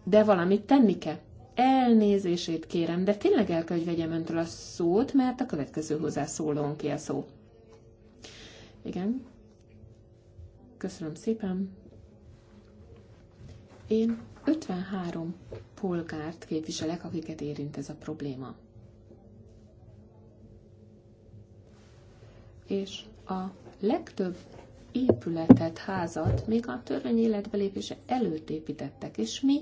de valamit tenni kell. Elnézését kérem, de tényleg el kell, hogy vegyem öntől a szót, mert a következő ki a szó. Igen. Köszönöm szépen. Én 53 polgárt képviselek, akiket érint ez a probléma. és a legtöbb épületet, házat még a törvény életbelépése előtt építettek, és mi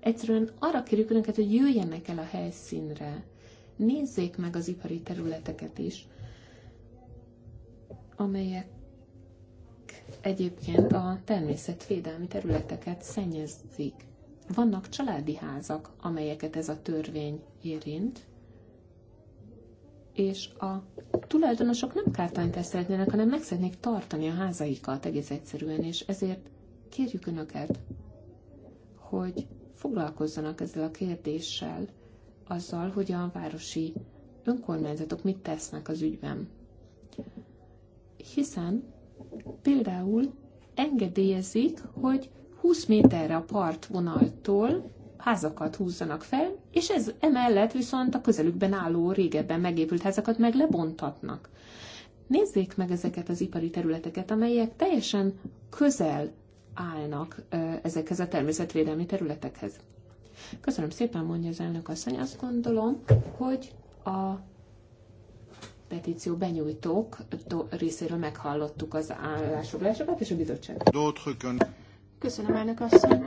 egyszerűen arra kérjük önöket, hogy jöjjenek el a helyszínre, nézzék meg az ipari területeket is, amelyek egyébként a természetvédelmi területeket szennyezik. Vannak családi házak, amelyeket ez a törvény érint, és a tulajdonosok nem kártányítást szeretnének, hanem meg szeretnék tartani a házaikat egész egyszerűen, és ezért kérjük Önöket, hogy foglalkozzanak ezzel a kérdéssel, azzal, hogy a városi önkormányzatok mit tesznek az ügyben. Hiszen például engedélyezik, hogy 20 méterre a partvonaltól házakat húzzanak fel, és ez emellett viszont a közelükben álló régebben megépült házakat meg lebontatnak. Nézzék meg ezeket az ipari területeket, amelyek teljesen közel állnak ezekhez a természetvédelmi területekhez. Köszönöm szépen, mondja az elnök asszony. Azt gondolom, hogy a petíció benyújtók részéről meghallottuk az állásfoglalásokat és a bizottság. Köszönöm, elnök asszony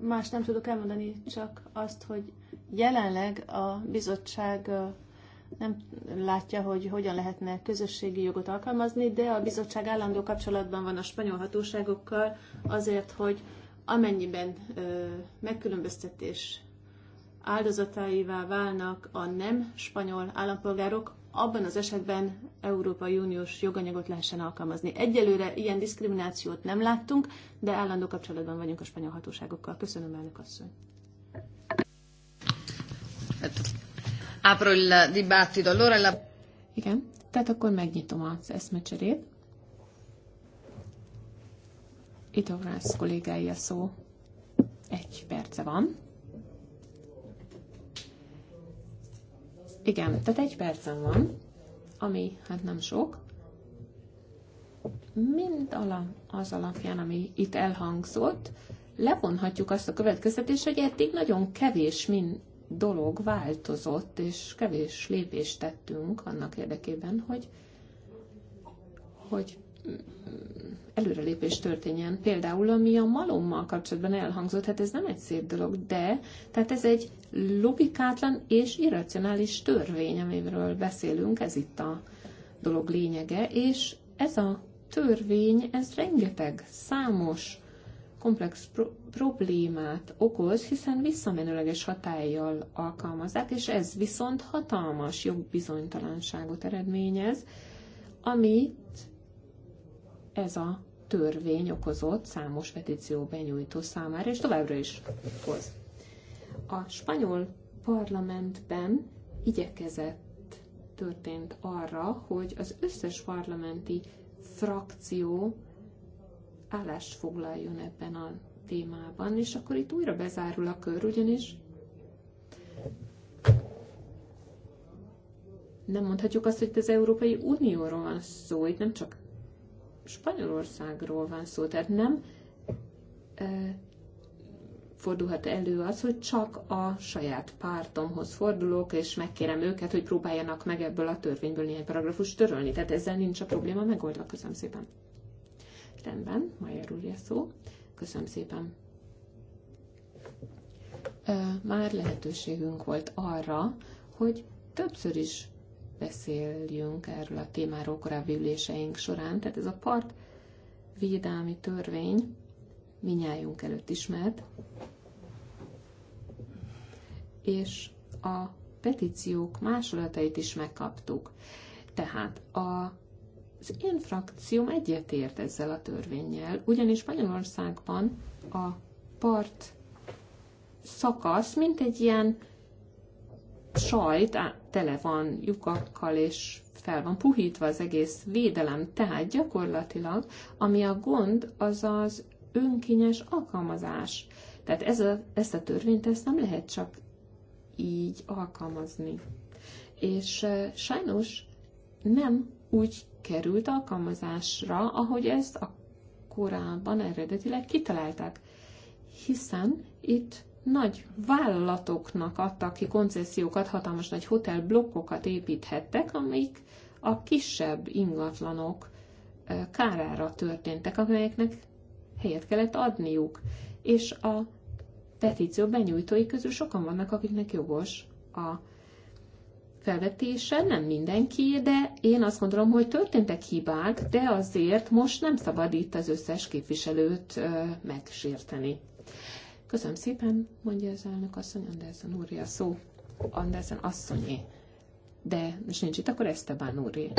más nem tudok elmondani, csak azt, hogy jelenleg a bizottság nem látja, hogy hogyan lehetne közösségi jogot alkalmazni, de a bizottság állandó kapcsolatban van a spanyol hatóságokkal azért, hogy amennyiben ö, megkülönböztetés áldozataivá válnak a nem spanyol állampolgárok, abban az esetben Európai Uniós joganyagot lehessen alkalmazni. Egyelőre ilyen diszkriminációt nem láttunk, de állandó kapcsolatban vagyunk a spanyol hatóságokkal. Köszönöm, elnök asszony. Igen, tehát akkor megnyitom az eszmecserét. Itt a kollégái a szó. Egy perce van. Igen, tehát egy percem van, ami hát nem sok. Mind ala, az alapján, ami itt elhangzott, levonhatjuk azt a következtetést, hogy eddig nagyon kevés min dolog változott, és kevés lépést tettünk annak érdekében, hogy, hogy előrelépés történjen. Például, ami a malommal kapcsolatban elhangzott, hát ez nem egy szép dolog, de tehát ez egy logikátlan és irracionális törvény, amiről beszélünk, ez itt a dolog lényege, és ez a törvény, ez rengeteg számos komplex pro- problémát okoz, hiszen visszamenőleges hatállyal alkalmazzák, és ez viszont hatalmas jogbizonytalanságot eredményez, ami ez a törvény okozott számos petíció benyújtó számára, és továbbra is hoz. A spanyol parlamentben igyekezett történt arra, hogy az összes parlamenti frakció állást foglaljon ebben a témában, és akkor itt újra bezárul a kör, ugyanis nem mondhatjuk azt, hogy az Európai Unióról van szó, itt nem csak Spanyolországról van szó, tehát nem e, fordulhat elő az, hogy csak a saját pártomhoz fordulok, és megkérem őket, hogy próbáljanak meg ebből a törvényből néhány paragrafust törölni. Tehát ezzel nincs a probléma megoldva. Köszönöm szépen. Rendben, Majer úr szó. Köszönöm szépen. Már lehetőségünk volt arra, hogy többször is beszéljünk erről a témáról korábbi üléseink során. Tehát ez a part védelmi törvény minnyájunk előtt ismert, és a petíciók másolatait is megkaptuk. Tehát a az én frakcióm egyetért ezzel a törvényel, ugyanis Magyarországban a part szakasz, mint egy ilyen sajt tele van lyukakkal, és fel van puhítva az egész védelem. Tehát gyakorlatilag, ami a gond, az az önkényes alkalmazás. Tehát ez a, ezt a törvényt ezt nem lehet csak így alkalmazni. És e, sajnos nem úgy került alkalmazásra, ahogy ezt a korábban eredetileg kitalálták. Hiszen itt nagy vállalatoknak adtak ki koncesziókat, hatalmas nagy hotelblokkokat építhettek, amik a kisebb ingatlanok kárára történtek, amelyeknek helyet kellett adniuk. És a petíció benyújtói közül sokan vannak, akiknek jogos a felvetése, nem mindenki, de én azt gondolom, hogy történtek hibák, de azért most nem szabad itt az összes képviselőt megsérteni. Köszönöm szépen, mondja az elnök asszony, Andersen úré a szó. Andersen asszonyé. De most nincs itt, akkor Esteban úré.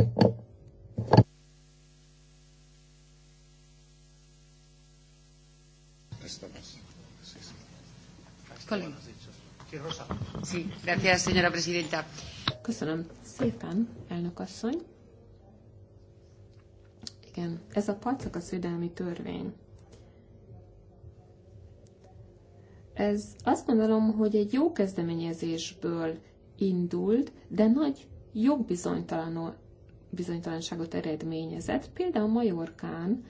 Köszönöm szépen, elnök asszony. Igen, ez a pacak a szüdelmi törvény Ez azt gondolom, hogy egy jó kezdeményezésből indult, de nagy jogbizonytalanul bizonytalanságot eredményezett. Például Majorkán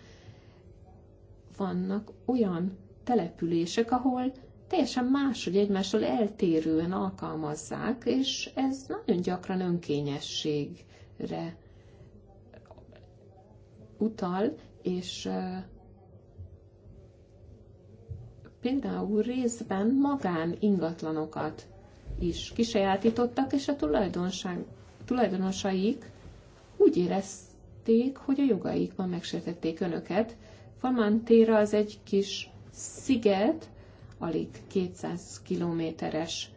vannak olyan települések, ahol teljesen máshogy egymástól eltérően alkalmazzák, és ez nagyon gyakran önkényességre utal, és például részben magán ingatlanokat is kisajátítottak, és a tulajdonság, tulajdonosaik úgy érezték, hogy a jogaikban megsértették önöket. Famantéra az egy kis sziget, alig 200 kilométeres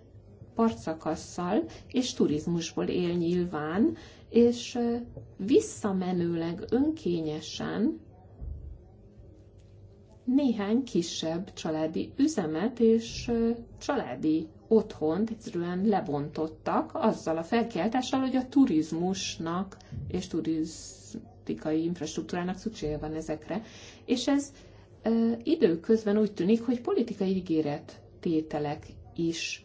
partszakasszal, és turizmusból él nyilván, és visszamenőleg önkényesen néhány kisebb családi üzemet és családi otthont egyszerűen lebontottak azzal a felkiáltással, hogy a turizmusnak és turisztikai infrastruktúrának szüksége van ezekre. És ez időközben úgy tűnik, hogy politikai ígéret tételek is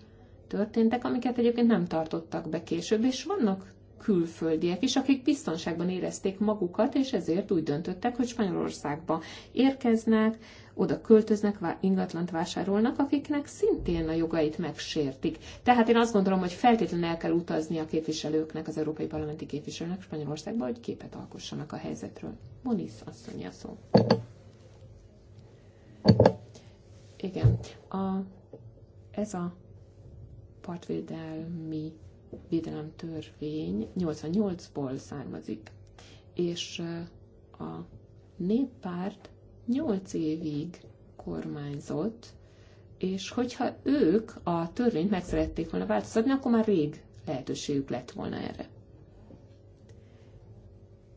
történtek, amiket egyébként nem tartottak be később, és vannak külföldiek is, akik biztonságban érezték magukat, és ezért úgy döntöttek, hogy Spanyolországba érkeznek, oda költöznek, ingatlant vásárolnak, akiknek szintén a jogait megsértik. Tehát én azt gondolom, hogy feltétlenül el kell utazni a képviselőknek, az európai parlamenti képviselőnek Spanyolországba, hogy képet alkossanak a helyzetről. Monis asszony a szó. Igen, a, ez a partvédelmi védelem törvény 88-ból származik, és eh, a néppárt 8 évig kormányzott, és hogyha ők a törvényt meg szerették volna változtatni, akkor már rég lehetőségük lett volna erre.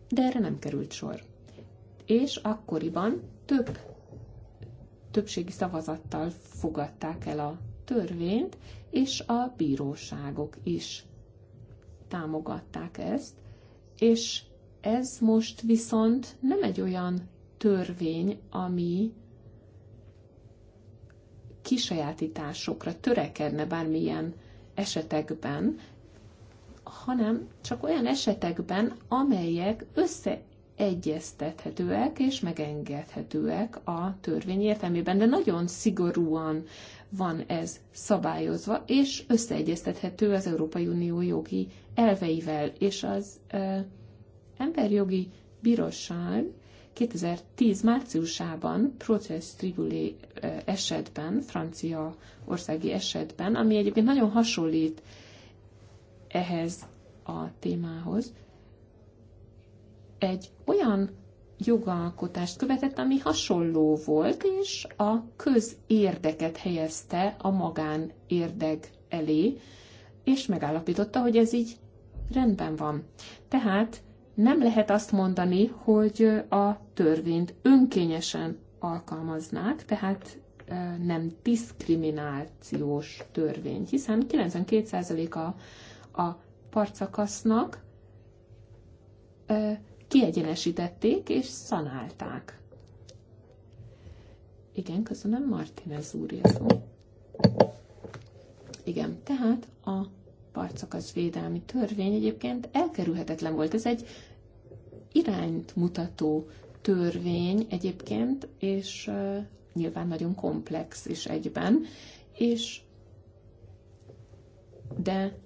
De erre nem került sor. És akkoriban több többségi szavazattal fogadták el a törvényt, és a bíróságok is támogatták ezt, és ez most viszont nem egy olyan törvény, ami kisajátításokra törekedne bármilyen esetekben, hanem csak olyan esetekben, amelyek összeegyeztethetőek és megengedhetőek a törvény értelmében, de nagyon szigorúan van ez szabályozva, és összeegyeztethető az Európai Unió jogi elveivel, és az e, Emberjogi Bíróság 2010 márciusában Process Tribulé esetben, francia országi esetben, ami egyébként nagyon hasonlít ehhez a témához, egy olyan jogalkotást követett, ami hasonló volt, és a közérdeket helyezte a magán érdek elé, és megállapította, hogy ez így rendben van. Tehát nem lehet azt mondani, hogy a törvényt önkényesen alkalmaznák, tehát nem diszkriminációs törvény, hiszen 92%-a a partszakasznak kiegyenesítették és szanálták. Igen, köszönöm, Martinez úr szó. Igen, tehát a parcakasz védelmi törvény egyébként elkerülhetetlen volt. Ez egy irányt mutató törvény egyébként, és uh, nyilván nagyon komplex is egyben, és de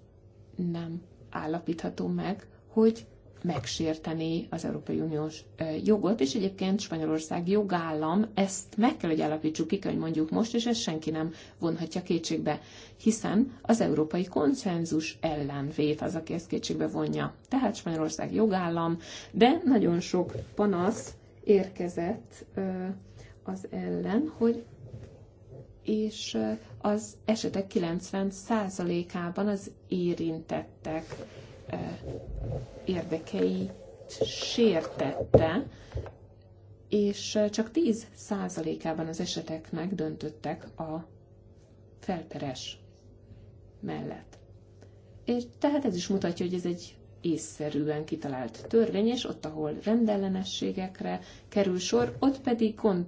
nem állapítható meg, hogy megsérteni az Európai Uniós jogot, és egyébként Spanyolország jogállam, ezt meg kell, hogy állapítsuk ki, hogy mondjuk most, és ezt senki nem vonhatja kétségbe, hiszen az európai konszenzus ellen vét az, aki ezt kétségbe vonja. Tehát Spanyolország jogállam, de nagyon sok panasz érkezett az ellen, hogy és az esetek 90%-ában az érintettek érdekeit sértette, és csak 10%-ában az eseteknek döntöttek a felperes mellett. És tehát ez is mutatja, hogy ez egy észszerűen kitalált törvény, és ott, ahol rendellenességekre kerül sor, ott pedig, kon-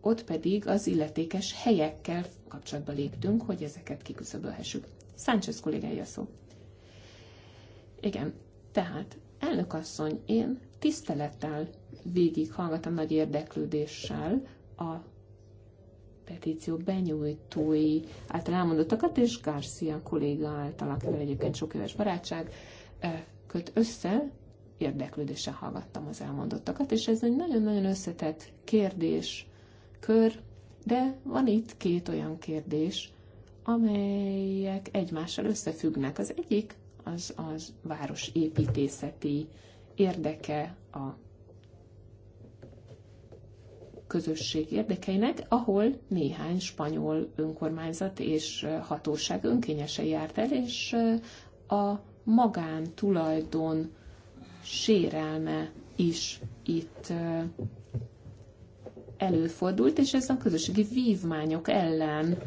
ott pedig az illetékes helyekkel kapcsolatba léptünk, hogy ezeket kiküszöbölhessük. Sánchez kollégája szó. Igen, tehát elnökasszony, én tisztelettel végig hallgatom nagy érdeklődéssel a petíció benyújtói által elmondottakat, és Garcia kolléga által, akivel egyébként sok éves barátság köt össze, érdeklődéssel hallgattam az elmondottakat, és ez egy nagyon-nagyon összetett kérdés, kör, de van itt két olyan kérdés, amelyek egymással összefüggnek. Az egyik az az város építészeti érdeke a közösség érdekeinek, ahol néhány spanyol önkormányzat és hatóság önkényesen járt el, és a magántulajdon sérelme is itt előfordult, és ez a közösségi vívmányok ellen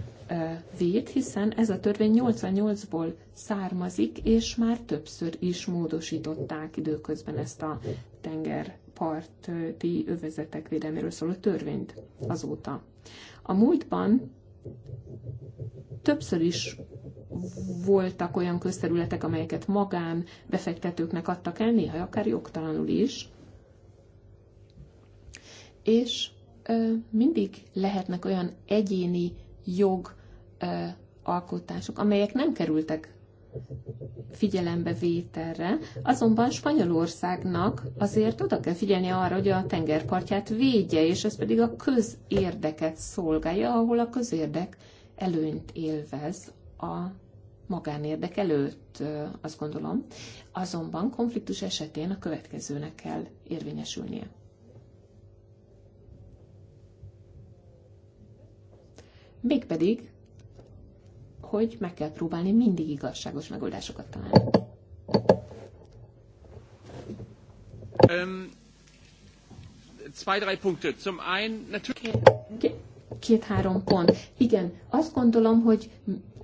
véd, hiszen ez a törvény 88-ból származik, és már többször is módosították időközben ezt a tengerparti övezetek védelméről szóló törvényt azóta. A múltban többször is voltak olyan közterületek, amelyeket magán befektetőknek adtak el, néha akár jogtalanul is. És ö, mindig lehetnek olyan egyéni jog alkotások, amelyek nem kerültek figyelembe vételre, azonban Spanyolországnak azért oda kell figyelni arra, hogy a tengerpartját védje, és ez pedig a közérdeket szolgálja, ahol a közérdek előnyt élvez a magánérdek előtt, azt gondolom. Azonban konfliktus esetén a következőnek kell érvényesülnie. mégpedig, hogy meg kell próbálni mindig igazságos megoldásokat találni. Um, zwei, drei Punkte. Zum einen natürlich... Két-három pont. Igen, azt gondolom, hogy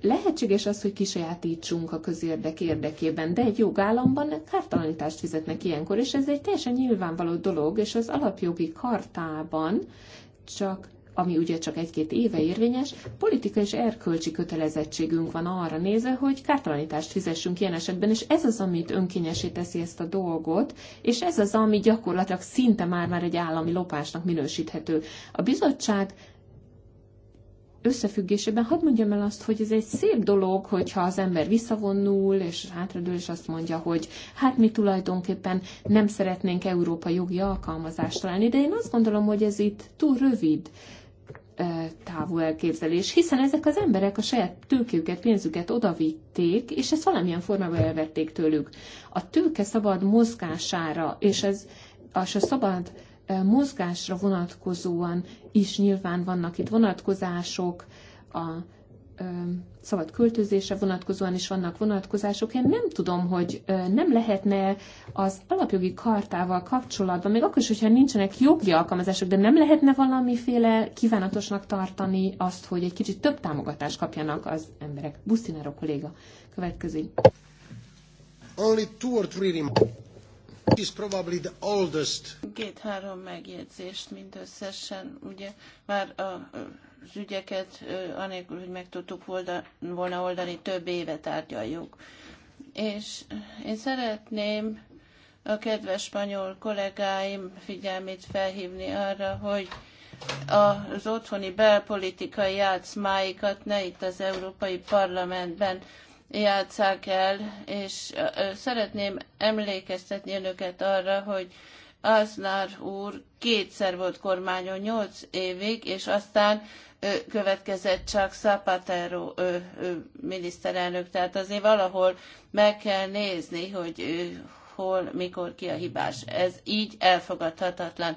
lehetséges az, hogy kisajátítsunk a közérdek érdekében, de egy jogállamban kártalanítást fizetnek ilyenkor, és ez egy teljesen nyilvánvaló dolog, és az alapjogi kartában csak ami ugye csak egy-két éve érvényes, politikai és erkölcsi kötelezettségünk van arra nézve, hogy kártalanítást fizessünk ilyen esetben, és ez az, amit önkényesé teszi ezt a dolgot, és ez az, ami gyakorlatilag szinte már-már egy állami lopásnak minősíthető. A bizottság összefüggésében hadd mondjam el azt, hogy ez egy szép dolog, hogyha az ember visszavonul, és hátradől, és azt mondja, hogy hát mi tulajdonképpen nem szeretnénk Európa jogi alkalmazást találni, de én azt gondolom, hogy ez itt túl rövid távú elképzelés, hiszen ezek az emberek a saját tőkéjüket, pénzüket odavitték, és ezt valamilyen formában elvették tőlük. A tőke szabad mozgására, és ez és a szabad mozgásra vonatkozóan is nyilván vannak itt vonatkozások, a szabad költözésre vonatkozóan is vannak vonatkozások. Én nem tudom, hogy nem lehetne az alapjogi kartával kapcsolatban, még akkor is, hogyha nincsenek jogi alkalmazások, de nem lehetne valamiféle kívánatosnak tartani azt, hogy egy kicsit több támogatást kapjanak az emberek. Busztináró kolléga következő. Only two or three is probably the oldest. Két-három megjegyzést mindösszesen, ugye már a az ügyeket, anélkül, hogy meg tudtuk volna oldani, több éve tárgyaljuk. És én szeretném a kedves spanyol kollégáim figyelmét felhívni arra, hogy az otthoni belpolitikai játszmáikat ne itt az Európai Parlamentben játsszák el, és szeretném emlékeztetni önöket arra, hogy Aznár úr kétszer volt kormányon nyolc évig, és aztán következett csak Zapatero ö, ö, miniszterelnök, tehát azért valahol meg kell nézni, hogy ö, hol, mikor ki a hibás. Ez így elfogadhatatlan.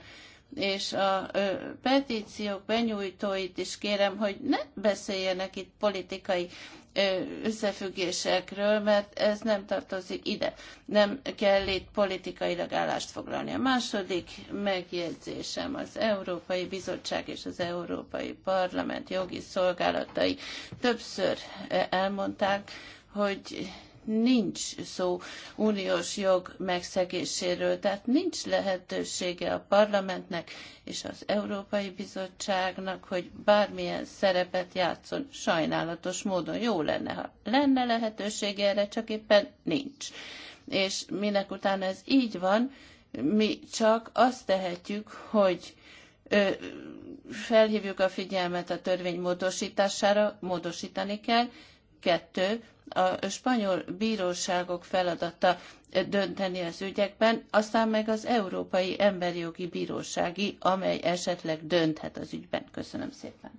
És a ö, petíciók benyújtóit is kérem, hogy ne beszéljenek itt politikai összefüggésekről, mert ez nem tartozik ide. Nem kell itt politikailag állást foglalni. A második megjegyzésem az Európai Bizottság és az Európai Parlament jogi szolgálatai többször elmondták, hogy nincs szó uniós jog megszegéséről, tehát nincs lehetősége a parlamentnek és az Európai Bizottságnak, hogy bármilyen szerepet játszon. Sajnálatos módon jó lenne, ha lenne lehetősége erre, csak éppen nincs. És minek után ez így van, mi csak azt tehetjük, hogy felhívjuk a figyelmet a törvény módosítására, módosítani kell, kettő, a spanyol bíróságok feladata dönteni az ügyekben, aztán meg az Európai Emberi Jogi Bírósági, amely esetleg dönthet az ügyben. Köszönöm szépen.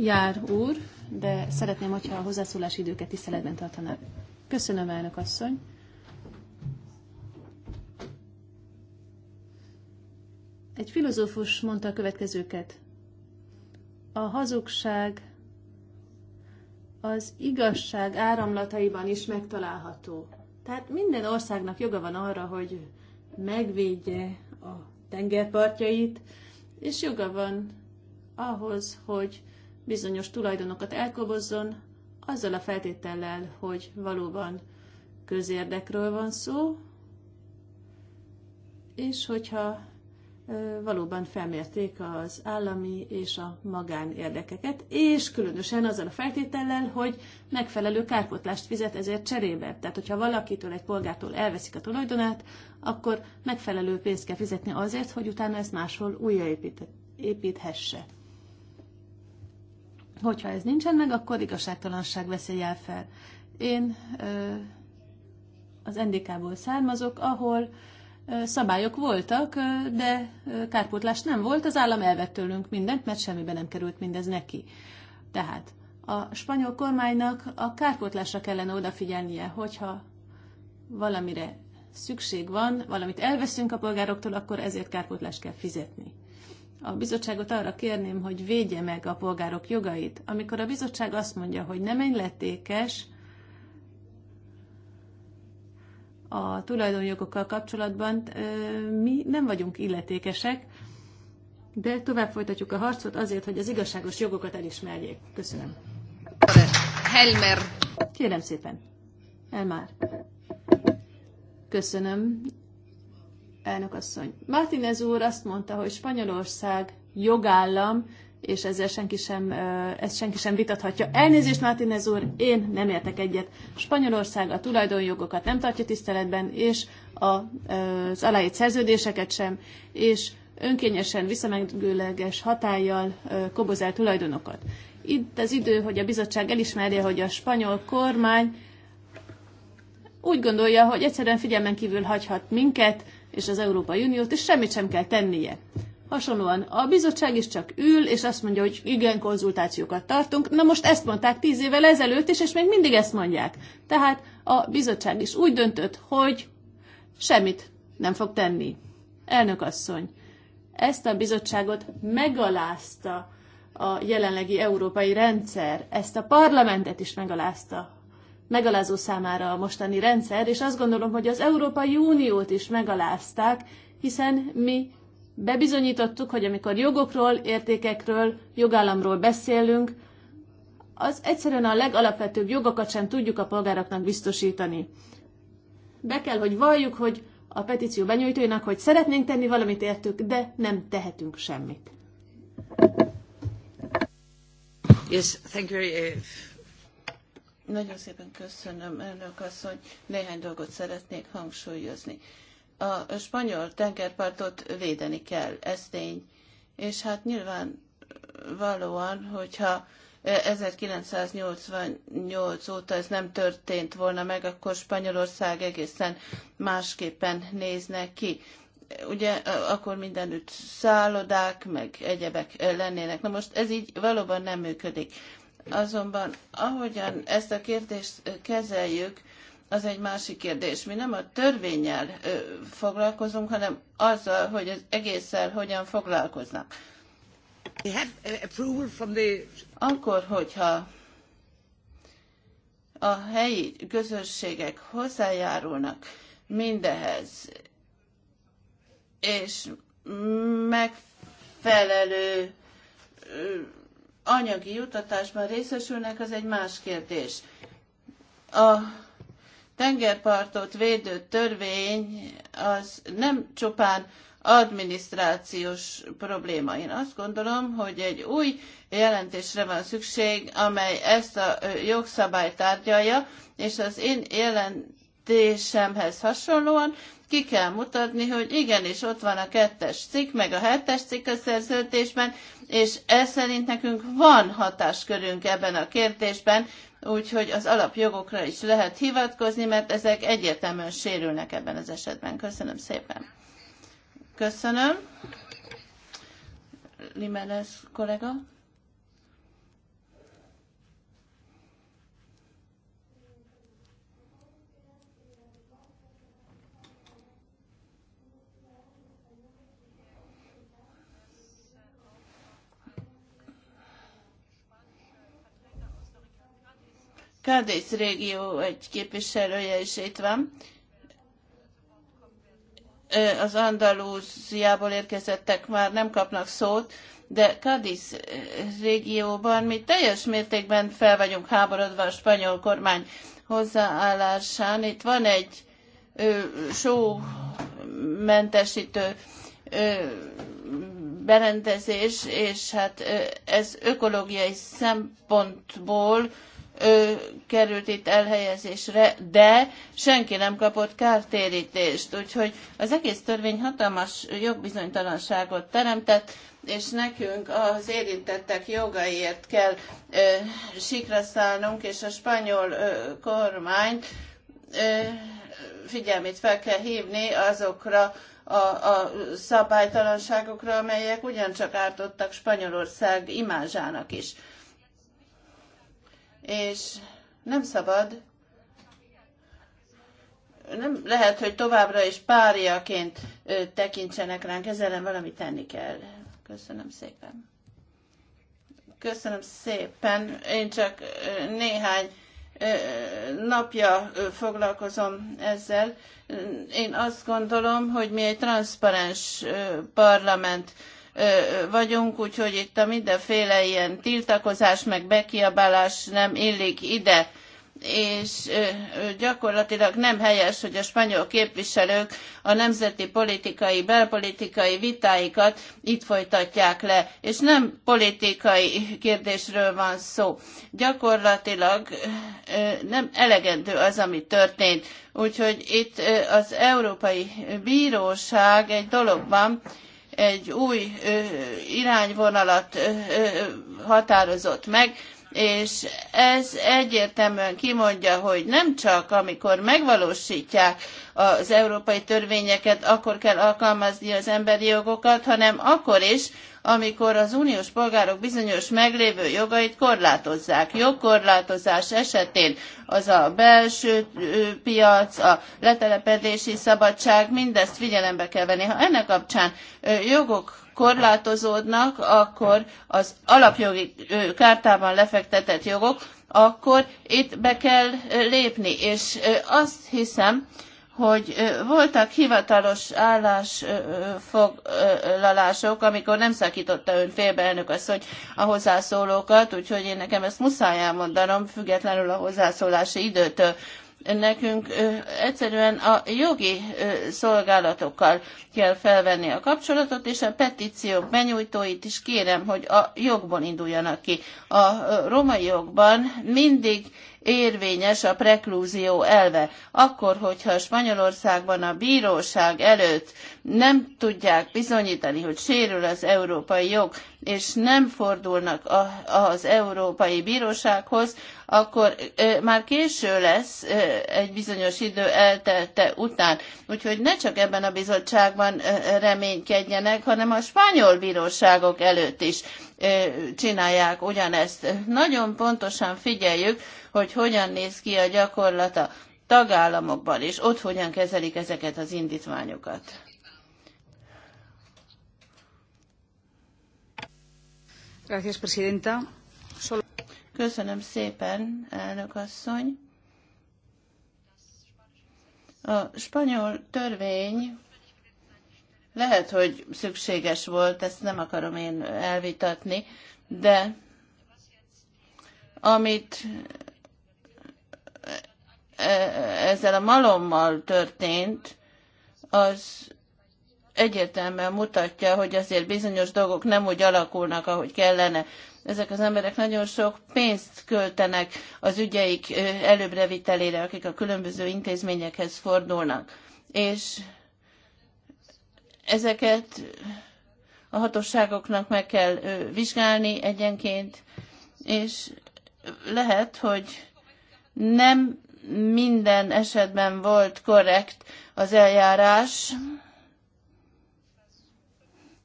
Jár úr, de szeretném, hogyha a hozzászólási időket tiszteletben tartanák. Köszönöm, elnök asszony. Egy filozófus mondta a következőket a hazugság az igazság áramlataiban is megtalálható. Tehát minden országnak joga van arra, hogy megvédje a tengerpartjait, és joga van ahhoz, hogy bizonyos tulajdonokat elkobozzon, azzal a feltétellel, hogy valóban közérdekről van szó, és hogyha valóban felmérték az állami és a magán érdekeket, és különösen azzal a feltétellel, hogy megfelelő kárpotlást fizet ezért cserébe. Tehát, hogyha valakitől, egy polgártól elveszik a tulajdonát, akkor megfelelő pénzt kell fizetni azért, hogy utána ezt máshol újraépíthesse. Hogyha ez nincsen meg, akkor igazságtalanság veszélye el fel. Én az NDK-ból származok, ahol szabályok voltak, de kárpótlás nem volt, az állam elvett tőlünk mindent, mert semmibe nem került mindez neki. Tehát a spanyol kormánynak a kárpótlásra kellene odafigyelnie, hogyha valamire szükség van, valamit elveszünk a polgároktól, akkor ezért kárpótlást kell fizetni. A bizottságot arra kérném, hogy védje meg a polgárok jogait. Amikor a bizottság azt mondja, hogy nem egyletékes, a tulajdonjogokkal kapcsolatban mi nem vagyunk illetékesek, de tovább folytatjuk a harcot azért, hogy az igazságos jogokat elismerjék. Köszönöm. Helmer. Kérem szépen. Elmár. Köszönöm, elnök asszony. Martínez úr azt mondta, hogy Spanyolország jogállam, és ezzel senki sem, ezt senki sem vitathatja. Elnézést, Martínez úr, én nem értek egyet. Spanyolország a tulajdonjogokat nem tartja tiszteletben, és a, az aláírt szerződéseket sem, és önkényesen, visszamegőleges hatállyal kobozál tulajdonokat. Itt az idő, hogy a bizottság elismerje, hogy a spanyol kormány úgy gondolja, hogy egyszerűen figyelmen kívül hagyhat minket és az Európai Uniót, és semmit sem kell tennie. Hasonlóan a bizottság is csak ül, és azt mondja, hogy igen, konzultációkat tartunk. Na most ezt mondták tíz évvel ezelőtt is, és még mindig ezt mondják. Tehát a bizottság is úgy döntött, hogy semmit nem fog tenni. Elnök asszony, ezt a bizottságot megalázta a jelenlegi európai rendszer, ezt a parlamentet is megalázta. Megalázó számára a mostani rendszer, és azt gondolom, hogy az Európai Uniót is megalázták, hiszen mi Bebizonyítottuk, hogy amikor jogokról, értékekről, jogállamról beszélünk, az egyszerűen a legalapvetőbb jogokat sem tudjuk a polgároknak biztosítani. Be kell, hogy valljuk, hogy a petíció benyújtóinak, hogy szeretnénk tenni valamit értük, de nem tehetünk semmit. Yes, thank you very, eh, Nagyon szépen köszönöm, elnök asszony. Néhány dolgot szeretnék hangsúlyozni a spanyol tengerpartot védeni kell, ez tény. És hát nyilván valóan, hogyha 1988 óta ez nem történt volna meg, akkor Spanyolország egészen másképpen nézne ki. Ugye akkor mindenütt szállodák, meg egyebek lennének. Na most ez így valóban nem működik. Azonban ahogyan ezt a kérdést kezeljük, az egy másik kérdés. Mi nem a törvényel ö, foglalkozunk, hanem azzal, hogy az egésszel hogyan foglalkoznak. Uh, Akkor, hogyha a helyi közösségek hozzájárulnak mindehez, és megfelelő anyagi jutatásban részesülnek, az egy más kérdés. A tengerpartot védő törvény az nem csupán adminisztrációs probléma. Én azt gondolom, hogy egy új jelentésre van szükség, amely ezt a jogszabályt tárgyalja, és az én jelentésemhez hasonlóan ki kell mutatni, hogy igenis ott van a kettes cikk, meg a hetes cikk a szerződésben, és ez szerint nekünk van hatáskörünk ebben a kérdésben, úgyhogy az alapjogokra is lehet hivatkozni, mert ezek egyértelműen sérülnek ebben az esetben. Köszönöm szépen. Köszönöm. Limeles kollega. Kádész régió egy képviselője is itt van. Az Andalúziából érkezettek már nem kapnak szót, de Cádiz régióban mi teljes mértékben fel vagyunk háborodva a spanyol kormány hozzáállásán. Itt van egy sómentesítő berendezés, és hát ez ökológiai szempontból ö, került itt elhelyezésre, de senki nem kapott kártérítést. Úgyhogy az egész törvény hatalmas jogbizonytalanságot teremtett, és nekünk az érintettek jogaiért kell ö, sikra szállnunk, és a spanyol ö, kormányt ö, figyelmét fel kell hívni azokra, a, a szabálytalanságokra, amelyek ugyancsak ártottak Spanyolország imázsának is és nem szabad, nem lehet, hogy továbbra is páriaként tekintsenek ránk, ezzel ellen valamit tenni kell. Köszönöm szépen. Köszönöm szépen. Én csak néhány napja foglalkozom ezzel. Én azt gondolom, hogy mi egy transzparens parlament vagyunk, úgyhogy itt a mindenféle ilyen tiltakozás, meg bekiabálás nem illik ide és gyakorlatilag nem helyes, hogy a spanyol képviselők a nemzeti politikai, belpolitikai vitáikat itt folytatják le, és nem politikai kérdésről van szó. Gyakorlatilag nem elegendő az, ami történt. Úgyhogy itt az Európai Bíróság egy dologban, egy új irányvonalat határozott meg, és ez egyértelműen kimondja, hogy nem csak amikor megvalósítják az európai törvényeket, akkor kell alkalmazni az emberi jogokat, hanem akkor is, amikor az uniós polgárok bizonyos meglévő jogait korlátozzák. Jogkorlátozás esetén az a belső piac, a letelepedési szabadság, mindezt figyelembe kell venni. Ha ennek kapcsán jogok korlátozódnak, akkor az alapjogi kártában lefektetett jogok, akkor itt be kell lépni. És azt hiszem, hogy voltak hivatalos állásfoglalások, amikor nem szakította ön félbe elnök asszony a hozzászólókat, úgyhogy én nekem ezt muszáj elmondanom, függetlenül a hozzászólási időtől nekünk egyszerűen a jogi szolgálatokkal kell felvenni a kapcsolatot, és a petíciók benyújtóit is kérem, hogy a jogból induljanak ki. A romai jogban mindig érvényes a preklúzió elve. Akkor, hogyha Spanyolországban a bíróság előtt nem tudják bizonyítani, hogy sérül az európai jog, és nem fordulnak az Európai Bírósághoz, akkor már késő lesz egy bizonyos idő eltelte után. Úgyhogy ne csak ebben a bizottságban reménykedjenek, hanem a spanyol bíróságok előtt is csinálják ugyanezt. Nagyon pontosan figyeljük, hogy hogyan néz ki a gyakorlat a tagállamokban, és ott hogyan kezelik ezeket az indítványokat. Gracias, Presidenta. Köszönöm szépen, elnök asszony. A spanyol törvény lehet, hogy szükséges volt, ezt nem akarom én elvitatni, de amit e, ezzel a malommal történt, az egyértelműen mutatja, hogy azért bizonyos dolgok nem úgy alakulnak, ahogy kellene. Ezek az emberek nagyon sok pénzt költenek az ügyeik előbbrevitelére, akik a különböző intézményekhez fordulnak. És Ezeket a hatóságoknak meg kell vizsgálni egyenként, és lehet, hogy nem minden esetben volt korrekt az eljárás.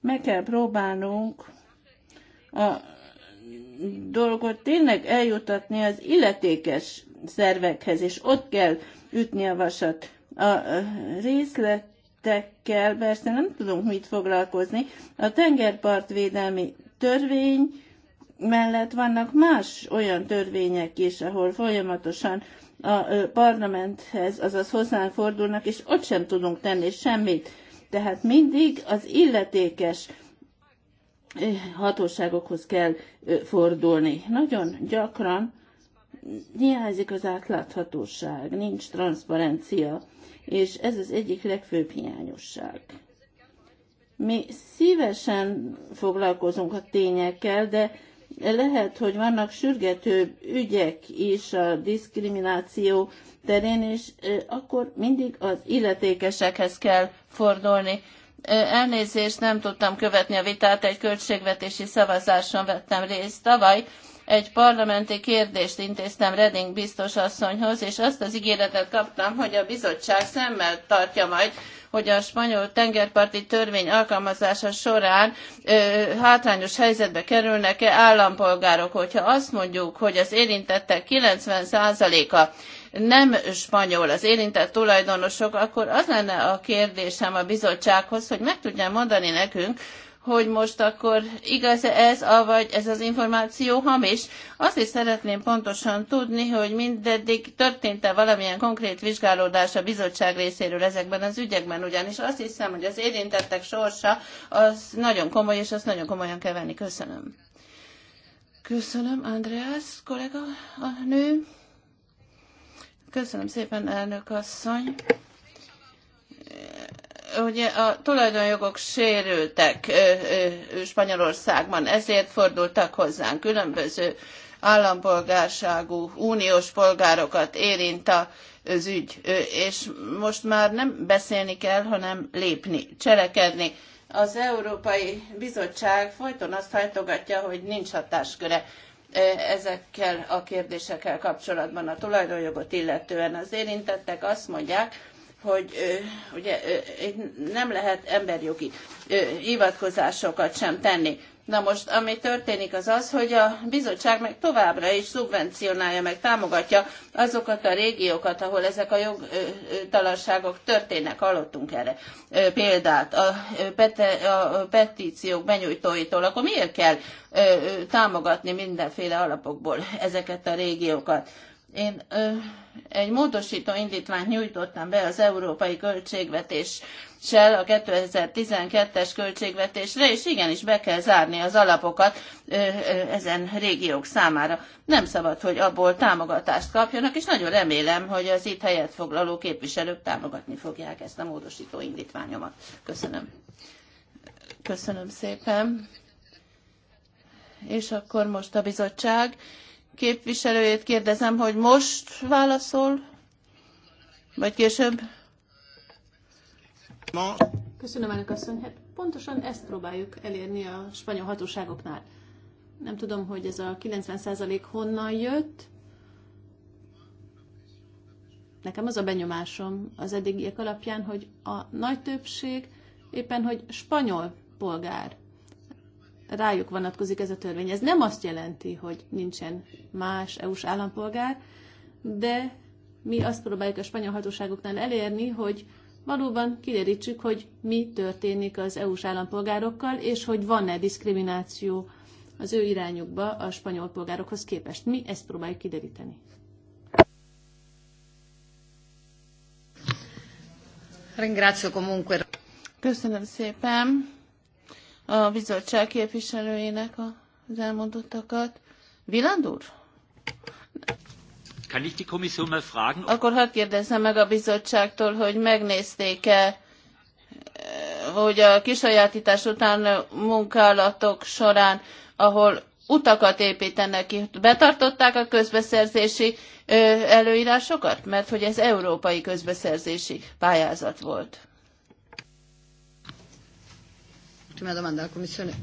Meg kell próbálnunk a dolgot tényleg eljutatni az illetékes szervekhez, és ott kell ütni a vasat. A részlet területekkel persze nem tudunk mit foglalkozni. A tengerpartvédelmi törvény mellett vannak más olyan törvények is, ahol folyamatosan a parlamenthez, azaz hozzánk fordulnak, és ott sem tudunk tenni semmit. Tehát mindig az illetékes hatóságokhoz kell fordulni. Nagyon gyakran hiányzik az átláthatóság, nincs transzparencia és ez az egyik legfőbb hiányosság. Mi szívesen foglalkozunk a tényekkel, de lehet, hogy vannak sürgető ügyek is a diszkrimináció terén, és akkor mindig az illetékesekhez kell fordulni. Elnézést, nem tudtam követni a vitát, egy költségvetési szavazáson vettem részt tavaly, egy parlamenti kérdést intéztem Reding biztos asszonyhoz, és azt az ígéretet kaptam, hogy a bizottság szemmel tartja majd, hogy a spanyol tengerparti törvény alkalmazása során ö, hátrányos helyzetbe kerülnek-e állampolgárok. Hogyha azt mondjuk, hogy az érintettek 90%-a nem spanyol az érintett tulajdonosok, akkor az lenne a kérdésem a bizottsághoz, hogy meg tudja mondani nekünk, hogy most akkor igaz -e ez, avagy ez az információ hamis. Azt is szeretném pontosan tudni, hogy mindeddig történt-e valamilyen konkrét vizsgálódás a bizottság részéről ezekben az ügyekben, ugyanis azt hiszem, hogy az érintettek sorsa az nagyon komoly, és azt nagyon komolyan kell venni. Köszönöm. Köszönöm, Andreas kollega, a nő. Köszönöm szépen, elnök asszony ugye a tulajdonjogok sérültek Spanyolországban, ezért fordultak hozzánk különböző állampolgárságú uniós polgárokat érint az ügy, és most már nem beszélni kell, hanem lépni, cselekedni. Az Európai Bizottság folyton azt hajtogatja, hogy nincs hatásköre ezekkel a kérdésekkel kapcsolatban a tulajdonjogot illetően. Az érintettek azt mondják, hogy ugye nem lehet emberjogi hivatkozásokat sem tenni. Na most, ami történik az az, hogy a bizottság meg továbbra is szubvencionálja, meg támogatja azokat a régiókat, ahol ezek a jogtalanságok történnek. Hallottunk erre példát a, pete, a petíciók benyújtóitól. Akkor miért kell támogatni mindenféle alapokból ezeket a régiókat? Én egy módosító indítványt nyújtottam be az európai költségvetéssel a 2012-es költségvetésre, és igenis be kell zárni az alapokat ezen régiók számára. Nem szabad, hogy abból támogatást kapjanak, és nagyon remélem, hogy az itt helyet foglaló képviselők támogatni fogják ezt a módosító indítványomat. Köszönöm. Köszönöm szépen. És akkor most a bizottság képviselőjét kérdezem, hogy most válaszol, vagy később? Köszönöm, elnök asszony. Hát pontosan ezt próbáljuk elérni a spanyol hatóságoknál. Nem tudom, hogy ez a 90% honnan jött. Nekem az a benyomásom az eddigiek alapján, hogy a nagy többség éppen, hogy spanyol polgár rájuk vonatkozik ez a törvény. Ez nem azt jelenti, hogy nincsen más EU-s állampolgár, de mi azt próbáljuk a spanyol hatóságoknál elérni, hogy valóban kiderítsük, hogy mi történik az EU-s állampolgárokkal, és hogy van-e diszkrimináció az ő irányukba a spanyol polgárokhoz képest. Mi ezt próbáljuk kideríteni. comunque. Köszönöm szépen a bizottság képviselőjének az elmondottakat. Viland úr? Kann ich die Kommission mal fragen? Akkor hadd kérdezzem meg a bizottságtól, hogy megnézték-e, hogy a kisajátítás után munkálatok során, ahol utakat építenek ki, betartották a közbeszerzési előírásokat? Mert hogy ez európai közbeszerzési pályázat volt. Prima domanda alla Commissione.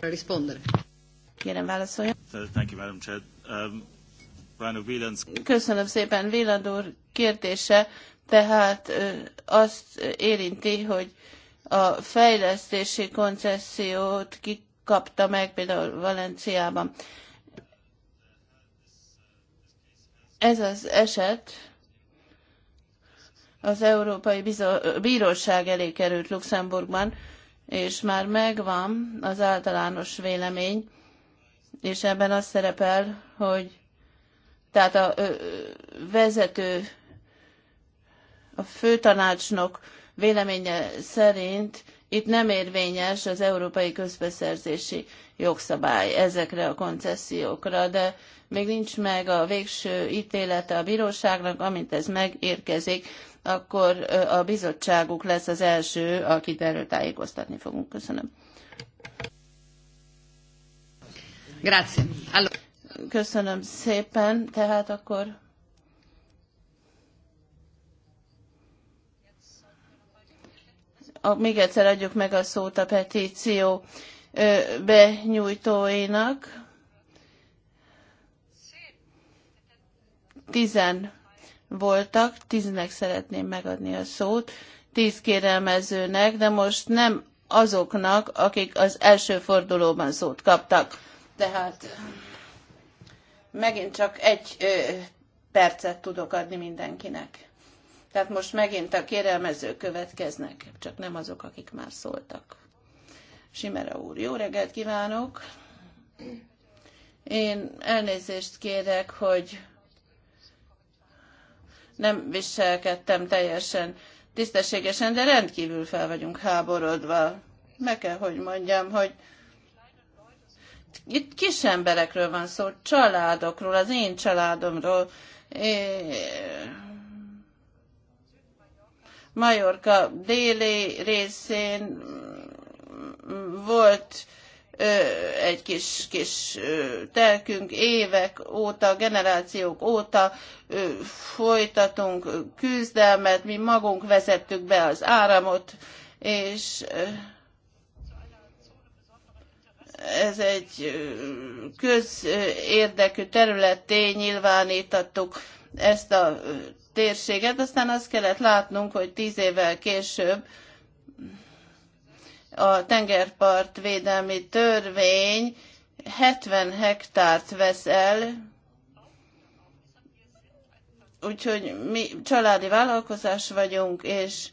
Rispondere. Kérem válaszolja. Thank you, Madam Chair. Um, Köszönöm szépen. Wieland úr kérdése tehát azt érinti, hogy a fejlesztési koncesziót kikapta meg például Valenciában. Ez az eset az Európai Bíróság elé került Luxemburgban, és már megvan az általános vélemény, és ebben az szerepel, hogy tehát a ö, vezető, a főtanácsnok véleménye szerint itt nem érvényes az európai közbeszerzési jogszabály ezekre a koncesziókra, de még nincs meg a végső ítélete a bíróságnak, amint ez megérkezik, akkor a bizottságuk lesz az első, akit erről tájékoztatni fogunk. Köszönöm. Grazie. Allora. Köszönöm szépen. Tehát akkor a, még egyszer adjuk meg a szót a petíció benyújtóinak. Tizen voltak, tíznek szeretném megadni a szót, tíz kérelmezőnek, de most nem azoknak, akik az első fordulóban szót kaptak. Tehát megint csak egy ö, percet tudok adni mindenkinek. Tehát most megint a kérelmezők következnek, csak nem azok, akik már szóltak. Simera úr, jó reggelt kívánok! Én elnézést kérek, hogy nem viselkedtem teljesen tisztességesen, de rendkívül fel vagyunk háborodva. Meg kell, hogy mondjam, hogy itt kis emberekről van szó, családokról, az én családomról. É... Majorka déli részén volt egy kis, kis telkünk évek óta, generációk óta folytatunk küzdelmet, mi magunk vezettük be az áramot, és ez egy közérdekű területté nyilvánítottuk ezt a térséget, aztán azt kellett látnunk, hogy tíz évvel később a tengerpart védelmi törvény 70 hektárt vesz el, úgyhogy mi családi vállalkozás vagyunk, és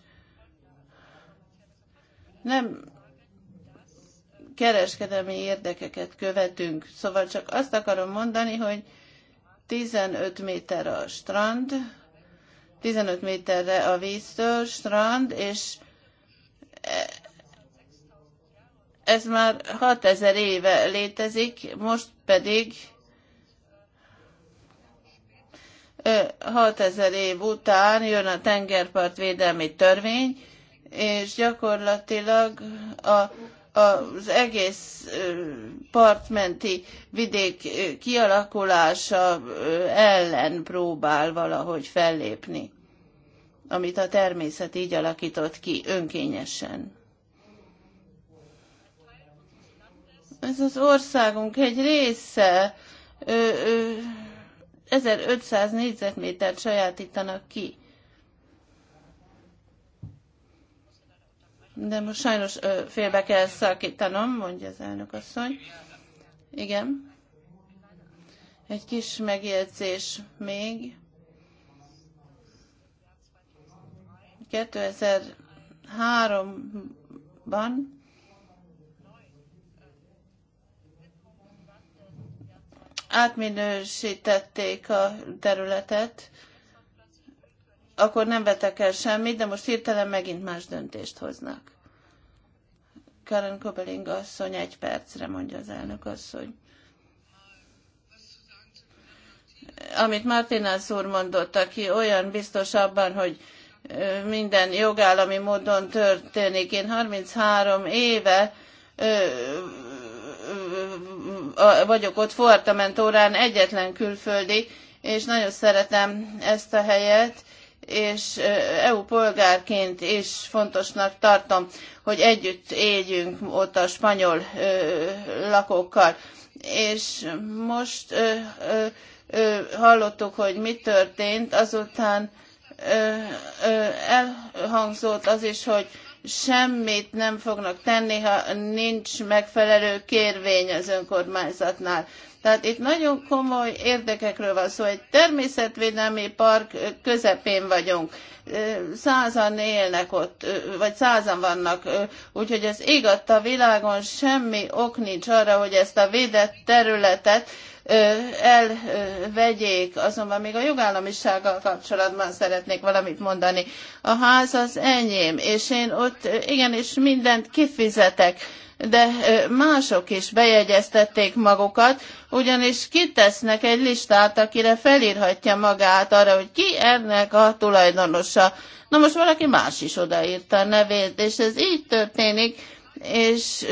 nem kereskedelmi érdekeket követünk. Szóval csak azt akarom mondani, hogy 15 méter a strand, 15 méterre a víztől strand, és ez már 6000 éve létezik, most pedig 6000 év után jön a tengerpart védelmi törvény, és gyakorlatilag a, az egész partmenti vidék kialakulása ellen próbál valahogy fellépni, amit a természet így alakított ki önkényesen. Ez az országunk egy része. Ö, ö, 1500 négyzetmétert sajátítanak ki. De most sajnos ö, félbe kell szakítanom, mondja az elnök asszony. Igen. Egy kis megjegyzés még. 2003-ban átminősítették a területet, akkor nem vetek el semmit, de most hirtelen megint más döntést hoznak. Karen Kobeling asszony egy percre, mondja az elnök asszony. Amit Martinez úr mondott, aki olyan biztos abban, hogy minden jogállami módon történik. Én 33 éve vagyok ott Fortamentórán egyetlen külföldi, és nagyon szeretem ezt a helyet, és EU polgárként is fontosnak tartom, hogy együtt éljünk ott a spanyol lakókkal. És most ö, ö, ö, hallottuk, hogy mi történt, azután elhangzott az is, hogy semmit nem fognak tenni, ha nincs megfelelő kérvény az önkormányzatnál. Tehát itt nagyon komoly érdekekről van szó. Egy természetvédelmi park közepén vagyunk. Százan élnek ott, vagy százan vannak, úgyhogy az ég A világon semmi ok nincs arra, hogy ezt a védett területet elvegyék, azonban még a jogállamisággal kapcsolatban szeretnék valamit mondani. A ház az enyém, és én ott igenis mindent kifizetek, de mások is bejegyeztették magukat, ugyanis kitesznek egy listát, akire felírhatja magát arra, hogy ki ennek a tulajdonosa. Na most valaki más is odaírta a nevét, és ez így történik, és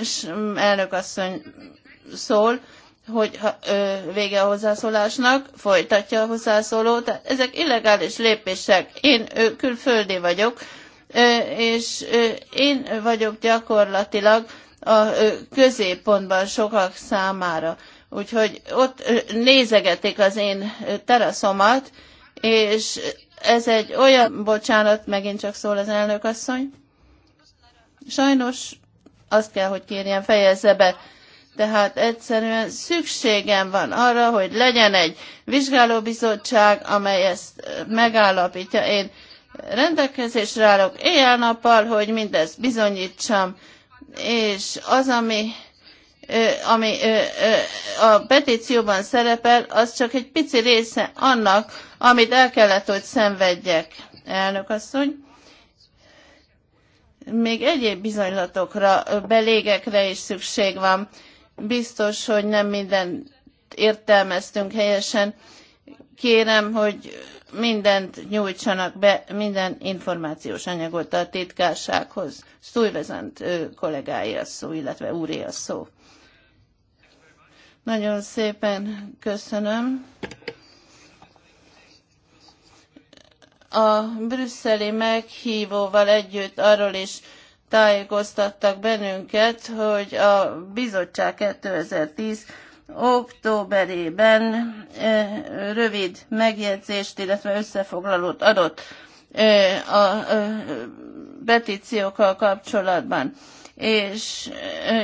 és mm, elnök asszony szól, hogy ha, ö, vége a hozzászólásnak, folytatja a hozzászóló. Tehát ezek illegális lépések. Én ö, külföldi vagyok, ö, és ö, én vagyok gyakorlatilag a ö, középpontban sokak számára. Úgyhogy ott ö, nézegetik az én teraszomat, és ez egy olyan, bocsánat, megint csak szól az elnök asszony. Sajnos azt kell, hogy kérjen fejezze be. Tehát egyszerűen szükségem van arra, hogy legyen egy vizsgálóbizottság, amely ezt megállapítja. Én rendelkezésre állok éjjel-nappal, hogy mindezt bizonyítsam, és az, ami ami a petícióban szerepel, az csak egy pici része annak, amit el kellett, hogy szenvedjek. Elnök asszony még egyéb bizonylatokra, belégekre is szükség van. Biztos, hogy nem mindent értelmeztünk helyesen. Kérem, hogy mindent nyújtsanak be, minden információs anyagot a titkársághoz. Stújvezant kollégái a szó, illetve úré a szó. Nagyon szépen köszönöm. a brüsszeli meghívóval együtt arról is tájékoztattak bennünket, hogy a bizottság 2010 októberében rövid megjegyzést, illetve összefoglalót adott a petíciókkal kapcsolatban. És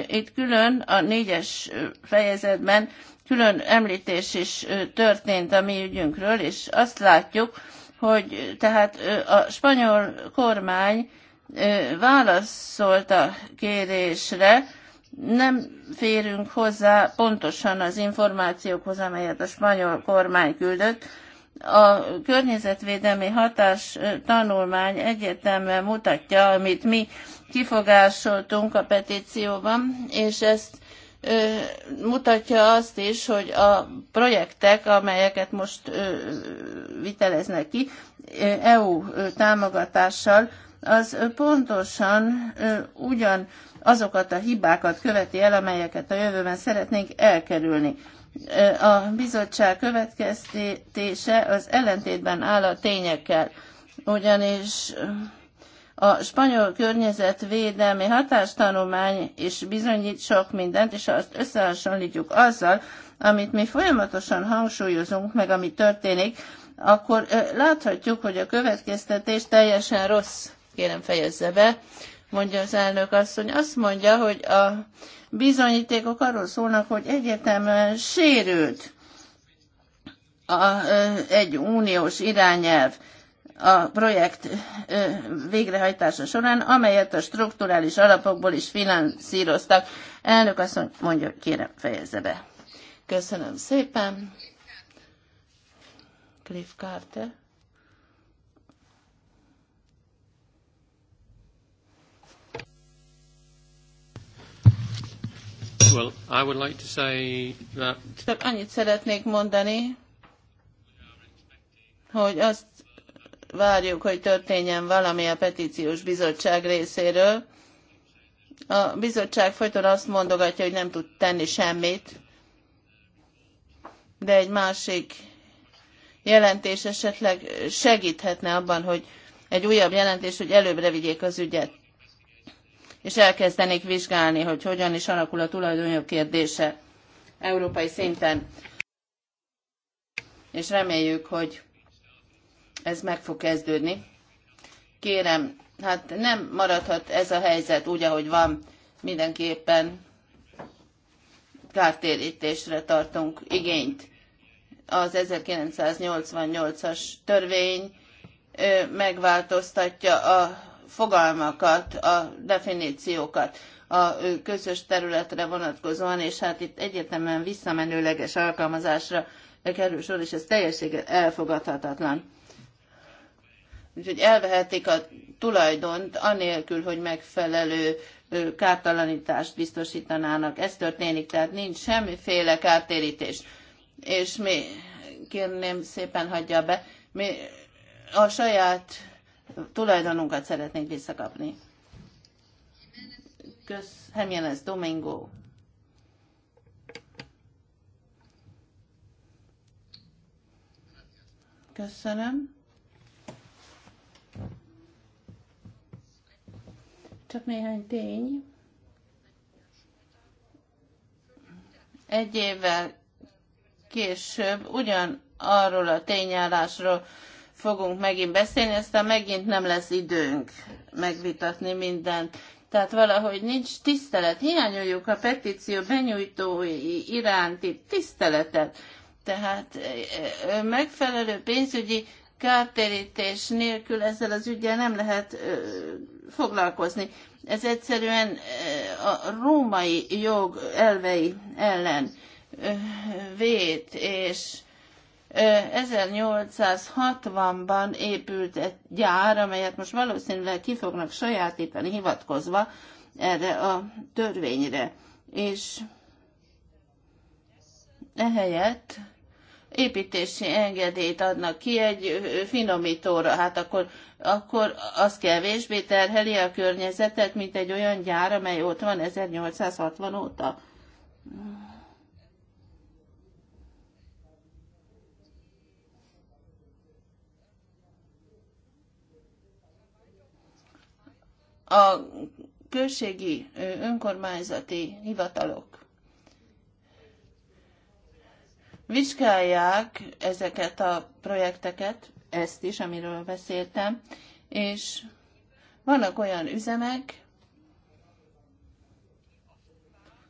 itt külön a négyes fejezetben külön említés is történt a mi ügyünkről, és azt látjuk, hogy tehát a spanyol kormány válaszolt a kérésre, nem férünk hozzá pontosan az információkhoz, amelyet a spanyol kormány küldött. A környezetvédelmi hatás tanulmány egyértelműen mutatja, amit mi kifogásoltunk a petícióban, és ezt mutatja azt is, hogy a projektek, amelyeket most viteleznek ki, EU támogatással, az pontosan ugyan azokat a hibákat követi el, amelyeket a jövőben szeretnénk elkerülni. A bizottság következtetése az ellentétben áll a tényekkel, ugyanis a spanyol környezetvédelmi hatástanulmány is bizonyít sok mindent, és azt összehasonlítjuk azzal, amit mi folyamatosan hangsúlyozunk, meg ami történik, akkor láthatjuk, hogy a következtetés teljesen rossz. Kérem fejezze be, mondja az elnök asszony. Azt mondja, hogy a bizonyítékok arról szólnak, hogy egyetemen sérült a, egy uniós irányelv a projekt végrehajtása során, amelyet a strukturális alapokból is finanszíroztak. Elnök asszony, mondja, kérem, fejezze be. Köszönöm szépen. Cliff Carter. Well, I would like to say that... Csak annyit szeretnék mondani, hogy azt várjuk, hogy történjen valami a petíciós bizottság részéről. A bizottság folyton azt mondogatja, hogy nem tud tenni semmit, de egy másik jelentés esetleg segíthetne abban, hogy egy újabb jelentés, hogy előbbre vigyék az ügyet, és elkezdenék vizsgálni, hogy hogyan is alakul a tulajdonjog kérdése európai szinten. És reméljük, hogy ez meg fog kezdődni. Kérem, hát nem maradhat ez a helyzet úgy, ahogy van, mindenképpen kártérítésre tartunk igényt. Az 1988-as törvény megváltoztatja a fogalmakat, a definíciókat a közös területre vonatkozóan, és hát itt egyértelműen visszamenőleges alkalmazásra kerül sor, és ez teljességgel elfogadhatatlan. Úgyhogy elvehetik a tulajdont anélkül, hogy megfelelő kártalanítást biztosítanának. Ez történik, tehát nincs semmiféle kártérítés. És mi, kérném szépen hagyja be, mi a saját tulajdonunkat szeretnénk visszakapni. Kösz, ez Domingo. Köszönöm. Csak néhány tény. Egy évvel később ugyan arról a tényállásról fogunk megint beszélni, aztán megint nem lesz időnk megvitatni mindent. Tehát valahogy nincs tisztelet. Hiányoljuk a petíció benyújtói iránti tiszteletet. Tehát megfelelő pénzügyi kártérítés nélkül ezzel az ügyel nem lehet foglalkozni. Ez egyszerűen eh, a római jog elvei ellen eh, vét, és 1860-ban eh, épült egy gyár, amelyet most valószínűleg ki fognak sajátítani hivatkozva erre a törvényre. És ehelyett építési engedélyt adnak ki egy finomítóra, hát akkor, akkor az kevésbé terheli a környezetet, mint egy olyan gyár, amely ott van 1860 óta. A községi önkormányzati hivatalok vizsgálják ezeket a projekteket, ezt is, amiről beszéltem, és vannak olyan üzemek,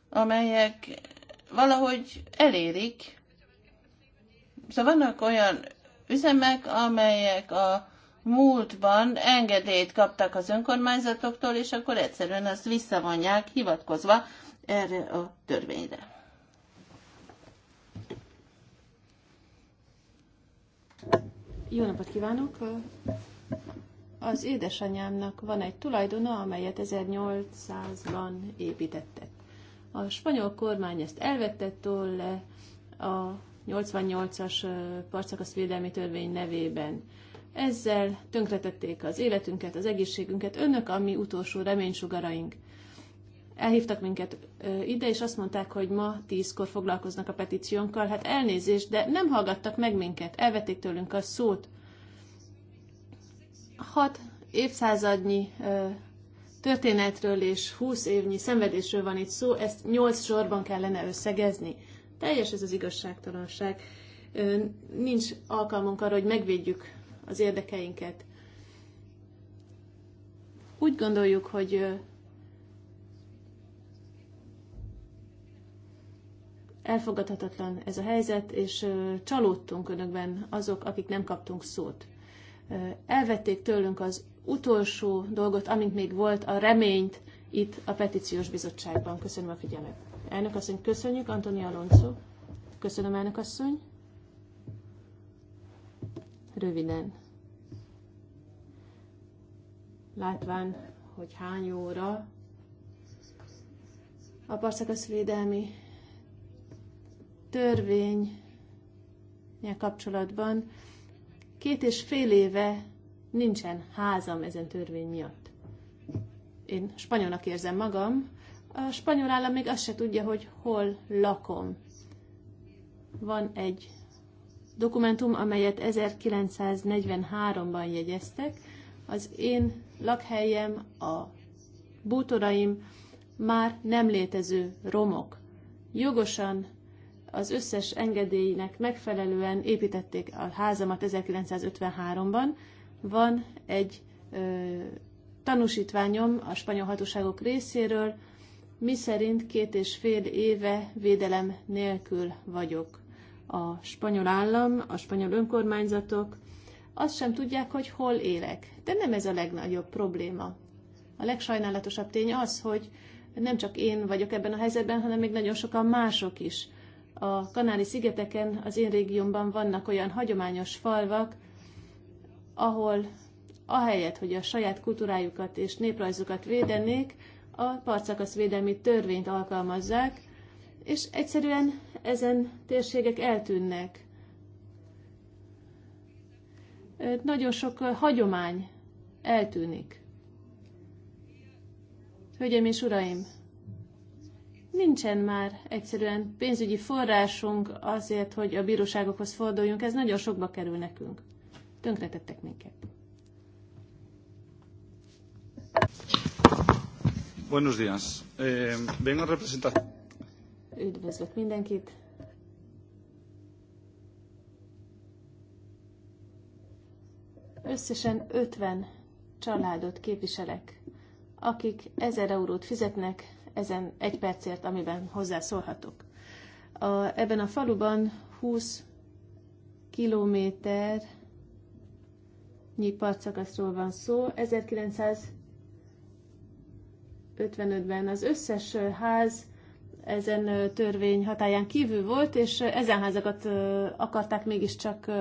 amelyek valahogy elérik. Szóval vannak olyan üzemek, amelyek a múltban engedélyt kaptak az önkormányzatoktól, és akkor egyszerűen azt visszavonják, hivatkozva erre a törvényre. Jó napot kívánok! Az édesanyámnak van egy tulajdona, amelyet 1800-ban építettek. A spanyol kormány ezt elvette tőle a 88-as partszakaszvédelmi törvény nevében. Ezzel tönkretették az életünket, az egészségünket, önök a mi utolsó reménysugaraink. Elhívtak minket ide, és azt mondták, hogy ma tízkor foglalkoznak a petíciónkkal. Hát elnézést, de nem hallgattak meg minket, elvették tőlünk a szót. Hat évszázadnyi történetről és húsz évnyi szenvedésről van itt szó, ezt nyolc sorban kellene összegezni. Teljes ez az igazságtalanság. Nincs alkalmunk arra, hogy megvédjük az érdekeinket. Úgy gondoljuk, hogy Elfogadhatatlan ez a helyzet, és csalódtunk önökben azok, akik nem kaptunk szót. Elvették tőlünk az utolsó dolgot, amint még volt, a reményt itt a petíciós bizottságban. Köszönöm a figyelmet. Elnök asszony, köszönjük, Antoni Alonso. Köszönöm, elnök asszony. Röviden. Látván, hogy hány óra a parszakasz védelmi törvény kapcsolatban két és fél éve nincsen házam ezen törvény miatt. Én spanyolnak érzem magam. A spanyol állam még azt se tudja, hogy hol lakom. Van egy dokumentum, amelyet 1943-ban jegyeztek. Az én lakhelyem, a bútoraim már nem létező romok. Jogosan az összes engedélynek megfelelően építették a házamat 1953-ban. Van egy ö, tanúsítványom a spanyol hatóságok részéről, mi szerint két és fél éve védelem nélkül vagyok. A spanyol állam, a spanyol önkormányzatok azt sem tudják, hogy hol élek. De nem ez a legnagyobb probléma. A legsajnálatosabb tény az, hogy nem csak én vagyok ebben a helyzetben, hanem még nagyon sokan mások is a Kanári-szigeteken, az én régiómban vannak olyan hagyományos falvak, ahol ahelyett, hogy a saját kultúrájukat és néprajzukat védenék, a védelmi törvényt alkalmazzák, és egyszerűen ezen térségek eltűnnek. Nagyon sok hagyomány eltűnik. Hölgyeim és uraim, nincsen már egyszerűen pénzügyi forrásunk azért, hogy a bíróságokhoz forduljunk, ez nagyon sokba kerül nekünk. Tönkretettek minket. Buenos días. Eh, vengo representar. Üdvözlök mindenkit. Összesen 50 családot képviselek, akik 1000 eurót fizetnek ezen egy percért, amiben hozzászólhatok. A, ebben a faluban 20 kilométer partszakaszról van szó. 1955-ben az összes ház ezen törvény hatáján kívül volt, és ezen házakat akarták mégiscsak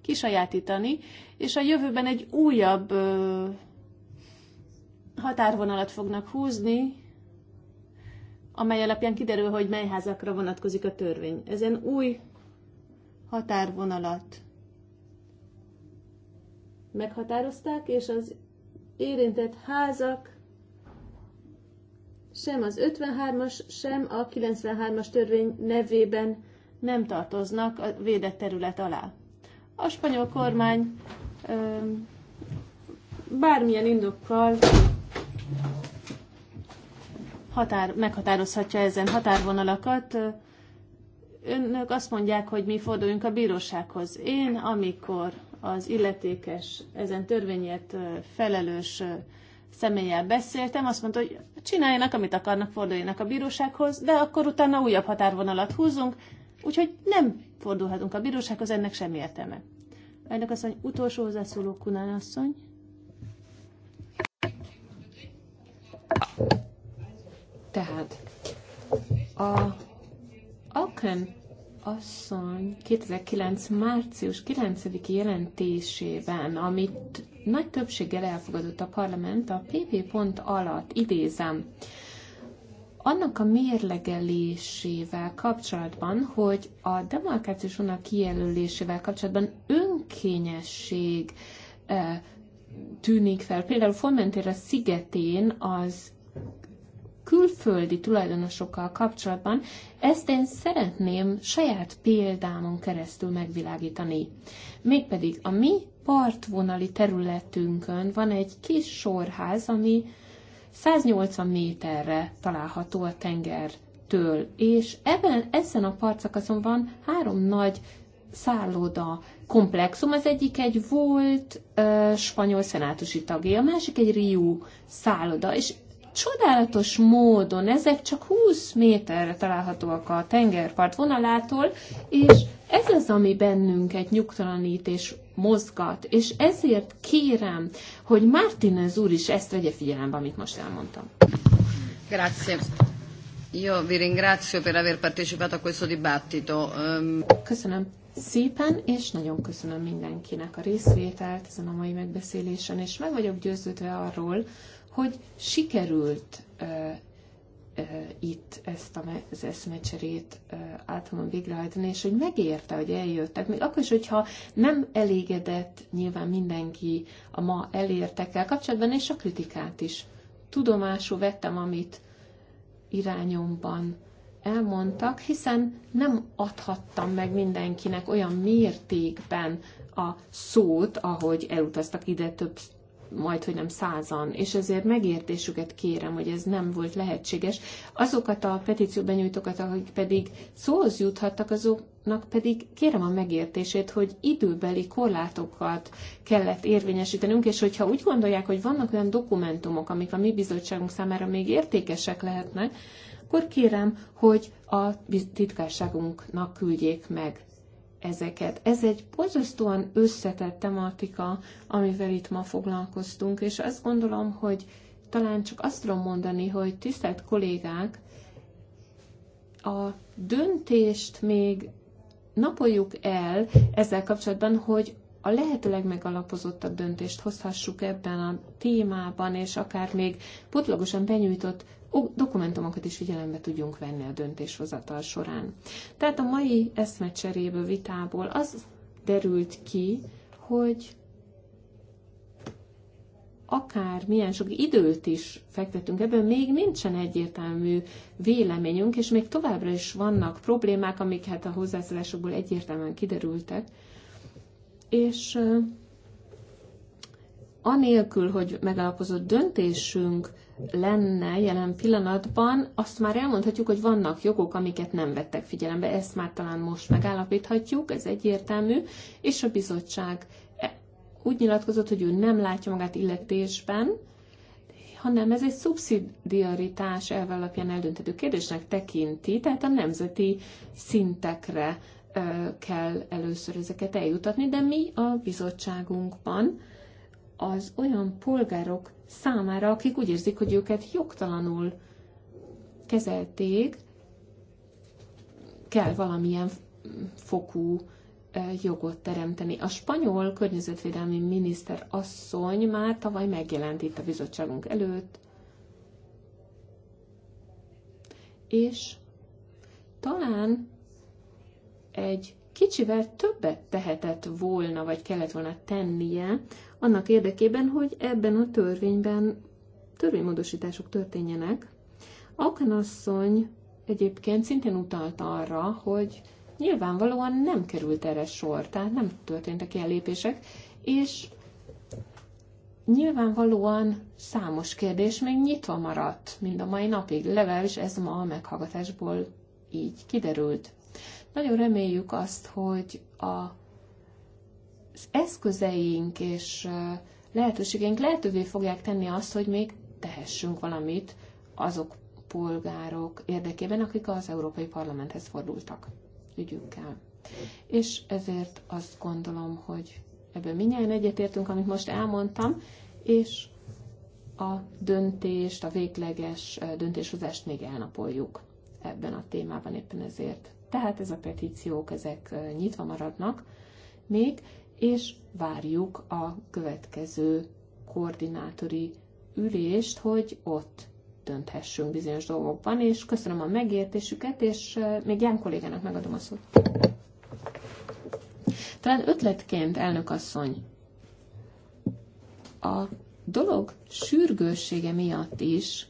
kisajátítani, és a jövőben egy újabb határvonalat fognak húzni, amely alapján kiderül, hogy mely házakra vonatkozik a törvény. Ezen új határvonalat meghatározták, és az érintett házak sem az 53-as, sem a 93-as törvény nevében nem tartoznak a védett terület alá. A spanyol kormány bármilyen indokkal határ, meghatározhatja ezen határvonalakat. Önök azt mondják, hogy mi forduljunk a bírósághoz. Én, amikor az illetékes, ezen törvényért felelős személlyel beszéltem, azt mondta, hogy csináljanak, amit akarnak, forduljanak a bírósághoz, de akkor utána újabb határvonalat húzunk, úgyhogy nem fordulhatunk a bírósághoz, ennek semmi értelme. Ennek azt mondja, utolsó hozzászóló Kunán asszony. Tehát a Aken asszony 2009. március 9. jelentésében, amit nagy többséggel elfogadott a parlament, a PP pont alatt idézem, annak a mérlegelésével kapcsolatban, hogy a demarkációs vonal kijelölésével kapcsolatban önkényesség eh, tűnik fel. Például a szigetén az külföldi tulajdonosokkal kapcsolatban, ezt én szeretném saját példámon keresztül megvilágítani. Mégpedig a mi partvonali területünkön van egy kis sorház, ami 180 méterre található a tengertől, és ebben, ezen a partszakaszon van három nagy szálloda komplexum, az egyik egy volt uh, spanyol szenátusi tagja, a másik egy Rio szálloda, és Csodálatos módon ezek csak 20 méterre találhatóak a tengerpart vonalától, és ez az, ami bennünket nyugtalanít és mozgat, és ezért kérem, hogy Martinez úr is ezt vegye figyelembe, amit most elmondtam. Grazie. Io vi ringrazio per aver partecipato a questo dibattito. Um... Köszönöm szépen, és nagyon köszönöm mindenkinek a részvételt ezen a mai megbeszélésen, és meg vagyok győződve arról, hogy sikerült itt ezt a, az eszmecserét általában végrehajtani, és hogy megérte, hogy eljöttek, még akkor is, hogyha nem elégedett nyilván mindenki a ma elértekkel kapcsolatban, és a kritikát is tudomásul vettem, amit irányomban elmondtak, hiszen nem adhattam meg mindenkinek olyan mértékben a szót, ahogy elutaztak ide több majd, hogy nem százan, és ezért megértésüket kérem, hogy ez nem volt lehetséges. Azokat a petícióbenyújtókat, akik pedig szóhoz juthattak, azoknak pedig kérem a megértését, hogy időbeli korlátokat kellett érvényesítenünk, és hogyha úgy gondolják, hogy vannak olyan dokumentumok, amik a mi bizottságunk számára még értékesek lehetnek, akkor kérem, hogy a titkárságunknak küldjék meg ezeket. Ez egy borzasztóan összetett tematika, amivel itt ma foglalkoztunk, és azt gondolom, hogy talán csak azt tudom mondani, hogy tisztelt kollégák, a döntést még napoljuk el ezzel kapcsolatban, hogy a lehető legmegalapozottabb döntést hozhassuk ebben a témában, és akár még potlagosan benyújtott dokumentumokat is figyelembe tudjunk venni a döntéshozatal során. Tehát a mai eszmecseréből, vitából az derült ki, hogy akár milyen sok időt is fektetünk ebben, még nincsen egyértelmű véleményünk, és még továbbra is vannak problémák, amik hát a hozzászólásokból egyértelműen kiderültek. És anélkül, hogy megalapozott döntésünk lenne jelen pillanatban, azt már elmondhatjuk, hogy vannak jogok, amiket nem vettek figyelembe. Ezt már talán most megállapíthatjuk, ez egyértelmű, és a bizottság e- úgy nyilatkozott, hogy ő nem látja magát illetésben, hanem ez egy szubszidiaritás elve alapján eldöntető kérdésnek tekinti, tehát a nemzeti szintekre kell először ezeket eljutatni, de mi a bizottságunkban az olyan polgárok számára, akik úgy érzik, hogy őket jogtalanul kezelték, kell valamilyen fokú jogot teremteni. A spanyol környezetvédelmi miniszter asszony már tavaly megjelent itt a bizottságunk előtt, és talán egy kicsivel többet tehetett volna, vagy kellett volna tennie annak érdekében, hogy ebben a törvényben törvénymódosítások történjenek. Aukenasszony egyébként szintén utalt arra, hogy nyilvánvalóan nem került erre sor, tehát nem történtek ilyen lépések, és nyilvánvalóan számos kérdés még nyitva maradt, mind a mai napig, legalábbis ez ma a meghallgatásból így kiderült. Nagyon reméljük azt, hogy a az eszközeink és lehetőségeink lehetővé fogják tenni azt, hogy még tehessünk valamit azok polgárok érdekében, akik az Európai Parlamenthez fordultak ügyükkel. És ezért azt gondolom, hogy ebből minnyáján egyetértünk, amit most elmondtam, és a döntést, a végleges döntéshozást még elnapoljuk ebben a témában éppen ezért. Tehát ez a petíciók, ezek nyitva maradnak még, és várjuk a következő koordinátori ülést, hogy ott dönthessünk bizonyos dolgokban, és köszönöm a megértésüket, és még Ján kollégának megadom a szót. Talán ötletként, elnökasszony, a dolog sürgőssége miatt is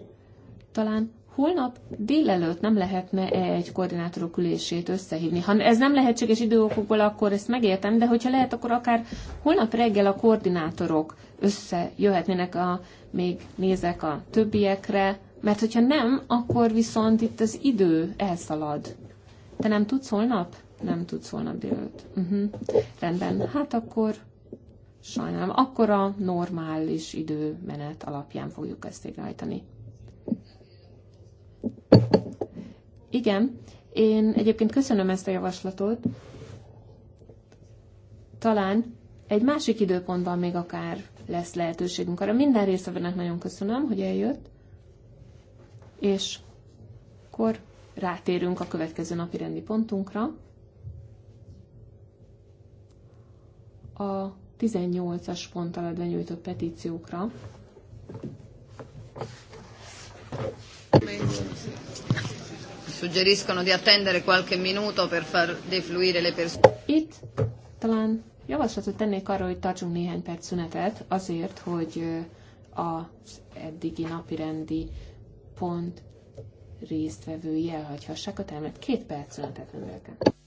talán holnap délelőtt nem lehetne egy koordinátorok ülését összehívni. Ha ez nem lehetséges időokokból, akkor ezt megértem, de hogyha lehet, akkor akár holnap reggel a koordinátorok összejöhetnének a, még nézek a többiekre, mert hogyha nem, akkor viszont itt az idő elszalad. Te nem tudsz holnap? Nem tudsz holnap délelőtt. Uh-huh. Rendben, hát akkor sajnálom. Akkor a normális időmenet alapján fogjuk ezt végrehajtani. Igen, én egyébként köszönöm ezt a javaslatot. Talán egy másik időpontban még akár lesz lehetőségünk arra. Minden részevenek nagyon köszönöm, hogy eljött, és akkor rátérünk a következő napi rendi pontunkra. A 18-as pont alatt benyújtott petíciókra. Suggeriscono di attendere qualche minuto per far defluire le persone. Itt talán javaslatot tennék arra, hogy tartsunk néhány perc szünetet azért, hogy az eddigi napi rendi pont résztvevői elhagyhassák a termet. Két perc szünetet rendelkezik.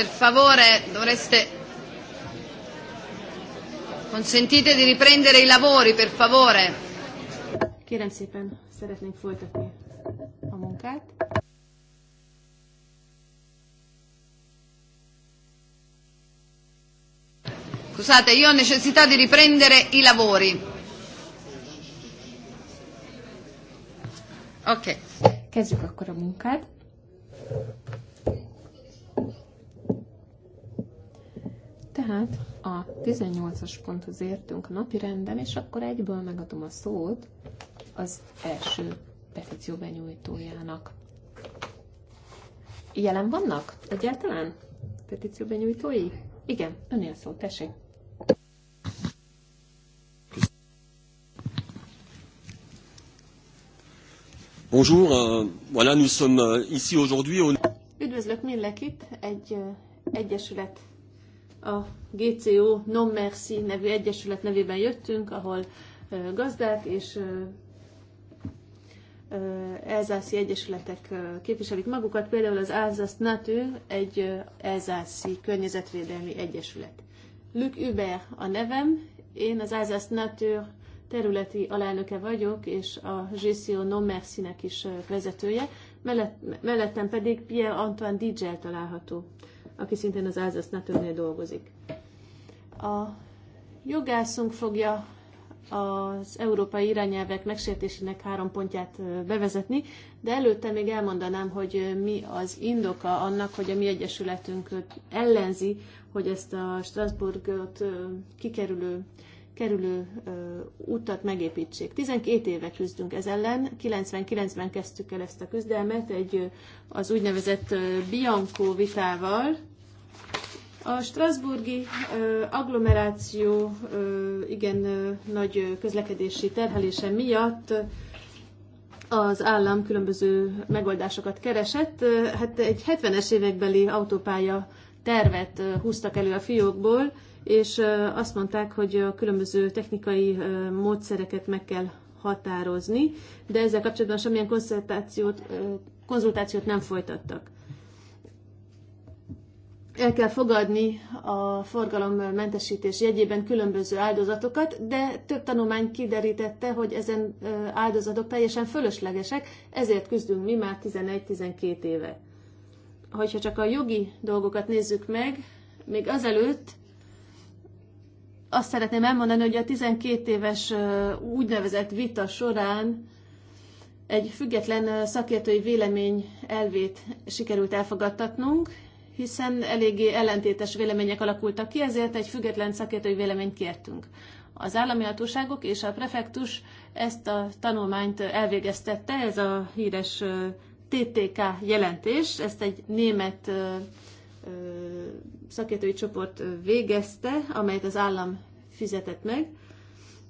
per favore dovreste... Consentite di riprendere i lavori, per favore. Kérem szépen, szeretnénk folytatni a munkát. Scusate, io ho necessità di riprendere i lavori. Ok. Kezdjük akkor a munkát. Tehát a 18-as ponthoz értünk a napi renden, és akkor egyből megadom a szót az első petíció benyújtójának. Jelen vannak egyáltalán petíció benyújtói? Igen, önél szó, tessék. Bonjour, euh, voilà, nous sommes euh, ici aujourd'hui au... Üdvözlök mindenkit, egy uh, egyesület a GCO Non Merci nevű egyesület nevében jöttünk, ahol gazdák és elzászi egyesületek képviselik magukat, például az Alsace Natu, egy elzászi környezetvédelmi egyesület. Luc Über a nevem, én az Alsace Nature területi alelnöke vagyok, és a GCO Non merci is vezetője, mellettem pedig Pierre-Antoine Digel található, aki szintén az Alsace-Natönél dolgozik. A jogászunk fogja az európai irányelvek megsértésének három pontját bevezetni, de előtte még elmondanám, hogy mi az indoka annak, hogy a mi egyesületünk ellenzi, hogy ezt a Strasbourgot kikerülő kerülő utat megépítsék. 12 éve küzdünk ez ellen, 99-ben kezdtük el ezt a küzdelmet egy az úgynevezett Bianco vitával, a Strasburgi agglomeráció igen nagy közlekedési terhelése miatt az állam különböző megoldásokat keresett. Hát egy 70-es évekbeli autópálya tervet húztak elő a fiókból, és azt mondták, hogy a különböző technikai módszereket meg kell határozni, de ezzel kapcsolatban semmilyen konzultációt, konzultációt nem folytattak el kell fogadni a forgalommentesítés jegyében különböző áldozatokat, de több tanulmány kiderítette, hogy ezen áldozatok teljesen fölöslegesek, ezért küzdünk mi már 11-12 éve. Hogyha csak a jogi dolgokat nézzük meg, még azelőtt azt szeretném elmondani, hogy a 12 éves úgynevezett vita során egy független szakértői vélemény elvét sikerült elfogadtatnunk, hiszen eléggé ellentétes vélemények alakultak ki, ezért egy független szakértői véleményt kértünk. Az állami hatóságok és a prefektus ezt a tanulmányt elvégeztette, ez a híres TTK jelentés, ezt egy német szakértői csoport végezte, amelyet az állam fizetett meg.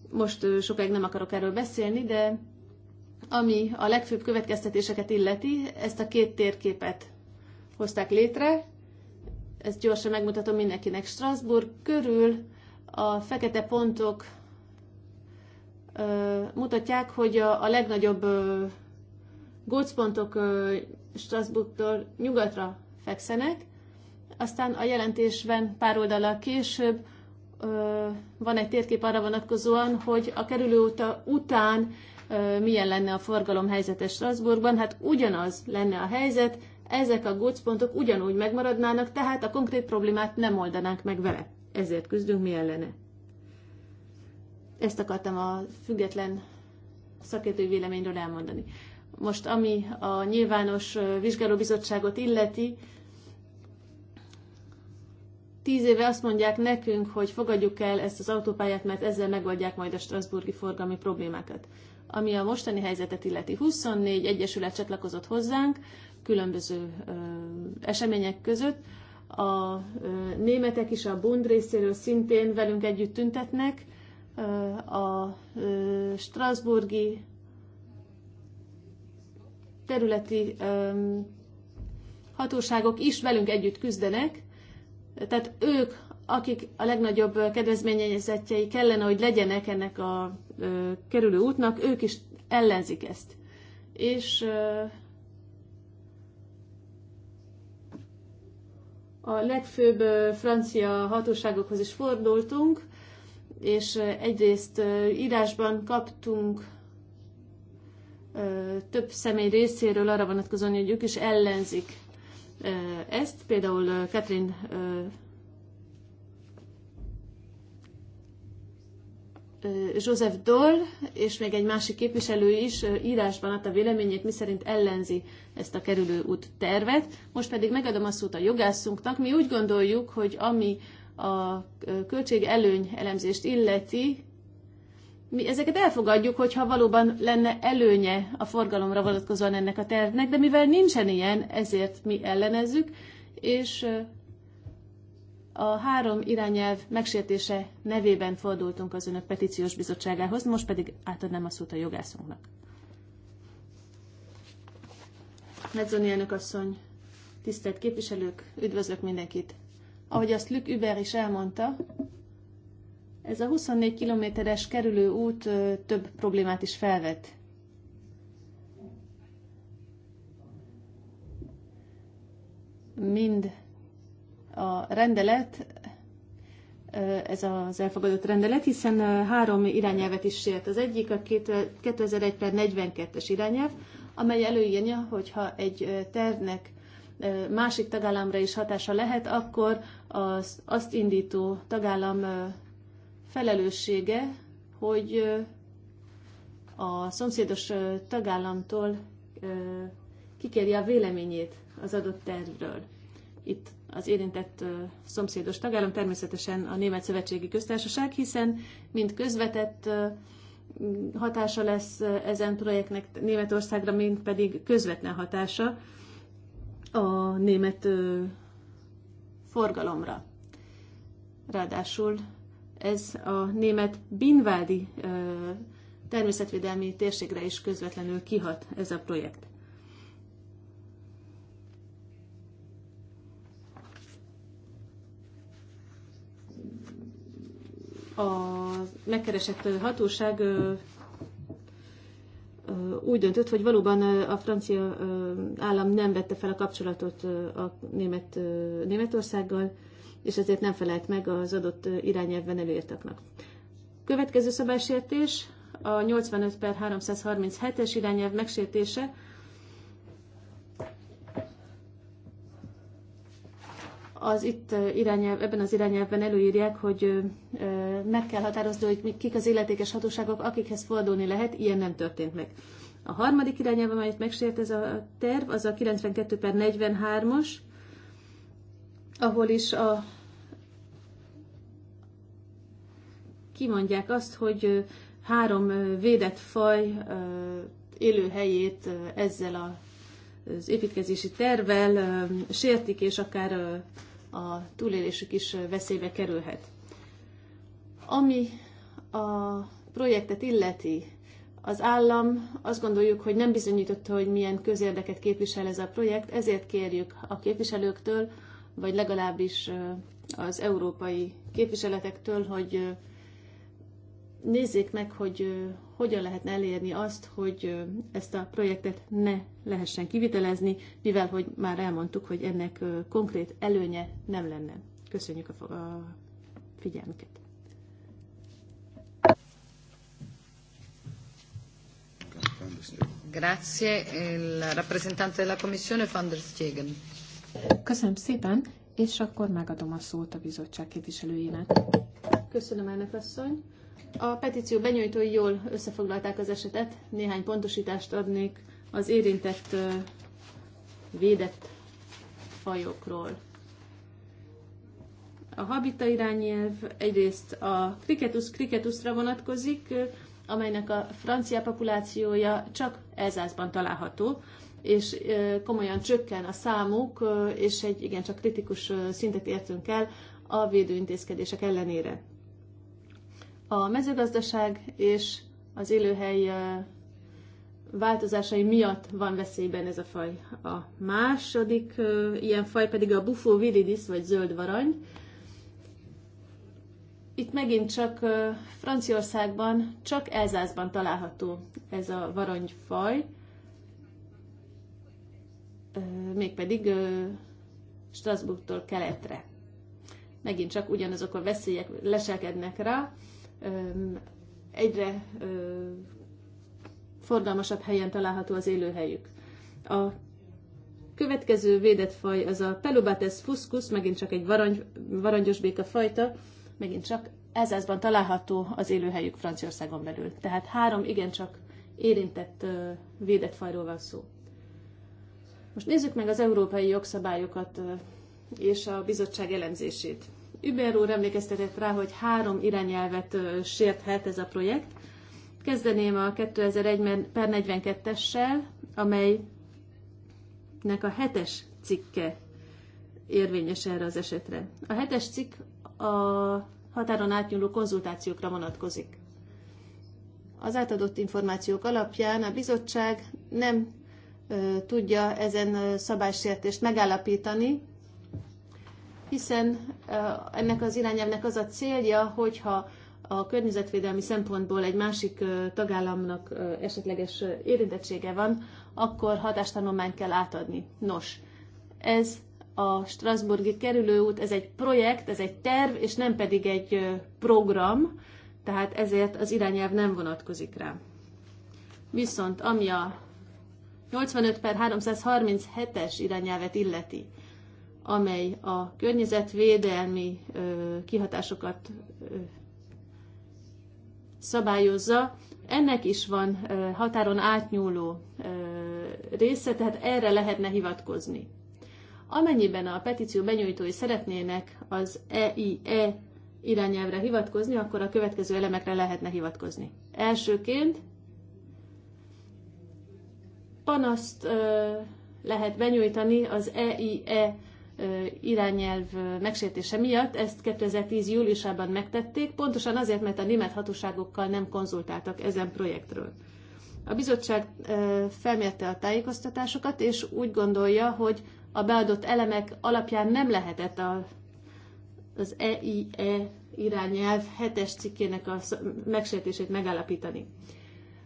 Most sokáig nem akarok erről beszélni, de ami a legfőbb következtetéseket illeti, ezt a két térképet hozták létre, ezt gyorsan megmutatom mindenkinek. Strasbourg körül a fekete pontok ö, mutatják, hogy a, a legnagyobb gócpontok Strasbourgtól nyugatra fekszenek, aztán a jelentésben pár oldalak később ö, van egy térkép arra vonatkozóan, hogy a kerülőúta után ö, milyen lenne a forgalom helyzete Strasbourgban. Hát ugyanaz lenne a helyzet, ezek a gócpontok ugyanúgy megmaradnának, tehát a konkrét problémát nem oldanánk meg vele. Ezért küzdünk mi ellene. Ezt akartam a független szakértői véleményről elmondani. Most ami a nyilvános vizsgálóbizottságot illeti, tíz éve azt mondják nekünk, hogy fogadjuk el ezt az autópályát, mert ezzel megoldják majd a Strasburgi forgalmi problémákat. Ami a mostani helyzetet illeti, 24 egyesület csatlakozott hozzánk, különböző események között. A németek is a Bund részéről szintén velünk együtt tüntetnek. A Strasburgi területi hatóságok is velünk együtt küzdenek, tehát ők, akik a legnagyobb kedvezményezettjei kellene, hogy legyenek ennek a kerülő útnak, ők is ellenzik ezt. És a legfőbb francia hatóságokhoz is fordultunk, és egyrészt írásban kaptunk több személy részéről arra vonatkozóan, hogy ők is ellenzik ezt. Például Catherine. Joseph Doll és még egy másik képviselő is írásban adta véleményét, miszerint ellenzi ezt a kerülő út tervet. Most pedig megadom a szót a jogászunknak. Mi úgy gondoljuk, hogy ami a költség előny elemzést illeti, mi ezeket elfogadjuk, hogyha valóban lenne előnye a forgalomra vonatkozóan ennek a tervnek, de mivel nincsen ilyen, ezért mi ellenezzük, és a három irányelv megsértése nevében fordultunk az Önök petíciós bizottságához, most pedig átadnám a szót a jogászunknak. Medzoni elnök asszony, tisztelt képviselők, üdvözlök mindenkit! Ahogy azt Lük Über is elmondta, ez a 24 kilométeres kerülő út több problémát is felvet. Mind a rendelet, ez az elfogadott rendelet, hiszen három irányelvet is sért. Az egyik a 2001 per 42-es irányelv, amely előírja, hogyha egy tervnek másik tagállamra is hatása lehet, akkor az azt indító tagállam felelőssége, hogy a szomszédos tagállamtól kikérje a véleményét az adott tervről. Itt az érintett szomszédos tagállam, természetesen a Német Szövetségi Köztársaság, hiszen mind közvetett hatása lesz ezen projektnek Németországra, mint pedig közvetlen hatása a német forgalomra. Ráadásul ez a német Binvádi természetvédelmi térségre is közvetlenül kihat ez a projekt. a megkeresett hatóság úgy döntött, hogy valóban a francia állam nem vette fel a kapcsolatot a német, Németországgal, és ezért nem felelt meg az adott irányelvben előírtaknak. Következő szabálysértés a 85 per 337-es irányelv megsértése, az itt irányel, ebben az irányelvben előírják, hogy meg kell határozni, hogy kik az illetékes hatóságok, akikhez fordulni lehet, ilyen nem történt meg. A harmadik irányelv, amelyet megsért ez a terv, az a 92 per 43-os, ahol is a kimondják azt, hogy három védett faj élőhelyét ezzel az építkezési tervvel sértik, és akár a túlélésük is veszélybe kerülhet. Ami a projektet illeti, az állam azt gondoljuk, hogy nem bizonyította, hogy milyen közérdeket képvisel ez a projekt, ezért kérjük a képviselőktől, vagy legalábbis az európai képviseletektől, hogy nézzék meg, hogy hogyan lehetne elérni azt, hogy ezt a projektet ne lehessen kivitelezni, mivel hogy már elmondtuk, hogy ennek konkrét előnye nem lenne. Köszönjük a, figyelmüket. Grazie, il rappresentante della Commissione van der Stegen. Köszönöm szépen, és akkor megadom a szót a bizottság képviselőjének. Köszönöm, elnök asszony. A petíció benyújtói jól összefoglalták az esetet, néhány pontosítást adnék az érintett védett fajokról. A habita irányelv egyrészt a kriketus kriketusra vonatkozik, amelynek a francia populációja csak Elzászban található, és komolyan csökken a számuk, és egy igencsak kritikus szintet értünk el a védőintézkedések ellenére. A mezőgazdaság és az élőhely változásai miatt van veszélyben ez a faj. A második ilyen faj pedig a Buffo viridis, vagy zöld varany. Itt megint csak Franciaországban, csak Elzászban található ez a varanyfaj, mégpedig Strasbourgtól keletre. Megint csak ugyanazok a veszélyek leselkednek rá, egyre forgalmasabb helyen található az élőhelyük. A következő védett faj az a Pelubates fuscus, megint csak egy varangy, varangyos béka fajta, megint csak ezázban található az élőhelyük Franciaországon belül. Tehát három igencsak érintett védett fajról van szó. Most nézzük meg az európai jogszabályokat és a bizottság elemzését. Über úr emlékeztetett rá, hogy három irányelvet sérthet ez a projekt. Kezdeném a 2001 per 42-essel, amelynek a hetes cikke érvényes erre az esetre. A hetes cikk a határon átnyúló konzultációkra vonatkozik. Az átadott információk alapján a bizottság nem tudja ezen szabálysértést megállapítani, hiszen ennek az irányelvnek az a célja, hogyha a környezetvédelmi szempontból egy másik tagállamnak esetleges érintettsége van, akkor hatástanulmányt kell átadni. Nos, ez a Strasburgi kerülőút, ez egy projekt, ez egy terv, és nem pedig egy program, tehát ezért az irányelv nem vonatkozik rá. Viszont ami a 85 per 337-es irányelvet illeti, amely a környezetvédelmi kihatásokat szabályozza, ennek is van határon átnyúló része, tehát erre lehetne hivatkozni. Amennyiben a petíció benyújtói szeretnének az EIE e irányelvre hivatkozni, akkor a következő elemekre lehetne hivatkozni. Elsőként panaszt lehet benyújtani az EIE irányelv megsértése miatt. Ezt 2010. júliusában megtették, pontosan azért, mert a német hatóságokkal nem konzultáltak ezen projektről. A bizottság felmérte a tájékoztatásokat, és úgy gondolja, hogy a beadott elemek alapján nem lehetett a, az EIE e irányelv hetes cikkének a megsértését megállapítani.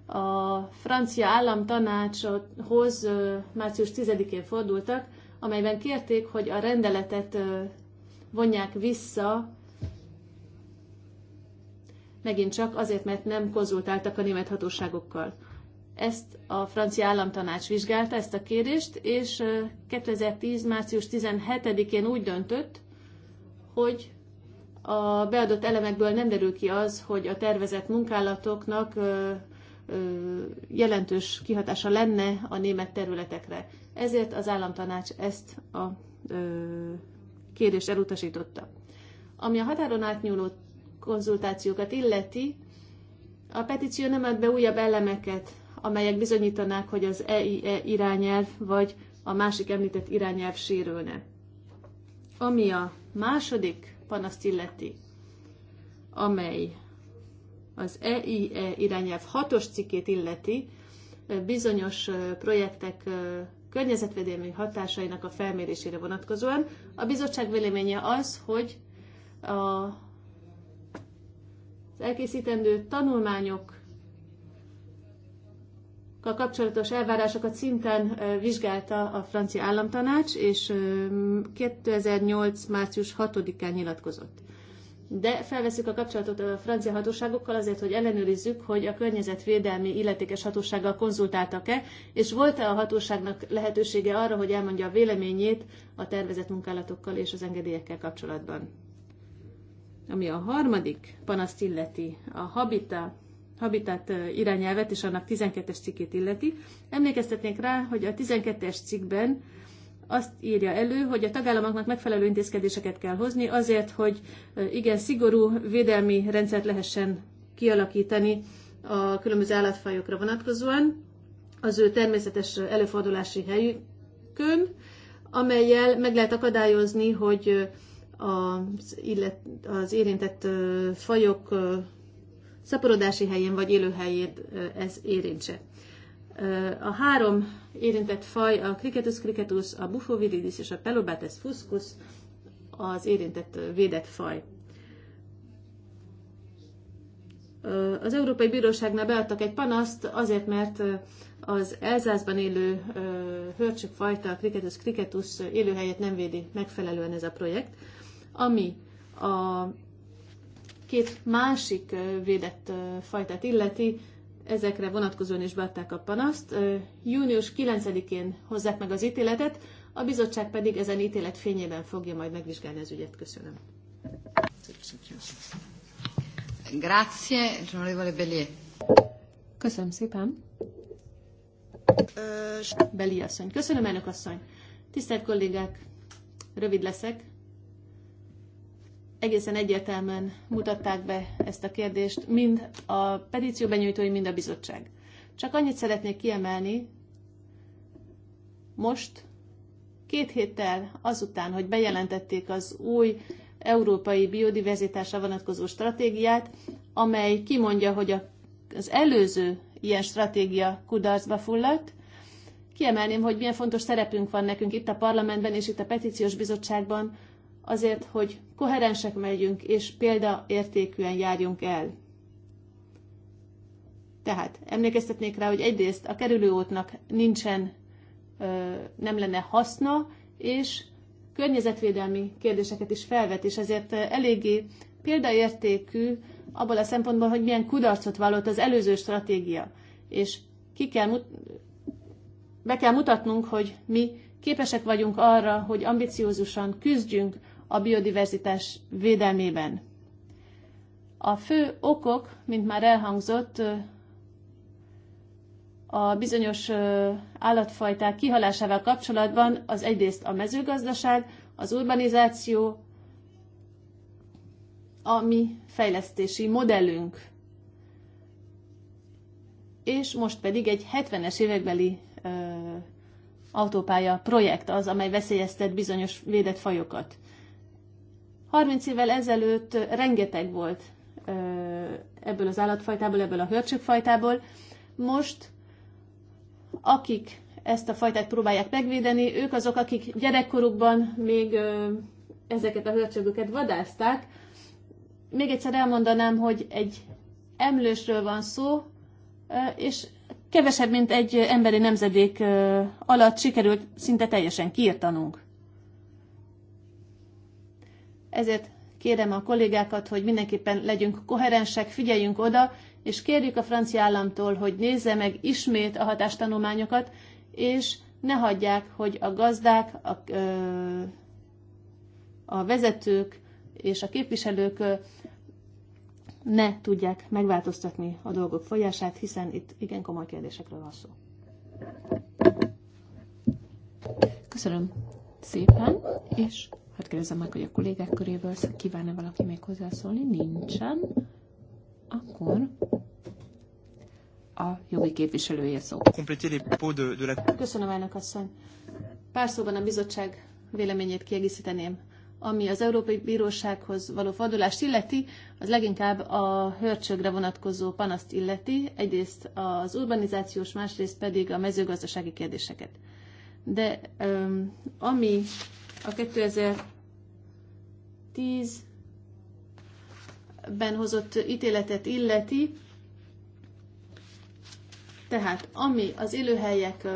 A francia államtanácshoz március 10-én fordultak, amelyben kérték, hogy a rendeletet vonják vissza, megint csak azért, mert nem konzultáltak a német hatóságokkal. Ezt a francia államtanács vizsgálta, ezt a kérést, és 2010. március 17-én úgy döntött, hogy a beadott elemekből nem derül ki az, hogy a tervezett munkálatoknak jelentős kihatása lenne a német területekre. Ezért az államtanács ezt a kérdést elutasította. Ami a határon átnyúló konzultációkat illeti, a petíció nem ad be újabb elemeket, amelyek bizonyítanák, hogy az EIE e irányelv vagy a másik említett irányelv sérülne. Ami a második panaszt illeti, amely az EIE e irányelv hatos cikkét illeti, bizonyos projektek környezetvédelmi hatásainak a felmérésére vonatkozóan. A bizottság véleménye az, hogy a, az elkészítendő tanulmányok a kapcsolatos elvárásokat szinten vizsgálta a francia államtanács, és 2008. március 6-án nyilatkozott de felveszük a kapcsolatot a francia hatóságokkal azért, hogy ellenőrizzük, hogy a környezetvédelmi illetékes hatósággal konzultáltak-e, és volt-e a hatóságnak lehetősége arra, hogy elmondja a véleményét a tervezett munkálatokkal és az engedélyekkel kapcsolatban. Ami a harmadik panaszt illeti, a habita, habitat irányelvet és annak 12-es cikkét illeti, emlékeztetnék rá, hogy a 12-es cikkben azt írja elő, hogy a tagállamoknak megfelelő intézkedéseket kell hozni azért, hogy igen szigorú védelmi rendszert lehessen kialakítani a különböző állatfajokra vonatkozóan az ő természetes előfordulási helyükön, amelyel meg lehet akadályozni, hogy az, illet, az érintett fajok szaporodási helyén vagy élőhelyét ez érintse. A három érintett faj, a Cricetus cricetus, a Buffoviridis és a Pelobates fuscus az érintett védett faj. Az Európai Bíróságnál beadtak egy panaszt azért, mert az Elzászban élő fajta, a Cricetus cricetus élőhelyet nem védi megfelelően ez a projekt, ami a két másik védett fajtát illeti, ezekre vonatkozóan is beadták a panaszt. Június 9-én hozzák meg az ítéletet, a bizottság pedig ezen ítélet fényében fogja majd megvizsgálni az ügyet. Köszönöm. Grazie, onorevole Bellier. Köszönöm szépen. Beli asszony. Köszönöm, elnök asszony. Tisztelt kollégák, rövid leszek egészen egyértelműen mutatták be ezt a kérdést mind a petíció benyújtói, mind a bizottság. Csak annyit szeretnék kiemelni, most két héttel azután, hogy bejelentették az új európai biodiverzitásra vonatkozó stratégiát, amely kimondja, hogy az előző ilyen stratégia kudarcba fulladt, kiemelném, hogy milyen fontos szerepünk van nekünk itt a parlamentben és itt a petíciós bizottságban, azért, hogy koherensek legyünk és példaértékűen járjunk el. Tehát emlékeztetnék rá, hogy egyrészt a kerülőútnak nincsen, nem lenne haszna, és környezetvédelmi kérdéseket is felvet, és ezért eléggé példaértékű abból a szempontból, hogy milyen kudarcot vallott az előző stratégia. És ki kell, be kell mutatnunk, hogy mi képesek vagyunk arra, hogy ambiciózusan küzdjünk a biodiverzitás védelmében. A fő okok, mint már elhangzott, a bizonyos állatfajták kihalásával kapcsolatban az egyrészt a mezőgazdaság, az urbanizáció, a mi fejlesztési modellünk. És most pedig egy 70-es évekbeli ö, autópálya projekt az, amely veszélyeztet bizonyos védett fajokat. 30 évvel ezelőtt rengeteg volt ebből az állatfajtából, ebből a hörcsökfajtából. Most, akik ezt a fajtát próbálják megvédeni, ők azok, akik gyerekkorukban még ezeket a hörcsögöket vadázták. Még egyszer elmondanám, hogy egy emlősről van szó, és kevesebb, mint egy emberi nemzedék alatt sikerült szinte teljesen kiirtanunk. Ezért kérem a kollégákat, hogy mindenképpen legyünk koherensek, figyeljünk oda, és kérjük a francia államtól, hogy nézze meg ismét a hatástanulmányokat, és ne hagyják, hogy a gazdák, a, a vezetők és a képviselők ne tudják megváltoztatni a dolgok folyását, hiszen itt igen komoly kérdésekről van szó. Köszönöm szépen, és Hát kérdezem meg, hogy a kollégák köréből kívánna valaki még hozzászólni? Nincsen. Akkor a jogi képviselője szó. Köszönöm, elnök asszony. Pár szóban a bizottság véleményét kiegészíteném. Ami az Európai Bírósághoz való fordulást illeti, az leginkább a hörcsögre vonatkozó panaszt illeti, egyrészt az urbanizációs, másrészt pedig a mezőgazdasági kérdéseket. De ami a 2010-ben hozott ítéletet illeti, tehát ami az élőhelyek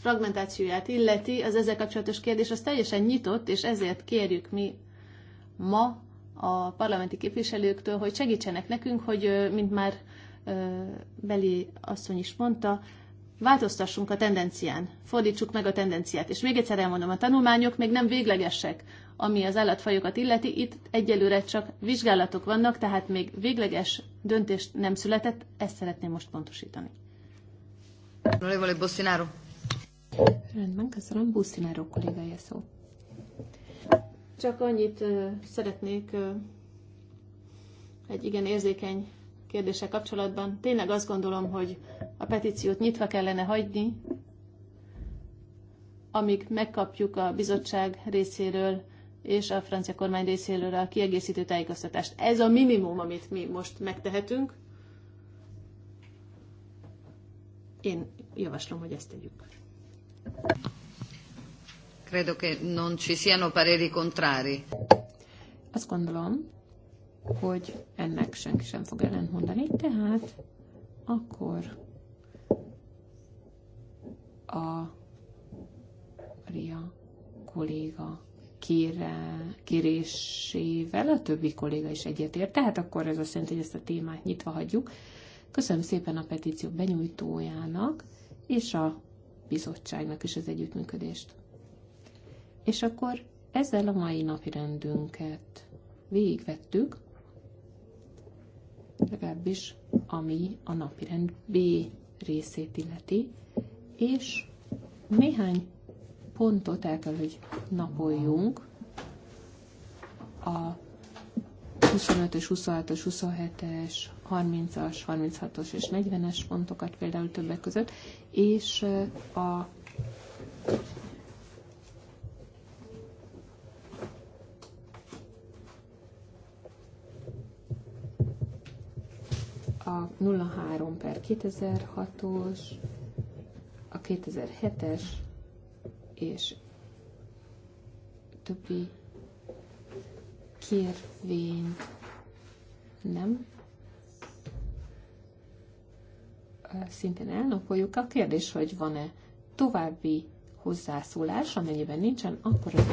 fragmentációját illeti, az ezzel kapcsolatos kérdés az teljesen nyitott, és ezért kérjük mi ma a parlamenti képviselőktől, hogy segítsenek nekünk, hogy, mint már Beli asszony is mondta, Változtassunk a tendencián, fordítsuk meg a tendenciát. És még egyszer elmondom, a tanulmányok még nem véglegesek, ami az állatfajokat illeti, itt egyelőre csak vizsgálatok vannak, tehát még végleges döntést nem született, ezt szeretném most pontosítani. Onorevole Bosszináró. Rendben, köszönöm. Bosszináró kollégája szó. Csak annyit uh, szeretnék uh, egy igen érzékeny kérdése kapcsolatban. Tényleg azt gondolom, hogy a petíciót nyitva kellene hagyni, amíg megkapjuk a bizottság részéről és a francia kormány részéről a kiegészítő tájékoztatást. Ez a minimum, amit mi most megtehetünk. Én javaslom, hogy ezt tegyük. Credo che non ci siano pareri contrari. Azt gondolom, hogy ennek senki sem fog ellentmondani, tehát akkor a Ria kolléga kére, kérésével a többi kolléga is egyetért. Tehát akkor ez azt jelenti, hogy ezt a témát nyitva hagyjuk. Köszönöm szépen a petíció benyújtójának és a bizottságnak is az együttműködést. És akkor ezzel a mai napi rendünket végigvettük legalábbis ami a napirend B részét illeti, és néhány pontot el kell, hogy napoljunk a 25-ös, 26-os, 27-es, 30-as, 36-os és 40-es pontokat például többek között, és a a 03 per 2006-os, a 2007-es és többi kérvény nem szintén elnapoljuk. A kérdés, hogy van-e további hozzászólás, amennyiben nincsen, akkor az